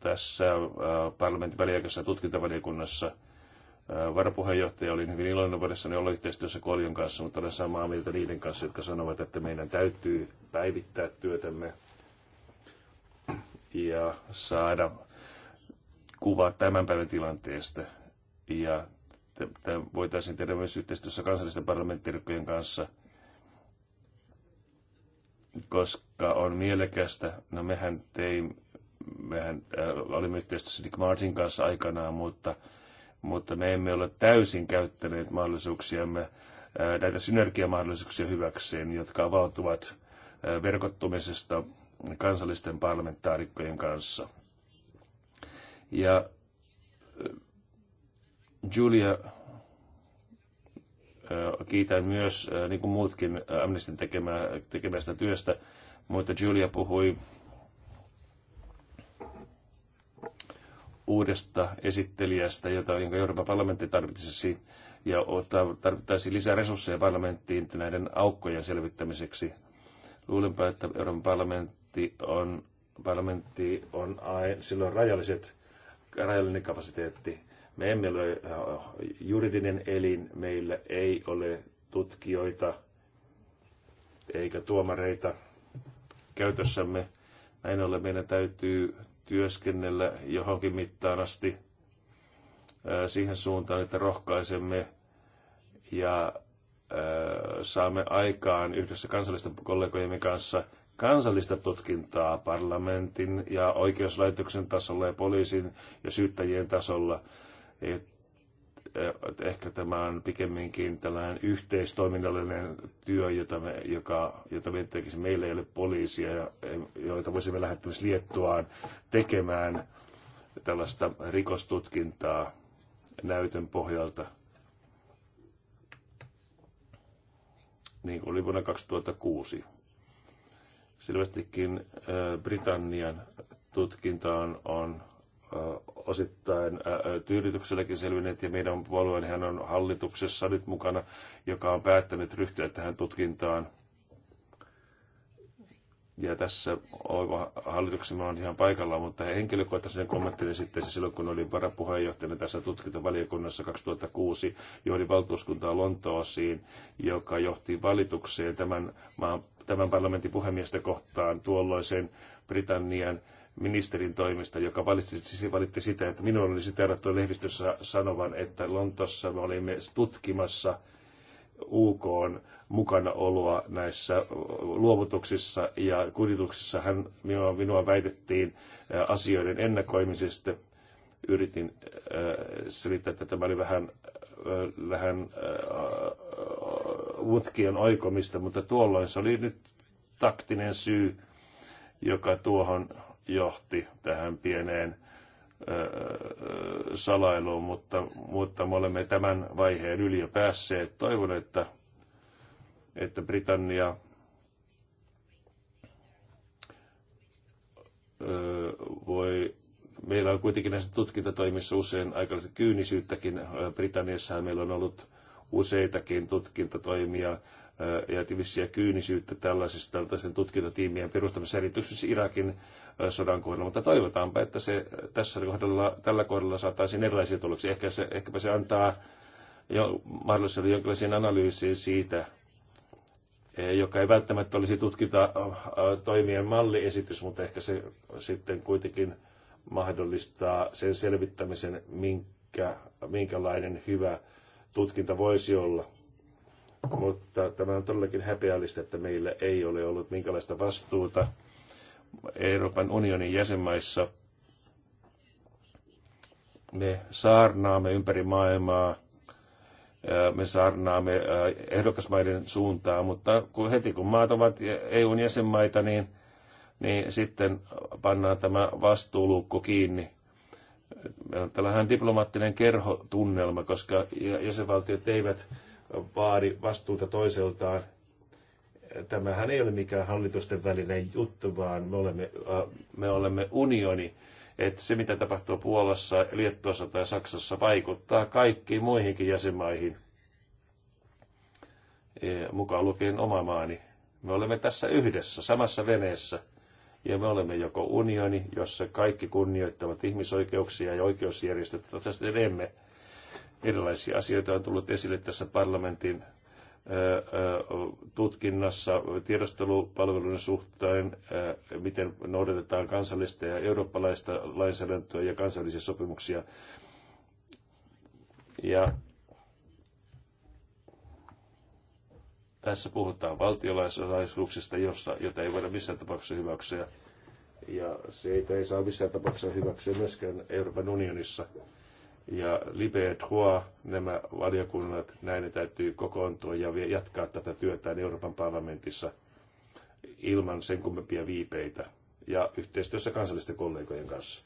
tässä äh, parlamentin väliaikaisessa tutkintavaliokunnassa äh, varapuheenjohtaja. Olin hyvin iloinen voidessani olla yhteistyössä Koljon kanssa, mutta olen samaa mieltä niiden kanssa, jotka sanovat, että meidän täytyy päivittää työtämme ja saada kuva tämän päivän tilanteesta. Ja voitaisiin tehdä myös yhteistyössä kansallisten parlamenttirikkojen kanssa – koska on mielekästä. No mehän teimme, mehän äh, olimme yhteistyössä Dick Martin kanssa aikanaan, mutta, mutta me emme ole täysin käyttäneet mahdollisuuksiamme, äh, näitä synergiamahdollisuuksia hyväkseen, jotka avautuvat äh, verkottumisesta kansallisten parlamentaarikkojen kanssa. Ja äh, Julia Kiitän myös, niin kuin muutkin, Amnestin tekemää, tekemästä työstä, mutta Julia puhui uudesta esittelijästä, jota, jonka Euroopan parlamentti tarvitsisi ja tarvittaisiin lisää resursseja parlamenttiin näiden aukkojen selvittämiseksi. Luulenpa, että Euroopan parlamentti on, parlamentti on aina, silloin rajalliset, rajallinen kapasiteetti me emme ole äh, juridinen elin, meillä ei ole tutkijoita eikä tuomareita käytössämme. Näin ollen meidän täytyy työskennellä johonkin mittaan asti äh, siihen suuntaan, että rohkaisemme ja äh, saamme aikaan yhdessä kansallisten kollegojemme kanssa kansallista tutkintaa parlamentin ja oikeuslaitoksen tasolla ja poliisin ja syyttäjien tasolla että ehkä tämä on pikemminkin tällainen yhteistoiminnallinen työ, jota me, joka, jota me tekisi. Meillä ei ole poliisia, joita voisimme lähettää myös Liettuaan tekemään tällaista rikostutkintaa näytön pohjalta. Niin kuin oli vuonna 2006. Selvästikin Britannian tutkinta on, on osittain tyydytykselläkin selvinneet, ja meidän hän on hallituksessa nyt mukana, joka on päättänyt ryhtyä tähän tutkintaan. Ja tässä oiva hallituksemme on ihan paikallaan, mutta henkilökohtaisen kommenttini sitten silloin, kun olin varapuheenjohtajana tässä tutkintavaliokunnassa 2006, johdin valtuuskuntaa Lontoosiin, joka johti valitukseen tämän, maan, tämän parlamentin puhemiestä kohtaan tuolloisen Britannian ministerin toimesta, joka valitsi, siis valitti sitä, että minulla oli siteerattu lehdistössä sanovan, että Lontossa me olimme tutkimassa UK on mukana oloa näissä luovutuksissa ja kurituksissa. Hän, minua, minua väitettiin asioiden ennakoimisesta. Yritin selittää, että tämä oli vähän, vähän mutkien oikomista, mutta tuolloin se oli nyt taktinen syy, joka tuohon johti tähän pieneen salailuun, mutta, mutta me olemme tämän vaiheen yli jo päässeet. Toivon, että, että Britannia voi meillä on kuitenkin näissä tutkintatoimissa usein aikalaista kyynisyyttäkin. Britanniassa meillä on ollut useitakin tutkintatoimia ja vissiä kyynisyyttä tällaisesta, tällaisen tutkintatiimien perustamisessa erityisesti Irakin sodan kohdalla, mutta toivotaanpa, että se tässä kohdalla, tällä kohdalla saataisiin erilaisia tuloksia. Ehkä se, ehkäpä se antaa jo mahdollisuuden jonkinlaisiin analyysiin siitä, e, joka ei välttämättä olisi tutkintatoimien toimien malliesitys, mutta ehkä se sitten kuitenkin mahdollistaa sen selvittämisen, minkä, minkälainen hyvä tutkinta voisi olla mutta tämä on todellakin häpeällistä, että meillä ei ole ollut minkälaista vastuuta Euroopan unionin jäsenmaissa. Me saarnaamme ympäri maailmaa, me saarnaamme ehdokasmaiden suuntaa. mutta kun heti kun maat ovat EUn jäsenmaita, niin, niin sitten pannaan tämä vastuuluukko kiinni. Meillä on tällainen diplomaattinen kerhotunnelma, koska jäsenvaltiot eivät vaadi vastuuta toiseltaan. Tämähän ei ole mikään hallitusten välinen juttu, vaan me olemme, äh, me olemme unioni. Että se, mitä tapahtuu Puolassa, Liettuassa tai Saksassa, vaikuttaa kaikkiin muihinkin jäsenmaihin, mukaan lukien oma maani. Me olemme tässä yhdessä, samassa veneessä – ja me olemme joko unioni, jossa kaikki kunnioittavat ihmisoikeuksia ja oikeusjärjestöt, tästä emme. Erilaisia asioita on tullut esille tässä parlamentin tutkinnassa tiedostelupalveluiden suhteen, miten noudatetaan kansallista ja eurooppalaista lainsäädäntöä ja kansallisia sopimuksia. Ja tässä puhutaan valtiolaisuuksista, josta, jota ei voida missään tapauksessa hyväksyä. Ja se ei saa missään tapauksessa hyväksyä myöskään Euroopan unionissa ja Libe Trois, nämä valiokunnat, näin ne täytyy kokoontua ja jatkaa tätä työtään Euroopan parlamentissa ilman sen kummempia viipeitä ja yhteistyössä kansallisten kollegojen kanssa.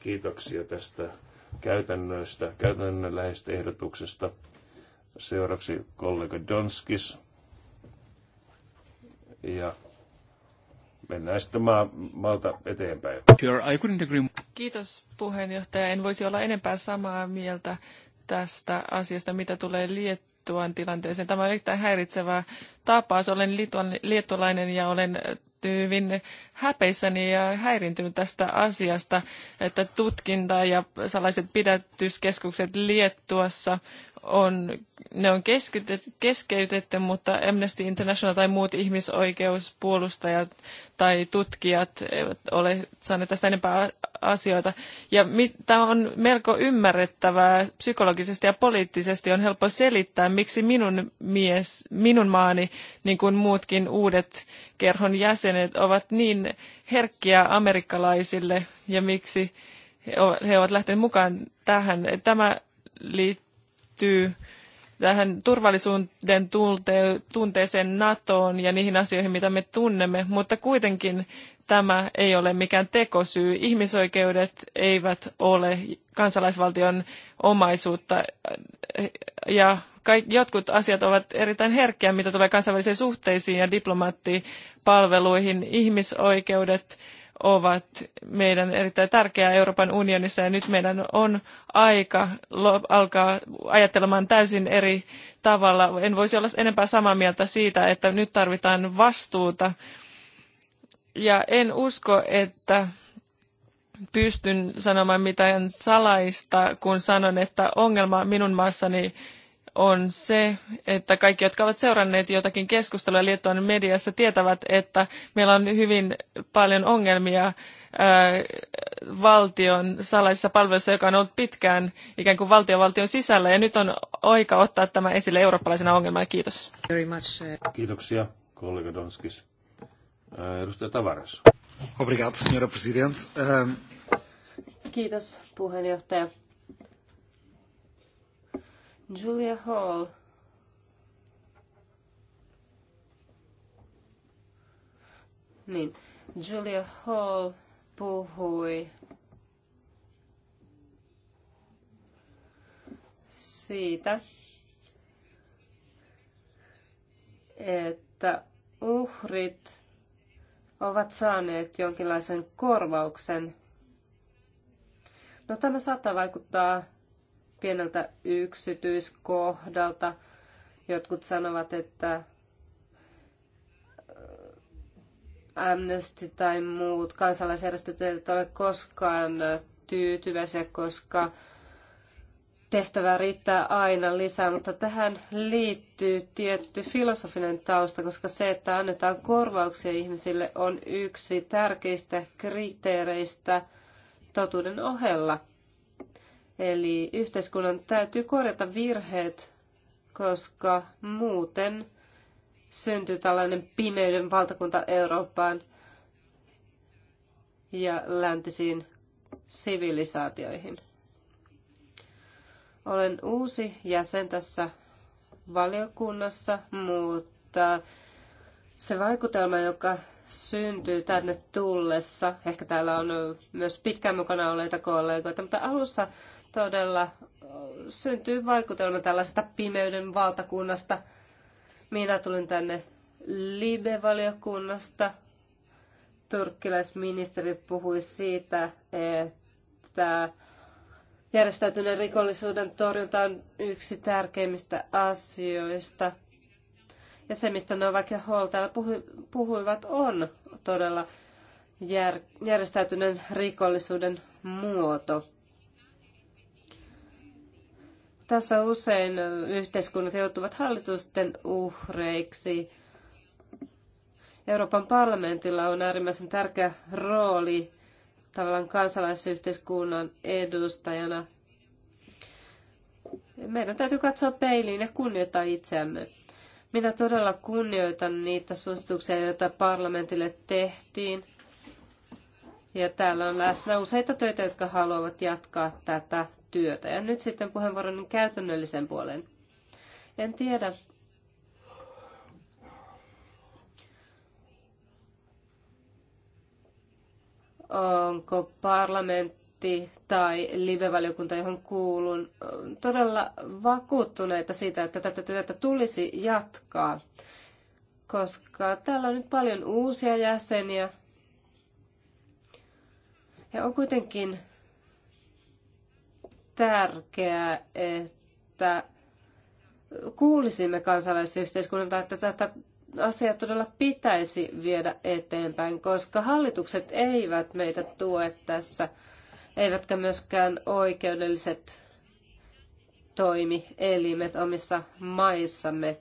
Kiitoksia tästä käytännöistä, käytännönläheisestä ehdotuksesta. Seuraavaksi kollega Donskis. Ja mennään sitten maa, maalta eteenpäin. Kiitos puheenjohtaja. En voisi olla enempää samaa mieltä tästä asiasta, mitä tulee Liettuan tilanteeseen. Tämä on erittäin häiritsevä tapaus. Olen liettuan, liettualainen ja olen hyvin häpeissäni ja häirintynyt tästä asiasta, että tutkinta ja salaiset pidätyskeskukset Liettuassa – on, ne on keskeytetty, mutta Amnesty International tai muut ihmisoikeuspuolustajat tai tutkijat eivät ole saaneet tästä enempää asioita. Ja tämä on melko ymmärrettävää psykologisesti ja poliittisesti. On helppo selittää, miksi minun mies, minun maani, niin kuin muutkin uudet kerhon jäsenet, ovat niin herkkiä amerikkalaisille ja miksi he ovat lähteneet mukaan tähän. Tämä liittyy liittyy tähän turvallisuuden tunte- tunteeseen NATOon ja niihin asioihin, mitä me tunnemme, mutta kuitenkin tämä ei ole mikään tekosyy. Ihmisoikeudet eivät ole kansalaisvaltion omaisuutta ja jotkut asiat ovat erittäin herkkiä, mitä tulee kansainvälisiin suhteisiin ja diplomaattipalveluihin. Ihmisoikeudet ovat meidän erittäin tärkeää Euroopan unionissa ja nyt meidän on aika alkaa ajattelemaan täysin eri tavalla. En voisi olla enempää samaa mieltä siitä, että nyt tarvitaan vastuuta ja en usko, että pystyn sanomaan mitään salaista, kun sanon, että ongelma minun maassani on se, että kaikki, jotka ovat seuranneet jotakin keskustelua Liettuan mediassa, tietävät, että meillä on hyvin paljon ongelmia äh, valtion salaisissa palveluissa, joka on ollut pitkään ikään kuin valtion valtion sisällä. Ja nyt on aika ottaa tämä esille eurooppalaisena ongelmana. Kiitos. Kiitoksia, kollega Donskis. Äh, edustaja Tavares. Obrigado, senhora presidente. Kiitos, puheenjohtaja. Julia Hall. Niin, Julia Hall puhui siitä, että uhrit ovat saaneet jonkinlaisen korvauksen. No tämä saattaa vaikuttaa pieneltä yksityiskohdalta. Jotkut sanovat, että äh, Amnesty tai muut kansalaisjärjestöt eivät ole koskaan äh, tyytyväisiä, koska tehtävää riittää aina lisää, mutta tähän liittyy tietty filosofinen tausta, koska se, että annetaan korvauksia ihmisille, on yksi tärkeistä kriteereistä totuuden ohella. Eli yhteiskunnan täytyy korjata virheet, koska muuten syntyy tällainen pimeyden valtakunta Eurooppaan ja läntisiin sivilisaatioihin. Olen uusi jäsen tässä valiokunnassa, mutta se vaikutelma, joka syntyy tänne tullessa, ehkä täällä on myös pitkään mukana olleita kollegoita, mutta alussa todella syntyy vaikutelma tällaisesta pimeyden valtakunnasta. Minä tulin tänne Libe-valiokunnasta. Turkkilaisministeri puhui siitä, että järjestäytyneen rikollisuuden torjunta on yksi tärkeimmistä asioista. Ja se, mistä Novak ja Hall täällä puhuivat, on todella järjestäytyneen rikollisuuden muoto. Tässä usein yhteiskunnat joutuvat hallitusten uhreiksi. Euroopan parlamentilla on äärimmäisen tärkeä rooli tavallaan kansalaisyhteiskunnan edustajana. Meidän täytyy katsoa peiliin ja kunnioittaa itseämme. Minä todella kunnioitan niitä suosituksia, joita parlamentille tehtiin. Ja täällä on läsnä useita töitä, jotka haluavat jatkaa tätä työtä. Ja nyt sitten puheenvuoron käytännölliseen puolen. En tiedä, onko parlamentti tai live-valiokunta, johon kuulun, todella vakuuttuneita siitä, että tätä työtä tulisi jatkaa, koska täällä on nyt paljon uusia jäseniä. Ja on kuitenkin tärkeää, että kuulisimme kansalaisyhteiskunnalta, että tätä asiaa todella pitäisi viedä eteenpäin, koska hallitukset eivät meitä tue tässä, eivätkä myöskään oikeudelliset toimielimet omissa maissamme.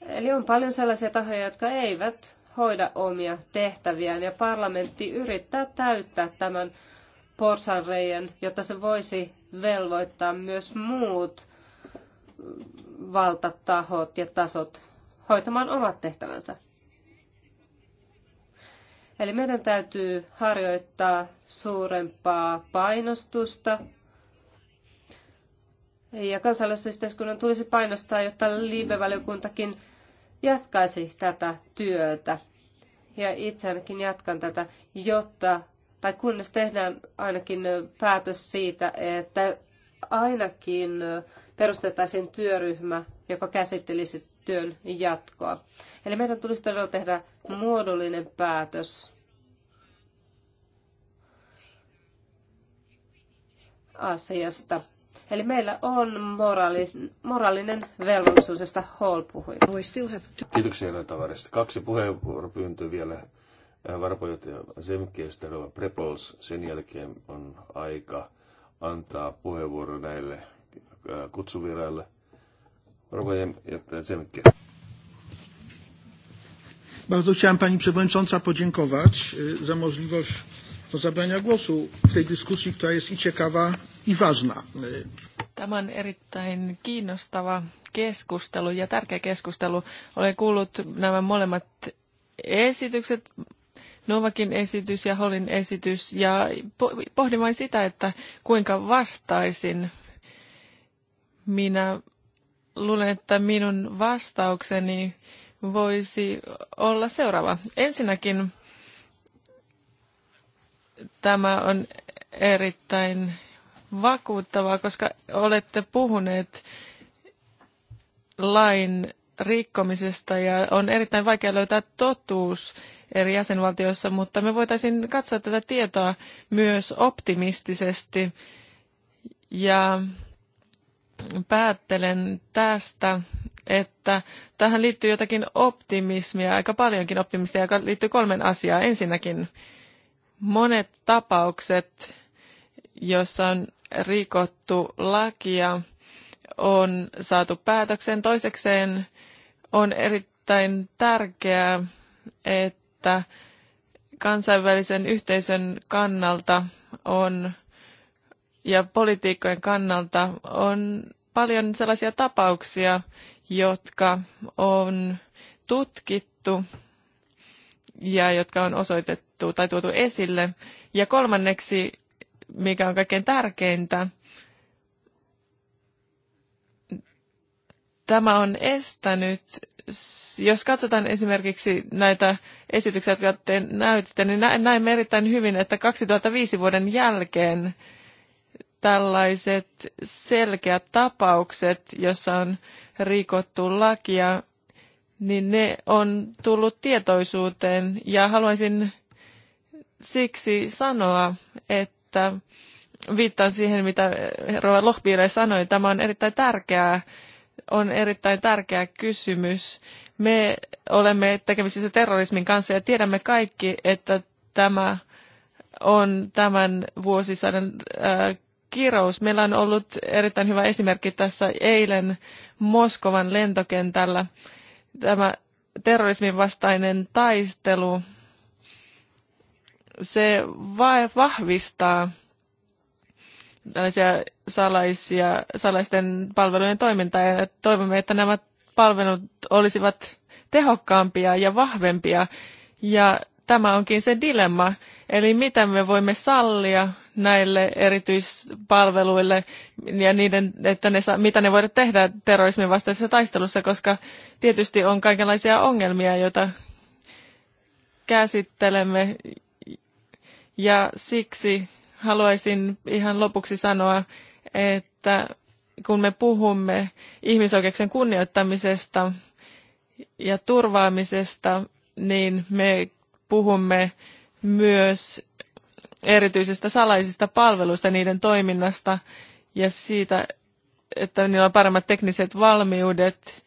Eli on paljon sellaisia tahoja, jotka eivät hoida omia tehtäviään, ja parlamentti yrittää täyttää tämän porsanreiän, jotta se voisi velvoittaa myös muut valtatahot ja tasot hoitamaan omat tehtävänsä. Eli meidän täytyy harjoittaa suurempaa painostusta. Ja yhteiskunnan tulisi painostaa, jotta liivevaliokuntakin jatkaisi tätä työtä. Ja itse ainakin jatkan tätä, jotta tai kunnes tehdään ainakin päätös siitä, että ainakin perustettaisiin työryhmä, joka käsittelisi työn jatkoa. Eli meidän tulisi todella tehdä muodollinen päätös asiasta. Eli meillä on moraali, moraalinen velvollisuus, josta Hall puhui. Kiitoksia, Tavarista. Kaksi puheenvuoropyyntöä vielä varapuheenjohtaja Zemkeistä Rova Prepols. Sen jälkeen on aika antaa puheenvuoro näille kutsuvieraille. Varapuheenjohtaja Zemke. Bardzo chciałem Pani Przewodnicząca podziękować za możliwość zabrania głosu w tej dyskusji, która jest i ciekawa, i ważna. Tämä on erittäin kiinnostava keskustelu ja tärkeä keskustelu. Olen kuullut nämä molemmat esitykset Novakin esitys ja Holin esitys ja pohdin vain sitä, että kuinka vastaisin. Minä luulen, että minun vastaukseni voisi olla seuraava. Ensinnäkin tämä on erittäin vakuuttavaa, koska olette puhuneet lain rikkomisesta ja on erittäin vaikea löytää totuus eri jäsenvaltioissa, mutta me voitaisiin katsoa tätä tietoa myös optimistisesti ja päättelen tästä, että tähän liittyy jotakin optimismia, aika paljonkin optimismia, joka liittyy kolmen asiaan. Ensinnäkin monet tapaukset, joissa on rikottu lakia, on saatu päätöksen. Toisekseen on erittäin tärkeää, että kansainvälisen yhteisön kannalta on ja politiikkojen kannalta on paljon sellaisia tapauksia, jotka on tutkittu ja jotka on osoitettu tai tuotu esille. Ja kolmanneksi, mikä on kaikkein tärkeintä, tämä on estänyt, jos katsotaan esimerkiksi näitä esityksiä, jotka te näytitte, niin näemme erittäin hyvin, että 2005 vuoden jälkeen tällaiset selkeät tapaukset, jossa on rikottu lakia, niin ne on tullut tietoisuuteen ja haluaisin siksi sanoa, että viittaan siihen, mitä Rova Lohpiire sanoi, tämä on erittäin tärkeää on erittäin tärkeä kysymys. Me olemme tekemisissä terrorismin kanssa ja tiedämme kaikki, että tämä on tämän vuosisadan äh, kirous. Meillä on ollut erittäin hyvä esimerkki tässä eilen Moskovan lentokentällä. Tämä terrorismin vastainen taistelu, se vahvistaa tällaisia salaisia, salaisten palvelujen toimintaa ja toivomme, että nämä palvelut olisivat tehokkaampia ja vahvempia. Ja tämä onkin se dilemma, eli mitä me voimme sallia näille erityispalveluille ja niiden, että ne, mitä ne voidaan tehdä terrorismin vastaisessa taistelussa, koska tietysti on kaikenlaisia ongelmia, joita käsittelemme. Ja siksi haluaisin ihan lopuksi sanoa, että kun me puhumme ihmisoikeuksien kunnioittamisesta ja turvaamisesta, niin me puhumme myös erityisistä salaisista palveluista, niiden toiminnasta ja siitä, että niillä on paremmat tekniset valmiudet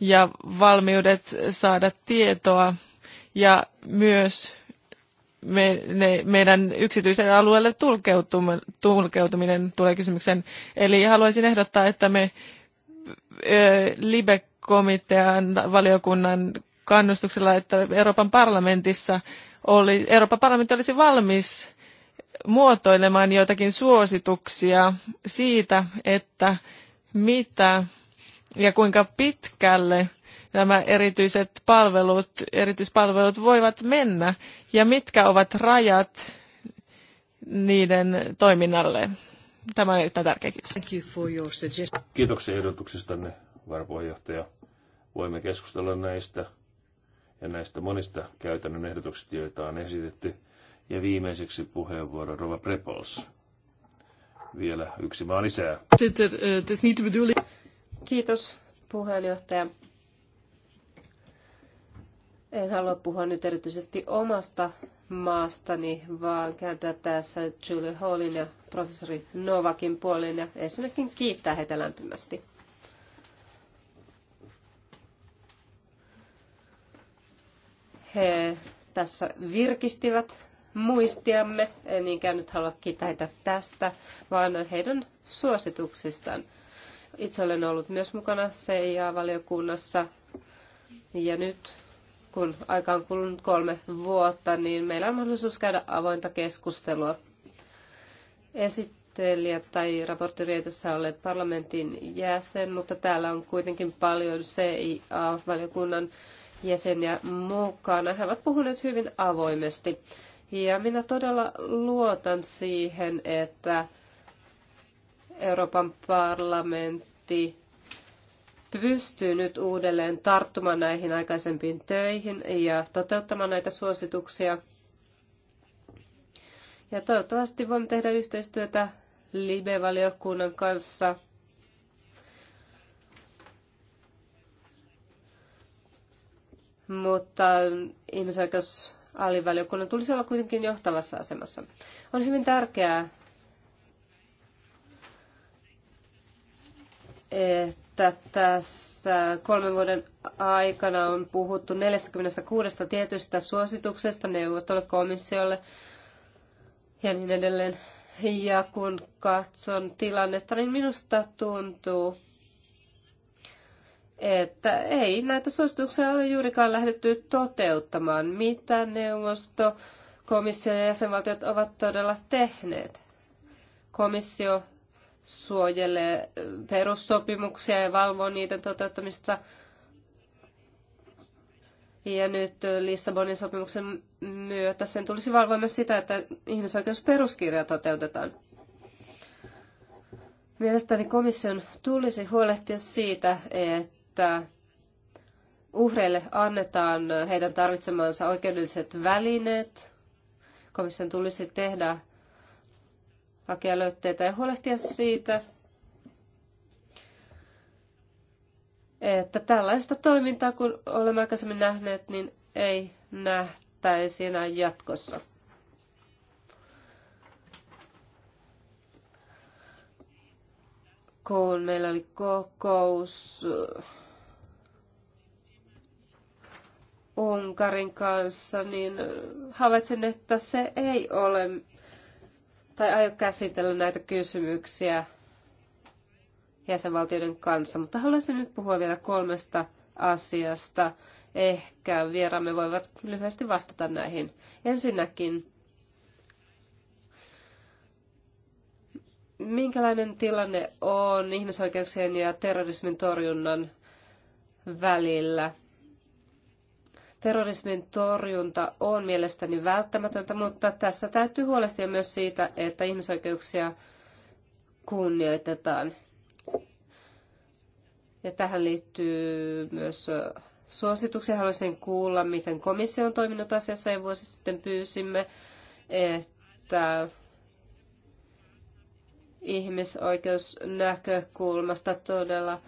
ja valmiudet saada tietoa ja myös me, ne, meidän yksityisen alueelle tulkeutuminen tulee kysymykseen. Eli haluaisin ehdottaa, että me LIBE-komitean valiokunnan kannustuksella, että Euroopan parlamentissa oli, Euroopan parlamentti olisi valmis muotoilemaan joitakin suosituksia siitä, että mitä ja kuinka pitkälle nämä erityiset palvelut, erityispalvelut voivat mennä ja mitkä ovat rajat niiden toiminnalle. Tämä on erittäin tärkeä kiitos. Kiitoksia ehdotuksistanne, varapuheenjohtaja. Voimme keskustella näistä ja näistä monista käytännön ehdotuksista, joita on esitetty. Ja viimeiseksi puheenvuoro Rova Prepols. Vielä yksi maa lisää. Er, eh, kiitos puheenjohtaja. En halua puhua nyt erityisesti omasta maastani, vaan kääntyä tässä Julie Hallin ja professori Novakin puoleen ja ensinnäkin kiittää heitä lämpimästi. He tässä virkistivät muistiamme, en niinkään nyt halua kiittää heitä tästä, vaan heidän suosituksistaan. Itse olen ollut myös mukana CIA-valiokunnassa ja nyt kun aika on kulunut kolme vuotta, niin meillä on mahdollisuus käydä avointa keskustelua. Esittelijä tai raportteri ei tässä ole parlamentin jäsen, mutta täällä on kuitenkin paljon CIA-valiokunnan jäseniä mukana. He ovat puhuneet hyvin avoimesti. Ja minä todella luotan siihen, että Euroopan parlamentti pystyy nyt uudelleen tarttumaan näihin aikaisempiin töihin ja toteuttamaan näitä suosituksia. Ja toivottavasti voimme tehdä yhteistyötä Libe-valiokunnan kanssa. Mutta ihmisoikeusalivaliokunnan tulisi olla kuitenkin johtavassa asemassa. On hyvin tärkeää, että että tässä kolmen vuoden aikana on puhuttu 46 tietystä suosituksesta neuvostolle, komissiolle ja niin edelleen. Ja kun katson tilannetta, niin minusta tuntuu, että ei näitä suosituksia ole juurikaan lähdetty toteuttamaan, mitä neuvosto, komissio ja jäsenvaltiot ovat todella tehneet. Komissio suojelee eh, perussopimuksia ja valvoo niiden toteuttamista. Ja nyt eh, Lissabonin sopimuksen myötä sen tulisi valvoa myös sitä, että ihmisoikeusperuskirja toteutetaan. Mielestäni komission tulisi huolehtia siitä, että uhreille annetaan heidän tarvitsemansa oikeudelliset välineet. Komission tulisi tehdä hakea löytteitä ja huolehtia siitä, että tällaista toimintaa, kun olemme aikaisemmin nähneet, niin ei nähtäisi enää jatkossa. Kun meillä oli kokous Unkarin kanssa, niin havaitsin, että se ei ole tai aio käsitellä näitä kysymyksiä jäsenvaltioiden kanssa, mutta haluaisin nyt puhua vielä kolmesta asiasta. Ehkä vieraamme voivat lyhyesti vastata näihin. Ensinnäkin, minkälainen tilanne on ihmisoikeuksien ja terrorismin torjunnan välillä? Terrorismin torjunta on mielestäni välttämätöntä, mutta tässä täytyy huolehtia myös siitä, että ihmisoikeuksia kunnioitetaan. Ja tähän liittyy myös suosituksia. Haluaisin kuulla, miten komissio on toiminut asiassa ja vuosi sitten pyysimme, että ihmisoikeusnäkökulmasta todella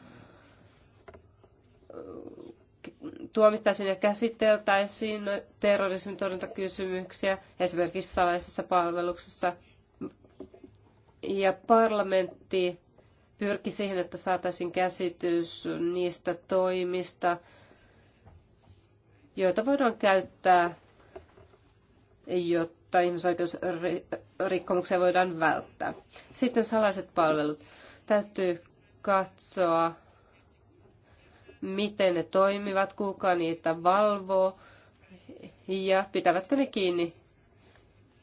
tuomittaisiin ja käsiteltäisiin terrorismin torjuntakysymyksiä esimerkiksi salaisessa palveluksessa. Ja parlamentti pyrki siihen, että saataisiin käsitys niistä toimista, joita voidaan käyttää, jotta ihmisoikeusrikkomuksia voidaan välttää. Sitten salaiset palvelut. Täytyy katsoa miten ne toimivat, kuka niitä valvoo ja pitävätkö ne kiinni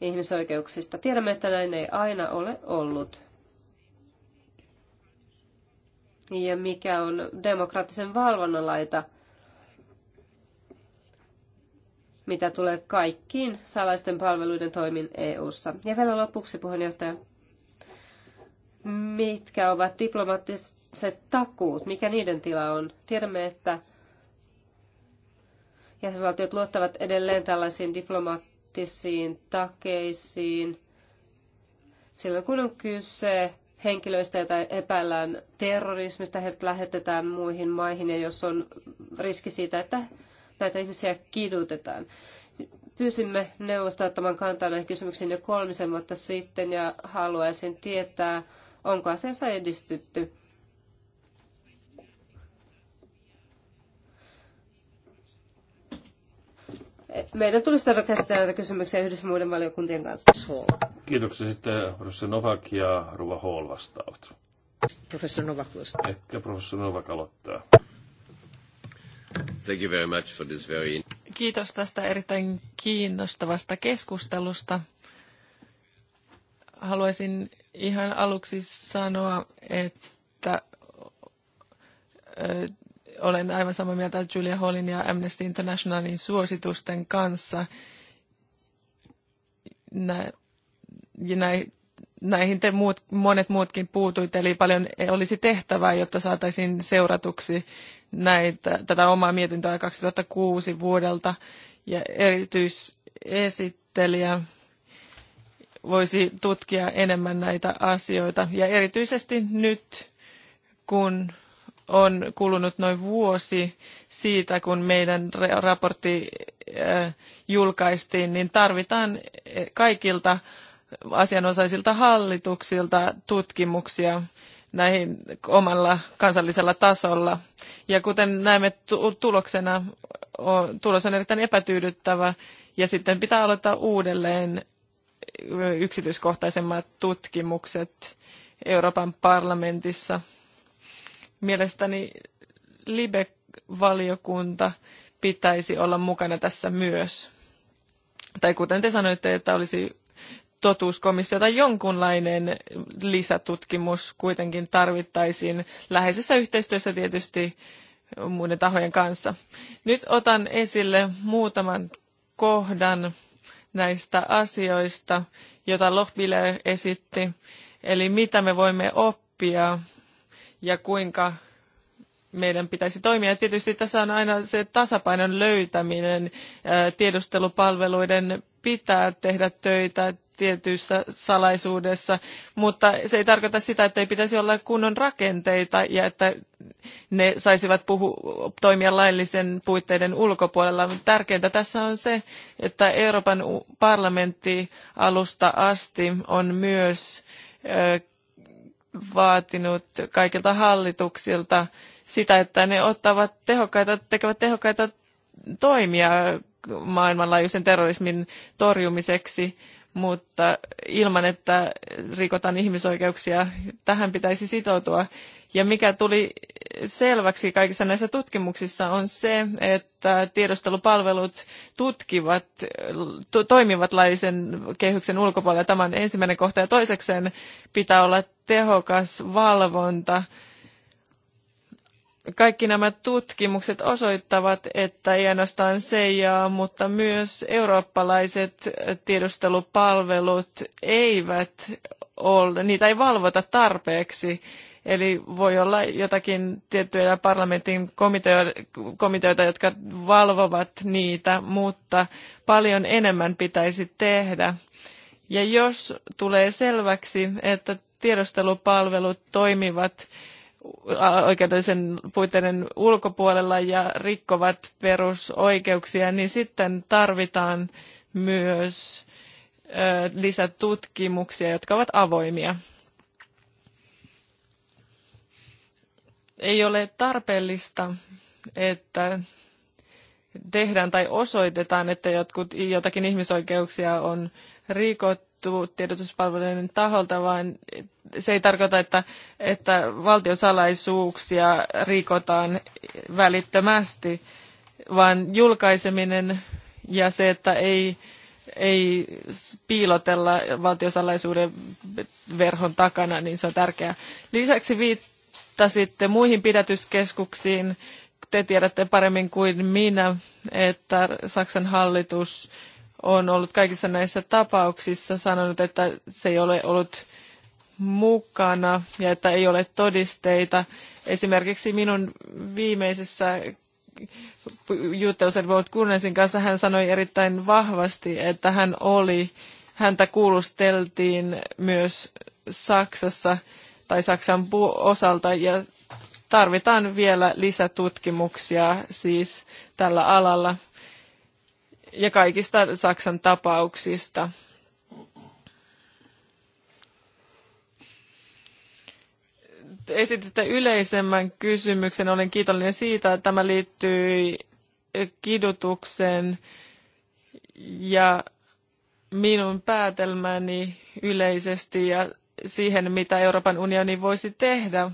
ihmisoikeuksista. Tiedämme, että näin ei aina ole ollut. Ja mikä on demokraattisen valvonnan laita, mitä tulee kaikkiin salaisten palveluiden toimin EU-ssa. Ja vielä lopuksi puheenjohtaja, mitkä ovat diplomaattiset se takuut, mikä niiden tila on. Tiedämme, että jäsenvaltiot luottavat edelleen tällaisiin diplomaattisiin takeisiin silloin, kun on kyse henkilöistä, joita epäillään terrorismista, heidät lähetetään muihin maihin ja jos on riski siitä, että näitä ihmisiä kidutetaan. Pyysimme neuvostoa ottamaan kantaa näihin kysymyksiin jo kolmisen vuotta sitten ja haluaisin tietää, onko asiassa edistytty. meidän tulisi tehdä käsitellä näitä kysymyksiä yhdessä muiden valiokuntien kanssa. Kiitoksia sitten professori Novak ja Ruva Hall vastaavat. Professori Novak vastaa. Ehkä professori Novak aloittaa. Thank you very much for this very... Kiitos tästä erittäin kiinnostavasta keskustelusta. Haluaisin ihan aluksi sanoa, että olen aivan samaa mieltä Julia Hallin ja Amnesty Internationalin suositusten kanssa. Nä, näihin te muut, monet muutkin puutuitte, eli paljon olisi tehtävää, jotta saataisiin seuratuksi näitä, tätä omaa mietintöä 2006 vuodelta. Ja erityisesittelijä voisi tutkia enemmän näitä asioita. Ja erityisesti nyt, kun on kulunut noin vuosi siitä, kun meidän raportti äh, julkaistiin, niin tarvitaan eh, kaikilta asianosaisilta hallituksilta tutkimuksia näihin omalla kansallisella tasolla. Ja kuten näemme tuloksena, tulos on erittäin epätyydyttävä ja sitten pitää aloittaa uudelleen eh, yksityiskohtaisemmat tutkimukset Euroopan parlamentissa – Mielestäni Libe-valiokunta pitäisi olla mukana tässä myös. Tai kuten te sanoitte, että olisi totuuskomissio tai jonkunlainen lisätutkimus kuitenkin tarvittaisiin läheisessä yhteistyössä tietysti muiden tahojen kanssa. Nyt otan esille muutaman kohdan näistä asioista, jota Lochbiller esitti, eli mitä me voimme oppia ja kuinka meidän pitäisi toimia. tietysti tässä on aina se tasapainon löytäminen. Tiedustelupalveluiden pitää tehdä töitä tietyissä salaisuudessa, mutta se ei tarkoita sitä, että ei pitäisi olla kunnon rakenteita ja että ne saisivat puhu, toimia laillisen puitteiden ulkopuolella. Tärkeintä tässä on se, että Euroopan parlamentti alusta asti on myös vaatinut kaikilta hallituksilta sitä, että ne ottavat tehokkaita, tekevät tehokkaita toimia maailmanlaajuisen terrorismin torjumiseksi mutta ilman, että rikotaan ihmisoikeuksia, tähän pitäisi sitoutua. Ja mikä tuli selväksi kaikissa näissä tutkimuksissa on se, että tiedostelupalvelut tutkivat, to, toimivat laillisen kehyksen ulkopuolella. Tämä on ensimmäinen kohta ja toisekseen pitää olla tehokas valvonta kaikki nämä tutkimukset osoittavat, että ei ainoastaan CIA, mutta myös eurooppalaiset tiedustelupalvelut eivät ole, niitä ei valvota tarpeeksi. Eli voi olla jotakin tiettyjä parlamentin komiteoita, jotka valvovat niitä, mutta paljon enemmän pitäisi tehdä. Ja jos tulee selväksi, että tiedustelupalvelut toimivat oikeudellisen puitteiden ulkopuolella ja rikkovat perusoikeuksia, niin sitten tarvitaan myös lisätutkimuksia, jotka ovat avoimia. Ei ole tarpeellista, että tehdään tai osoitetaan, että jotkut, jotakin ihmisoikeuksia on rikottu annettu tiedotuspalveluiden taholta, vaan se ei tarkoita, että, että valtiosalaisuuksia rikotaan välittömästi, vaan julkaiseminen ja se, että ei, ei piilotella valtiosalaisuuden verhon takana, niin se on tärkeää. Lisäksi viittasitte muihin pidätyskeskuksiin. Te tiedätte paremmin kuin minä, että Saksan hallitus on ollut kaikissa näissä tapauksissa sanonut, että se ei ole ollut mukana ja että ei ole todisteita. Esimerkiksi minun viimeisessä juttelussa Edward Kunnesin kanssa hän sanoi erittäin vahvasti, että hän oli, häntä kuulusteltiin myös Saksassa tai Saksan osalta ja tarvitaan vielä lisätutkimuksia siis tällä alalla ja kaikista Saksan tapauksista. Esititte yleisemmän kysymyksen. Olen kiitollinen siitä, että tämä liittyy kidutukseen ja minun päätelmäni yleisesti ja siihen, mitä Euroopan unioni voisi tehdä.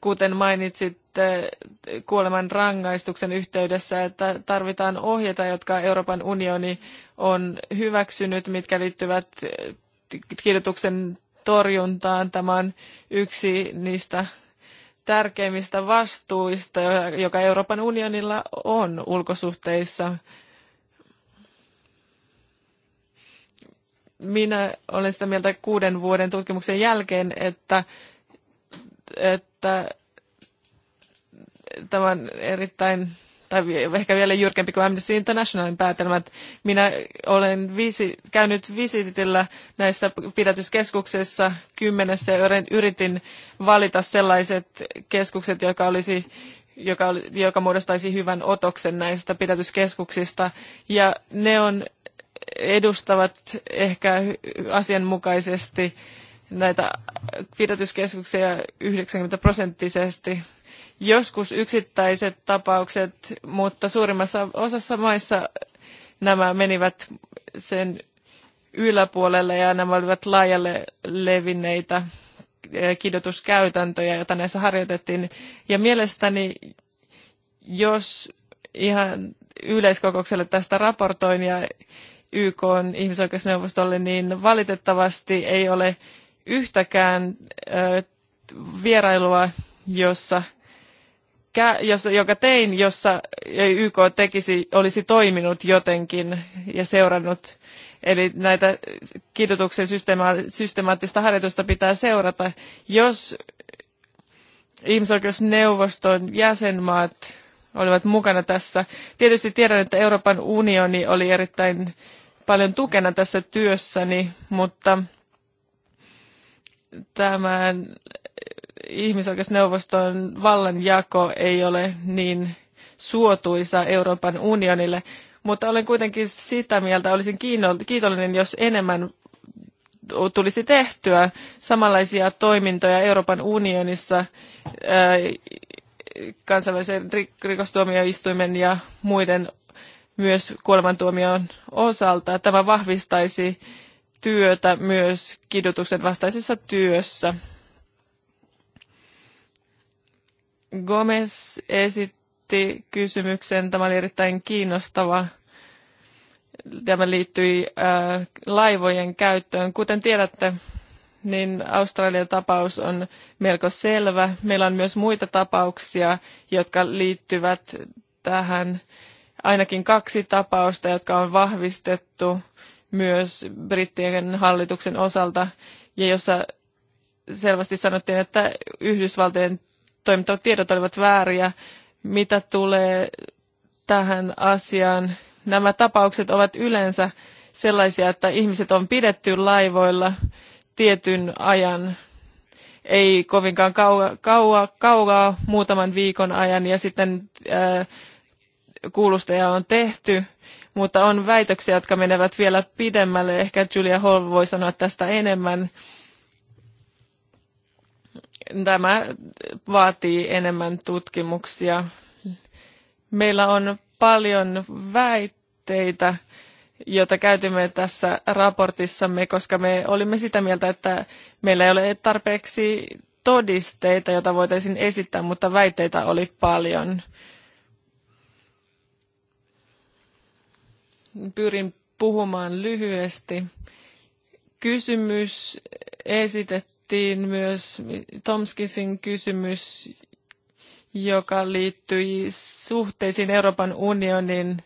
Kuten mainitsit, kuoleman rangaistuksen yhteydessä, että tarvitaan ohjeita, jotka Euroopan unioni on hyväksynyt, mitkä liittyvät kidutuksen torjuntaan. Tämä on yksi niistä tärkeimmistä vastuista, joka Euroopan unionilla on ulkosuhteissa. Minä olen sitä mieltä kuuden vuoden tutkimuksen jälkeen, että, että tämä on erittäin tai ehkä vielä jyrkempi kuin Amnesty Internationalin päätelmät. Minä olen visi, käynyt visitillä näissä pidätyskeskuksissa kymmenessä ja yritin valita sellaiset keskukset, joka olisi joka, joka muodostaisi hyvän otoksen näistä pidätyskeskuksista. Ja ne on, edustavat ehkä asianmukaisesti näitä pidätyskeskuksia 90 prosenttisesti joskus yksittäiset tapaukset, mutta suurimmassa osassa maissa nämä menivät sen yläpuolelle ja nämä olivat laajalle levinneitä eh, kidotuskäytäntöjä, joita näissä harjoitettiin. Ja mielestäni, jos ihan yleiskokoukselle tästä raportoin ja YK on ihmisoikeusneuvostolle, niin valitettavasti ei ole yhtäkään eh, vierailua, jossa jos, jonka tein, jossa YK tekisi, olisi toiminut jotenkin ja seurannut. Eli näitä kidutuksen systemaattista harjoitusta pitää seurata. Jos ihmisoikeusneuvoston jäsenmaat olivat mukana tässä. Tietysti tiedän, että Euroopan unioni oli erittäin paljon tukena tässä työssäni, mutta tämän ihmisoikeusneuvoston vallanjako ei ole niin suotuisa Euroopan unionille, mutta olen kuitenkin sitä mieltä, olisin kiitollinen, jos enemmän tulisi tehtyä samanlaisia toimintoja Euroopan unionissa äh, kansainvälisen rikostuomioistuimen ja muiden myös kuolemantuomion osalta. Tämä vahvistaisi työtä myös kidutuksen vastaisessa työssä. Gomez esitti kysymyksen, tämä oli erittäin kiinnostava. Tämä liittyi äh, laivojen käyttöön. Kuten tiedätte, niin Australian tapaus on melko selvä. Meillä on myös muita tapauksia, jotka liittyvät tähän. Ainakin kaksi tapausta, jotka on vahvistettu myös brittien hallituksen osalta, ja jossa selvästi sanottiin, että Yhdysvaltojen toimittavat tiedot olivat vääriä, mitä tulee tähän asiaan. Nämä tapaukset ovat yleensä sellaisia, että ihmiset on pidetty laivoilla tietyn ajan, ei kovinkaan kaua kaua, kauaa muutaman viikon ajan, ja sitten ää, äh, kuulustaja on tehty, mutta on väitöksiä, jotka menevät vielä pidemmälle. Ehkä Julia Hall voi sanoa tästä enemmän. Tämä vaatii enemmän tutkimuksia. Meillä on paljon väitteitä, joita käytimme tässä raportissamme, koska me olimme sitä mieltä, että meillä ei ole tarpeeksi todisteita, joita voitaisiin esittää, mutta väitteitä oli paljon. Pyrin puhumaan lyhyesti. Kysymys esitettiin mainittiin myös Tomskisin kysymys, joka liittyi suhteisiin Euroopan unionin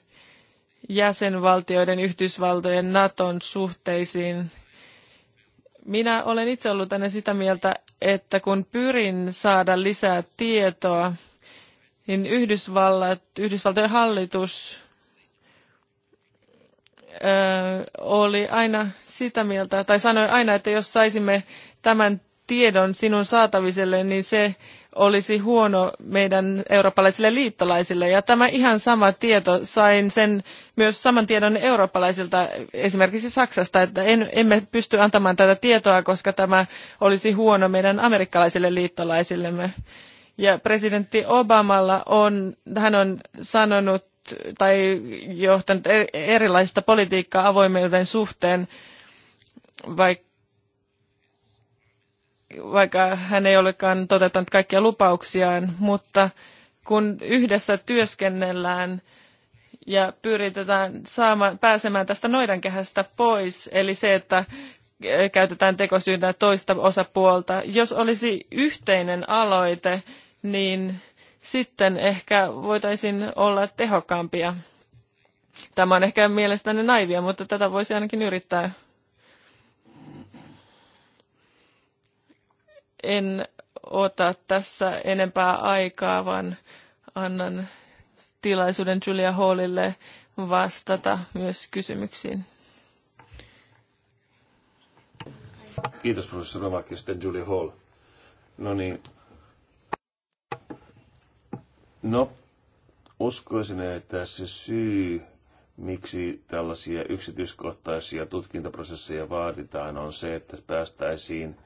jäsenvaltioiden, Yhdysvaltojen, Naton suhteisiin. Minä olen itse ollut aina sitä mieltä, että kun pyrin saada lisää tietoa, niin Yhdysvallat, Yhdysvaltojen hallitus oli aina sitä mieltä, tai sanoi aina, että jos saisimme tämän tiedon sinun saataviselle, niin se olisi huono meidän eurooppalaisille liittolaisille. Ja tämä ihan sama tieto, sain sen myös saman tiedon eurooppalaisilta, esimerkiksi Saksasta, että en, emme pysty antamaan tätä tietoa, koska tämä olisi huono meidän amerikkalaisille liittolaisillemme. Ja presidentti Obamalla on, hän on sanonut tai johtanut e- erilaista politiikkaa avoimuuden suhteen, vaikka vaikka hän ei olekaan toteuttanut kaikkia lupauksiaan, mutta kun yhdessä työskennellään ja pyritään saamaan, pääsemään tästä noidankehästä pois, eli se, että käytetään tekosyynä toista osapuolta. Jos olisi yhteinen aloite, niin sitten ehkä voitaisiin olla tehokkaampia. Tämä on ehkä mielestäni naivia, mutta tätä voisi ainakin yrittää. en ota tässä enempää aikaa, vaan annan tilaisuuden Julia Hallille vastata myös kysymyksiin. Kiitos professori Novak sitten Julie Hall. No niin. No, uskoisin, että se syy, miksi tällaisia yksityiskohtaisia tutkintaprosesseja vaaditaan, on se, että päästäisiin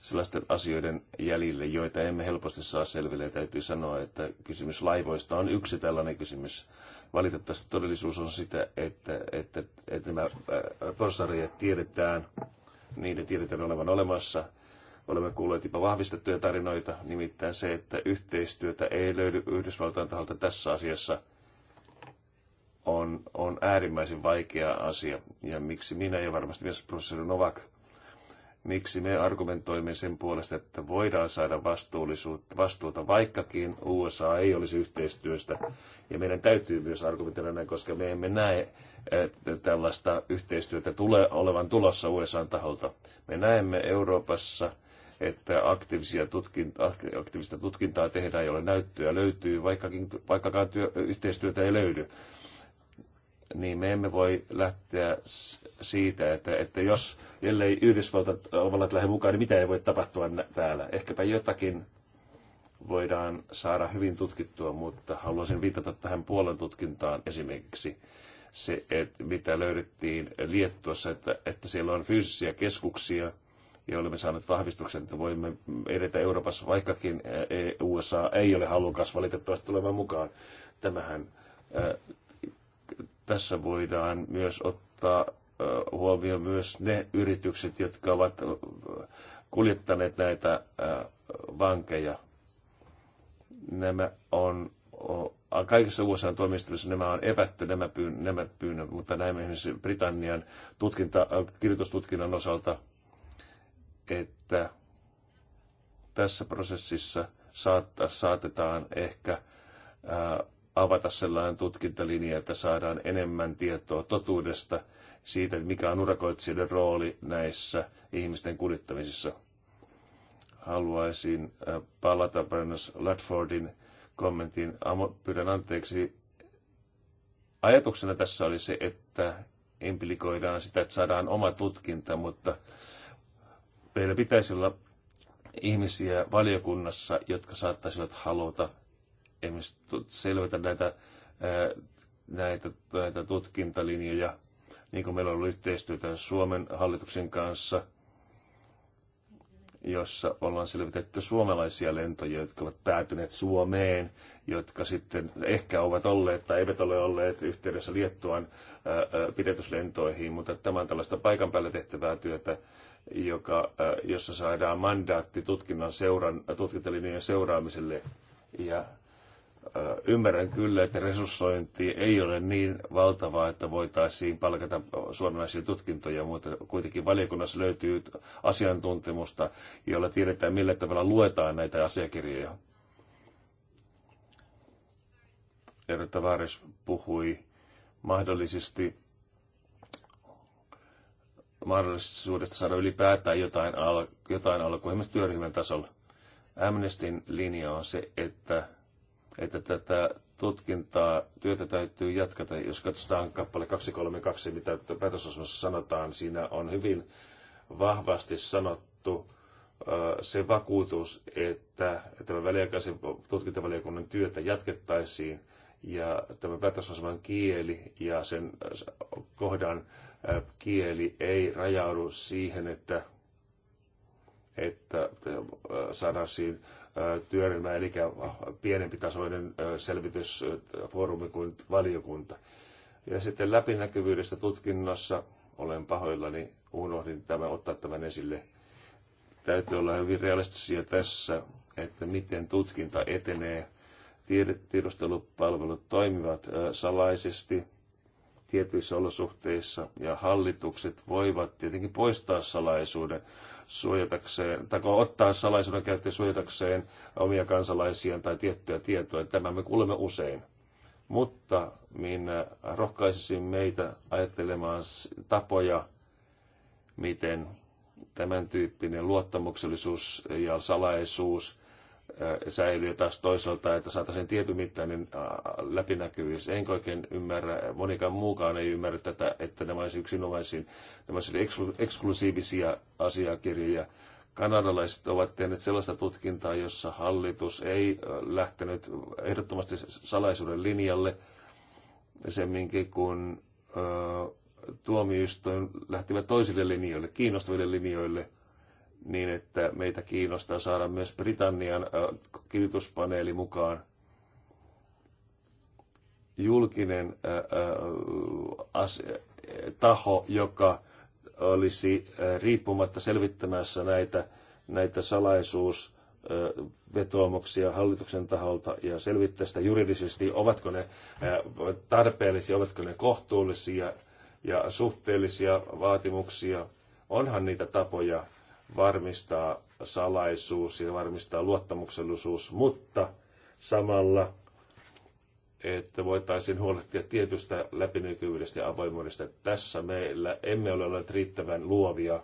sellaisten asioiden jäljille, joita emme helposti saa selville. Ja täytyy sanoa, että kysymys laivoista on yksi tällainen kysymys. Valitettavasti todellisuus on sitä, että, että, että nämä äh, porsarijat tiedetään, niiden tiedetään olevan olemassa. Olemme kuulleet jopa vahvistettuja tarinoita, nimittäin se, että yhteistyötä ei löydy Yhdysvaltain taholta tässä asiassa on, on äärimmäisen vaikea asia. Ja miksi minä ja varmasti myös professori Novak miksi me argumentoimme sen puolesta, että voidaan saada vastuullisuutta, vastuuta, vaikkakin USA ei olisi yhteistyöstä. Ja meidän täytyy myös argumentoida näin, koska me emme näe, että tällaista yhteistyötä tulee olevan tulossa USA taholta. Me näemme Euroopassa, että aktiivisia tutkinta, aktiivista tutkintaa tehdään, jolle näyttöä löytyy, vaikkakin, vaikkakaan työ, yhteistyötä ei löydy niin me emme voi lähteä siitä, että, että jos ellei Yhdysvaltat ovat lähde mukaan, niin mitä ei voi tapahtua täällä. Ehkäpä jotakin voidaan saada hyvin tutkittua, mutta haluaisin viitata tähän Puolan tutkintaan esimerkiksi se, että mitä löydettiin Liettuassa, että, että siellä on fyysisiä keskuksia, ja olemme saaneet vahvistuksen, että voimme edetä Euroopassa, vaikkakin e USA ei ole halukas valitettavasti tulemaan mukaan. Tämähän tässä voidaan myös ottaa huomioon myös ne yritykset, jotka ovat kuljettaneet näitä vankeja. Nämä on kaikissa USA toimistoissa nämä on epätty, nämä, pyyn, nämä pyynnöt, mutta näemme esimerkiksi Britannian tutkinta, kirjoitustutkinnan osalta, että tässä prosessissa saatta, saatetaan ehkä ää, avata sellainen tutkintalinja, että saadaan enemmän tietoa totuudesta siitä, mikä on urakoitsijoiden rooli näissä ihmisten kuljettamisissa. Haluaisin äh, palata Brennus Ladfordin kommentin. Pyydän anteeksi. Ajatuksena tässä oli se, että implikoidaan sitä, että saadaan oma tutkinta, mutta meillä pitäisi olla ihmisiä valiokunnassa, jotka saattaisivat haluta emme selvitä näitä, näitä, näitä tutkintalinjoja, niin kuin meillä on ollut yhteistyötä Suomen hallituksen kanssa, jossa ollaan selvitetty suomalaisia lentoja, jotka ovat päätyneet Suomeen, jotka sitten ehkä ovat olleet tai eivät ole olleet yhteydessä Liettuan pidetyslentoihin, mutta tämä on tällaista paikan päällä tehtävää työtä, joka, jossa saadaan mandaatti tutkinnan seuran, tutkintalinjojen seuraamiselle ja Ymmärrän kyllä, että resurssointi ei ole niin valtavaa, että voitaisiin palkata suomalaisia tutkintoja, mutta kuitenkin valiokunnassa löytyy asiantuntemusta, jolla tiedetään, millä tavalla luetaan näitä asiakirjoja. Eero Tavares puhui mahdollisesti mahdollisuudesta saada ylipäätään jotain, al- jotain alkua, esimerkiksi työryhmän tasolla. Amnestin linja on se, että että tätä tutkintaa, työtä täytyy jatkata. Jos katsotaan kappale 232, mitä päätösosmassa sanotaan, siinä on hyvin vahvasti sanottu se vakuutus, että tämä väliaikaisen tutkintavaliokunnan työtä jatkettaisiin ja tämä päätösosman kieli ja sen kohdan kieli ei rajaudu siihen, että että äh, saadaan äh, työryhmä, eli äh, pienempi tasoinen selvitysfoorumi kuin valiokunta. Ja sitten läpinäkyvyydestä tutkinnossa olen pahoillani, unohdin tämän, ottaa tämän esille. Täytyy olla hyvin realistisia tässä, että miten tutkinta etenee. Tiedustelupalvelut toimivat salaisesti, tietyissä olosuhteissa, ja hallitukset voivat tietenkin poistaa salaisuuden suojatakseen, tai ottaa salaisuuden käyttöön suojatakseen omia kansalaisiaan tai tiettyä tietoa. Tämä me kuulemme usein. Mutta minä rohkaisisin meitä ajattelemaan tapoja, miten tämän tyyppinen luottamuksellisuus ja salaisuus säilyy taas toisaalta, että saataisiin tietyn mittainen läpinäkyvyys. Enkä oikein ymmärrä, monikaan muukaan ei ymmärrä tätä, että nämä olisivat yksinomaisiin, nämä olisivat eksklusiivisia asiakirjoja. Kanadalaiset ovat tehneet sellaista tutkintaa, jossa hallitus ei lähtenyt ehdottomasti salaisuuden linjalle semminkin, kun ö, tuomioistuin lähtivät toisille linjoille, kiinnostaville linjoille – niin että meitä kiinnostaa saada myös Britannian kirjoituspaneeli mukaan. Julkinen taho, joka olisi riippumatta selvittämässä näitä, näitä salaisuus- vetoomuksia hallituksen taholta ja selvittää sitä juridisesti, ovatko ne tarpeellisia, ovatko ne kohtuullisia ja suhteellisia vaatimuksia. Onhan niitä tapoja varmistaa salaisuus ja varmistaa luottamuksellisuus, mutta samalla, että voitaisiin huolehtia tietystä läpinäkyvyydestä ja avoimuudesta. Tässä meillä emme ole olleet riittävän luovia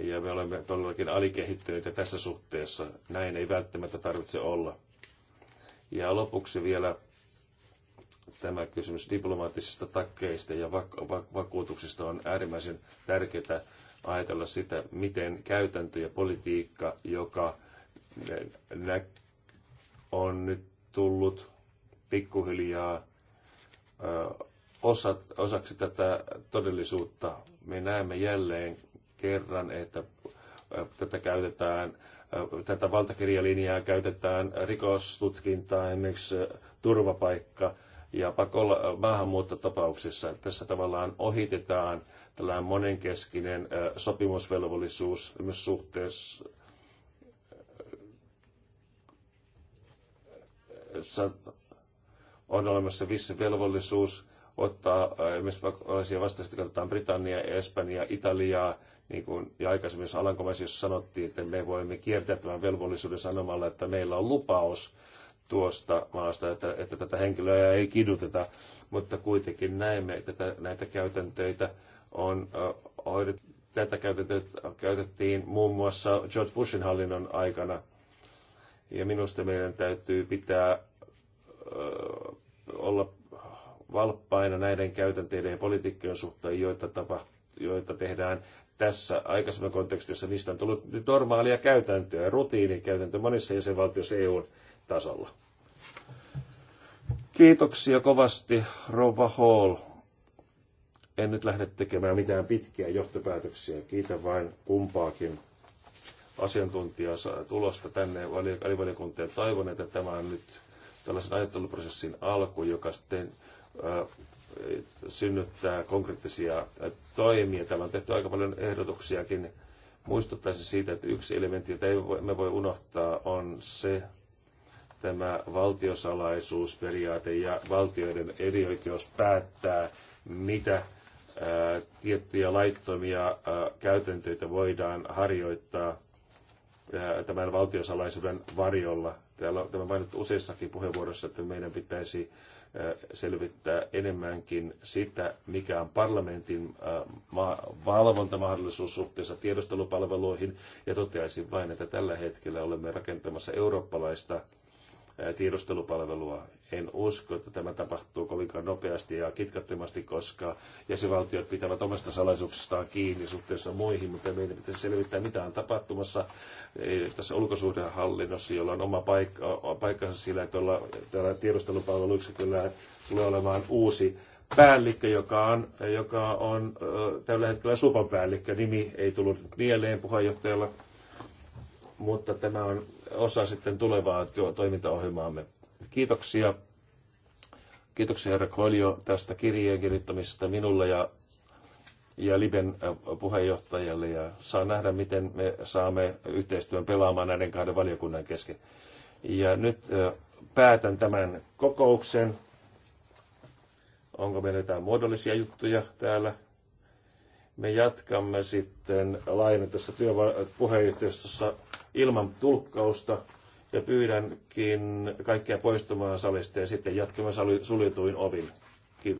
ja me olemme todellakin alikehittyneitä tässä suhteessa. Näin ei välttämättä tarvitse olla. Ja lopuksi vielä tämä kysymys diplomaattisista takkeista ja vakuutuksista on äärimmäisen tärkeää ajatella sitä, miten käytäntö ja politiikka, joka on nyt tullut pikkuhiljaa osa, osaksi tätä todellisuutta. Me näemme jälleen kerran, että tätä käytetään, tätä valtakirjalinjaa käytetään rikostutkintaan, esimerkiksi turvapaikka ja pakolla äh, maahanmuuttotapauksissa. Tässä tavallaan ohitetaan tällainen monenkeskinen äh, sopimusvelvollisuus myös suhteessa äh, on olemassa vissi velvollisuus ottaa esimerkiksi pakolaisia vastaan, sitten katsotaan Britannia, Espanja, Italiaa, niin kuin ja aikaisemmin jos Alankomaissa, sanottiin, että me voimme kiertää tämän velvollisuuden sanomalla, että meillä on lupaus tuosta maasta, että, että tätä henkilöä ei kiduteta, mutta kuitenkin näemme, että näitä käytäntöitä on hoidettu. Tätä käytettiin muun muassa George Bushin hallinnon aikana. Ja minusta meidän täytyy pitää olla valppaina näiden käytänteiden ja politiikkojen suhteen, joita, tapa, joita tehdään tässä aikaisemmassa kontekstissa. Niistä on tullut normaalia käytäntöä, rutiinikäytäntöä monissa jäsenvaltioissa EUn tasolla. Kiitoksia kovasti, Rova Hall. En nyt lähde tekemään mitään pitkiä johtopäätöksiä. Kiitän vain kumpaakin asiantuntijaa tulosta tänne alivaliokuntaan. Toivon, että tämä on nyt tällaisen ajatteluprosessin alku, joka sitten synnyttää konkreettisia toimia. Täällä on tehty aika paljon ehdotuksiakin. Muistuttaisin siitä, että yksi elementti, jota me voi unohtaa, on se, tämä valtiosalaisuusperiaate ja valtioiden erioikeus päättää, mitä ää, tiettyjä laittomia ää, käytänteitä voidaan harjoittaa ää, tämän valtiosalaisuuden varjolla. Täällä on tämä mainittu useissakin puheenvuorossa, että meidän pitäisi ää, selvittää enemmänkin sitä, mikä on parlamentin ää, valvontamahdollisuus suhteessa tiedostelupalveluihin. Ja toteaisin vain, että tällä hetkellä olemme rakentamassa eurooppalaista tiedustelupalvelua. En usko, että tämä tapahtuu kovinkaan nopeasti ja kitkattomasti, koska jäsenvaltiot pitävät omasta salaisuuksistaan kiinni suhteessa muihin, mutta meidän pitäisi selvittää, mitä on tapahtumassa e, tässä ulkosuhdehallinnossa, jolla on oma paikka, paikkansa sillä, että olla, täällä tiedustelupalveluyksiköllä tulee olemaan uusi päällikkö, joka on, joka on tällä hetkellä supan päällikkö. Nimi ei tullut mieleen puheenjohtajalla, mutta tämä on osa sitten tulevaa toimintaohjelmaamme. Kiitoksia. Kiitoksia herra Koljo tästä kirjeen kirjoittamisesta minulle ja, ja Liben äh, puheenjohtajalle ja saa nähdä, miten me saamme yhteistyön pelaamaan näiden kahden valiokunnan kesken. Ja nyt äh, päätän tämän kokouksen. Onko meillä jotain muodollisia juttuja täällä? Me jatkamme sitten lainatussa työpuheenjohtajuudessa ilman tulkkausta ja pyydänkin kaikkia poistumaan salista ja sitten jatkamme suljetuin ovin.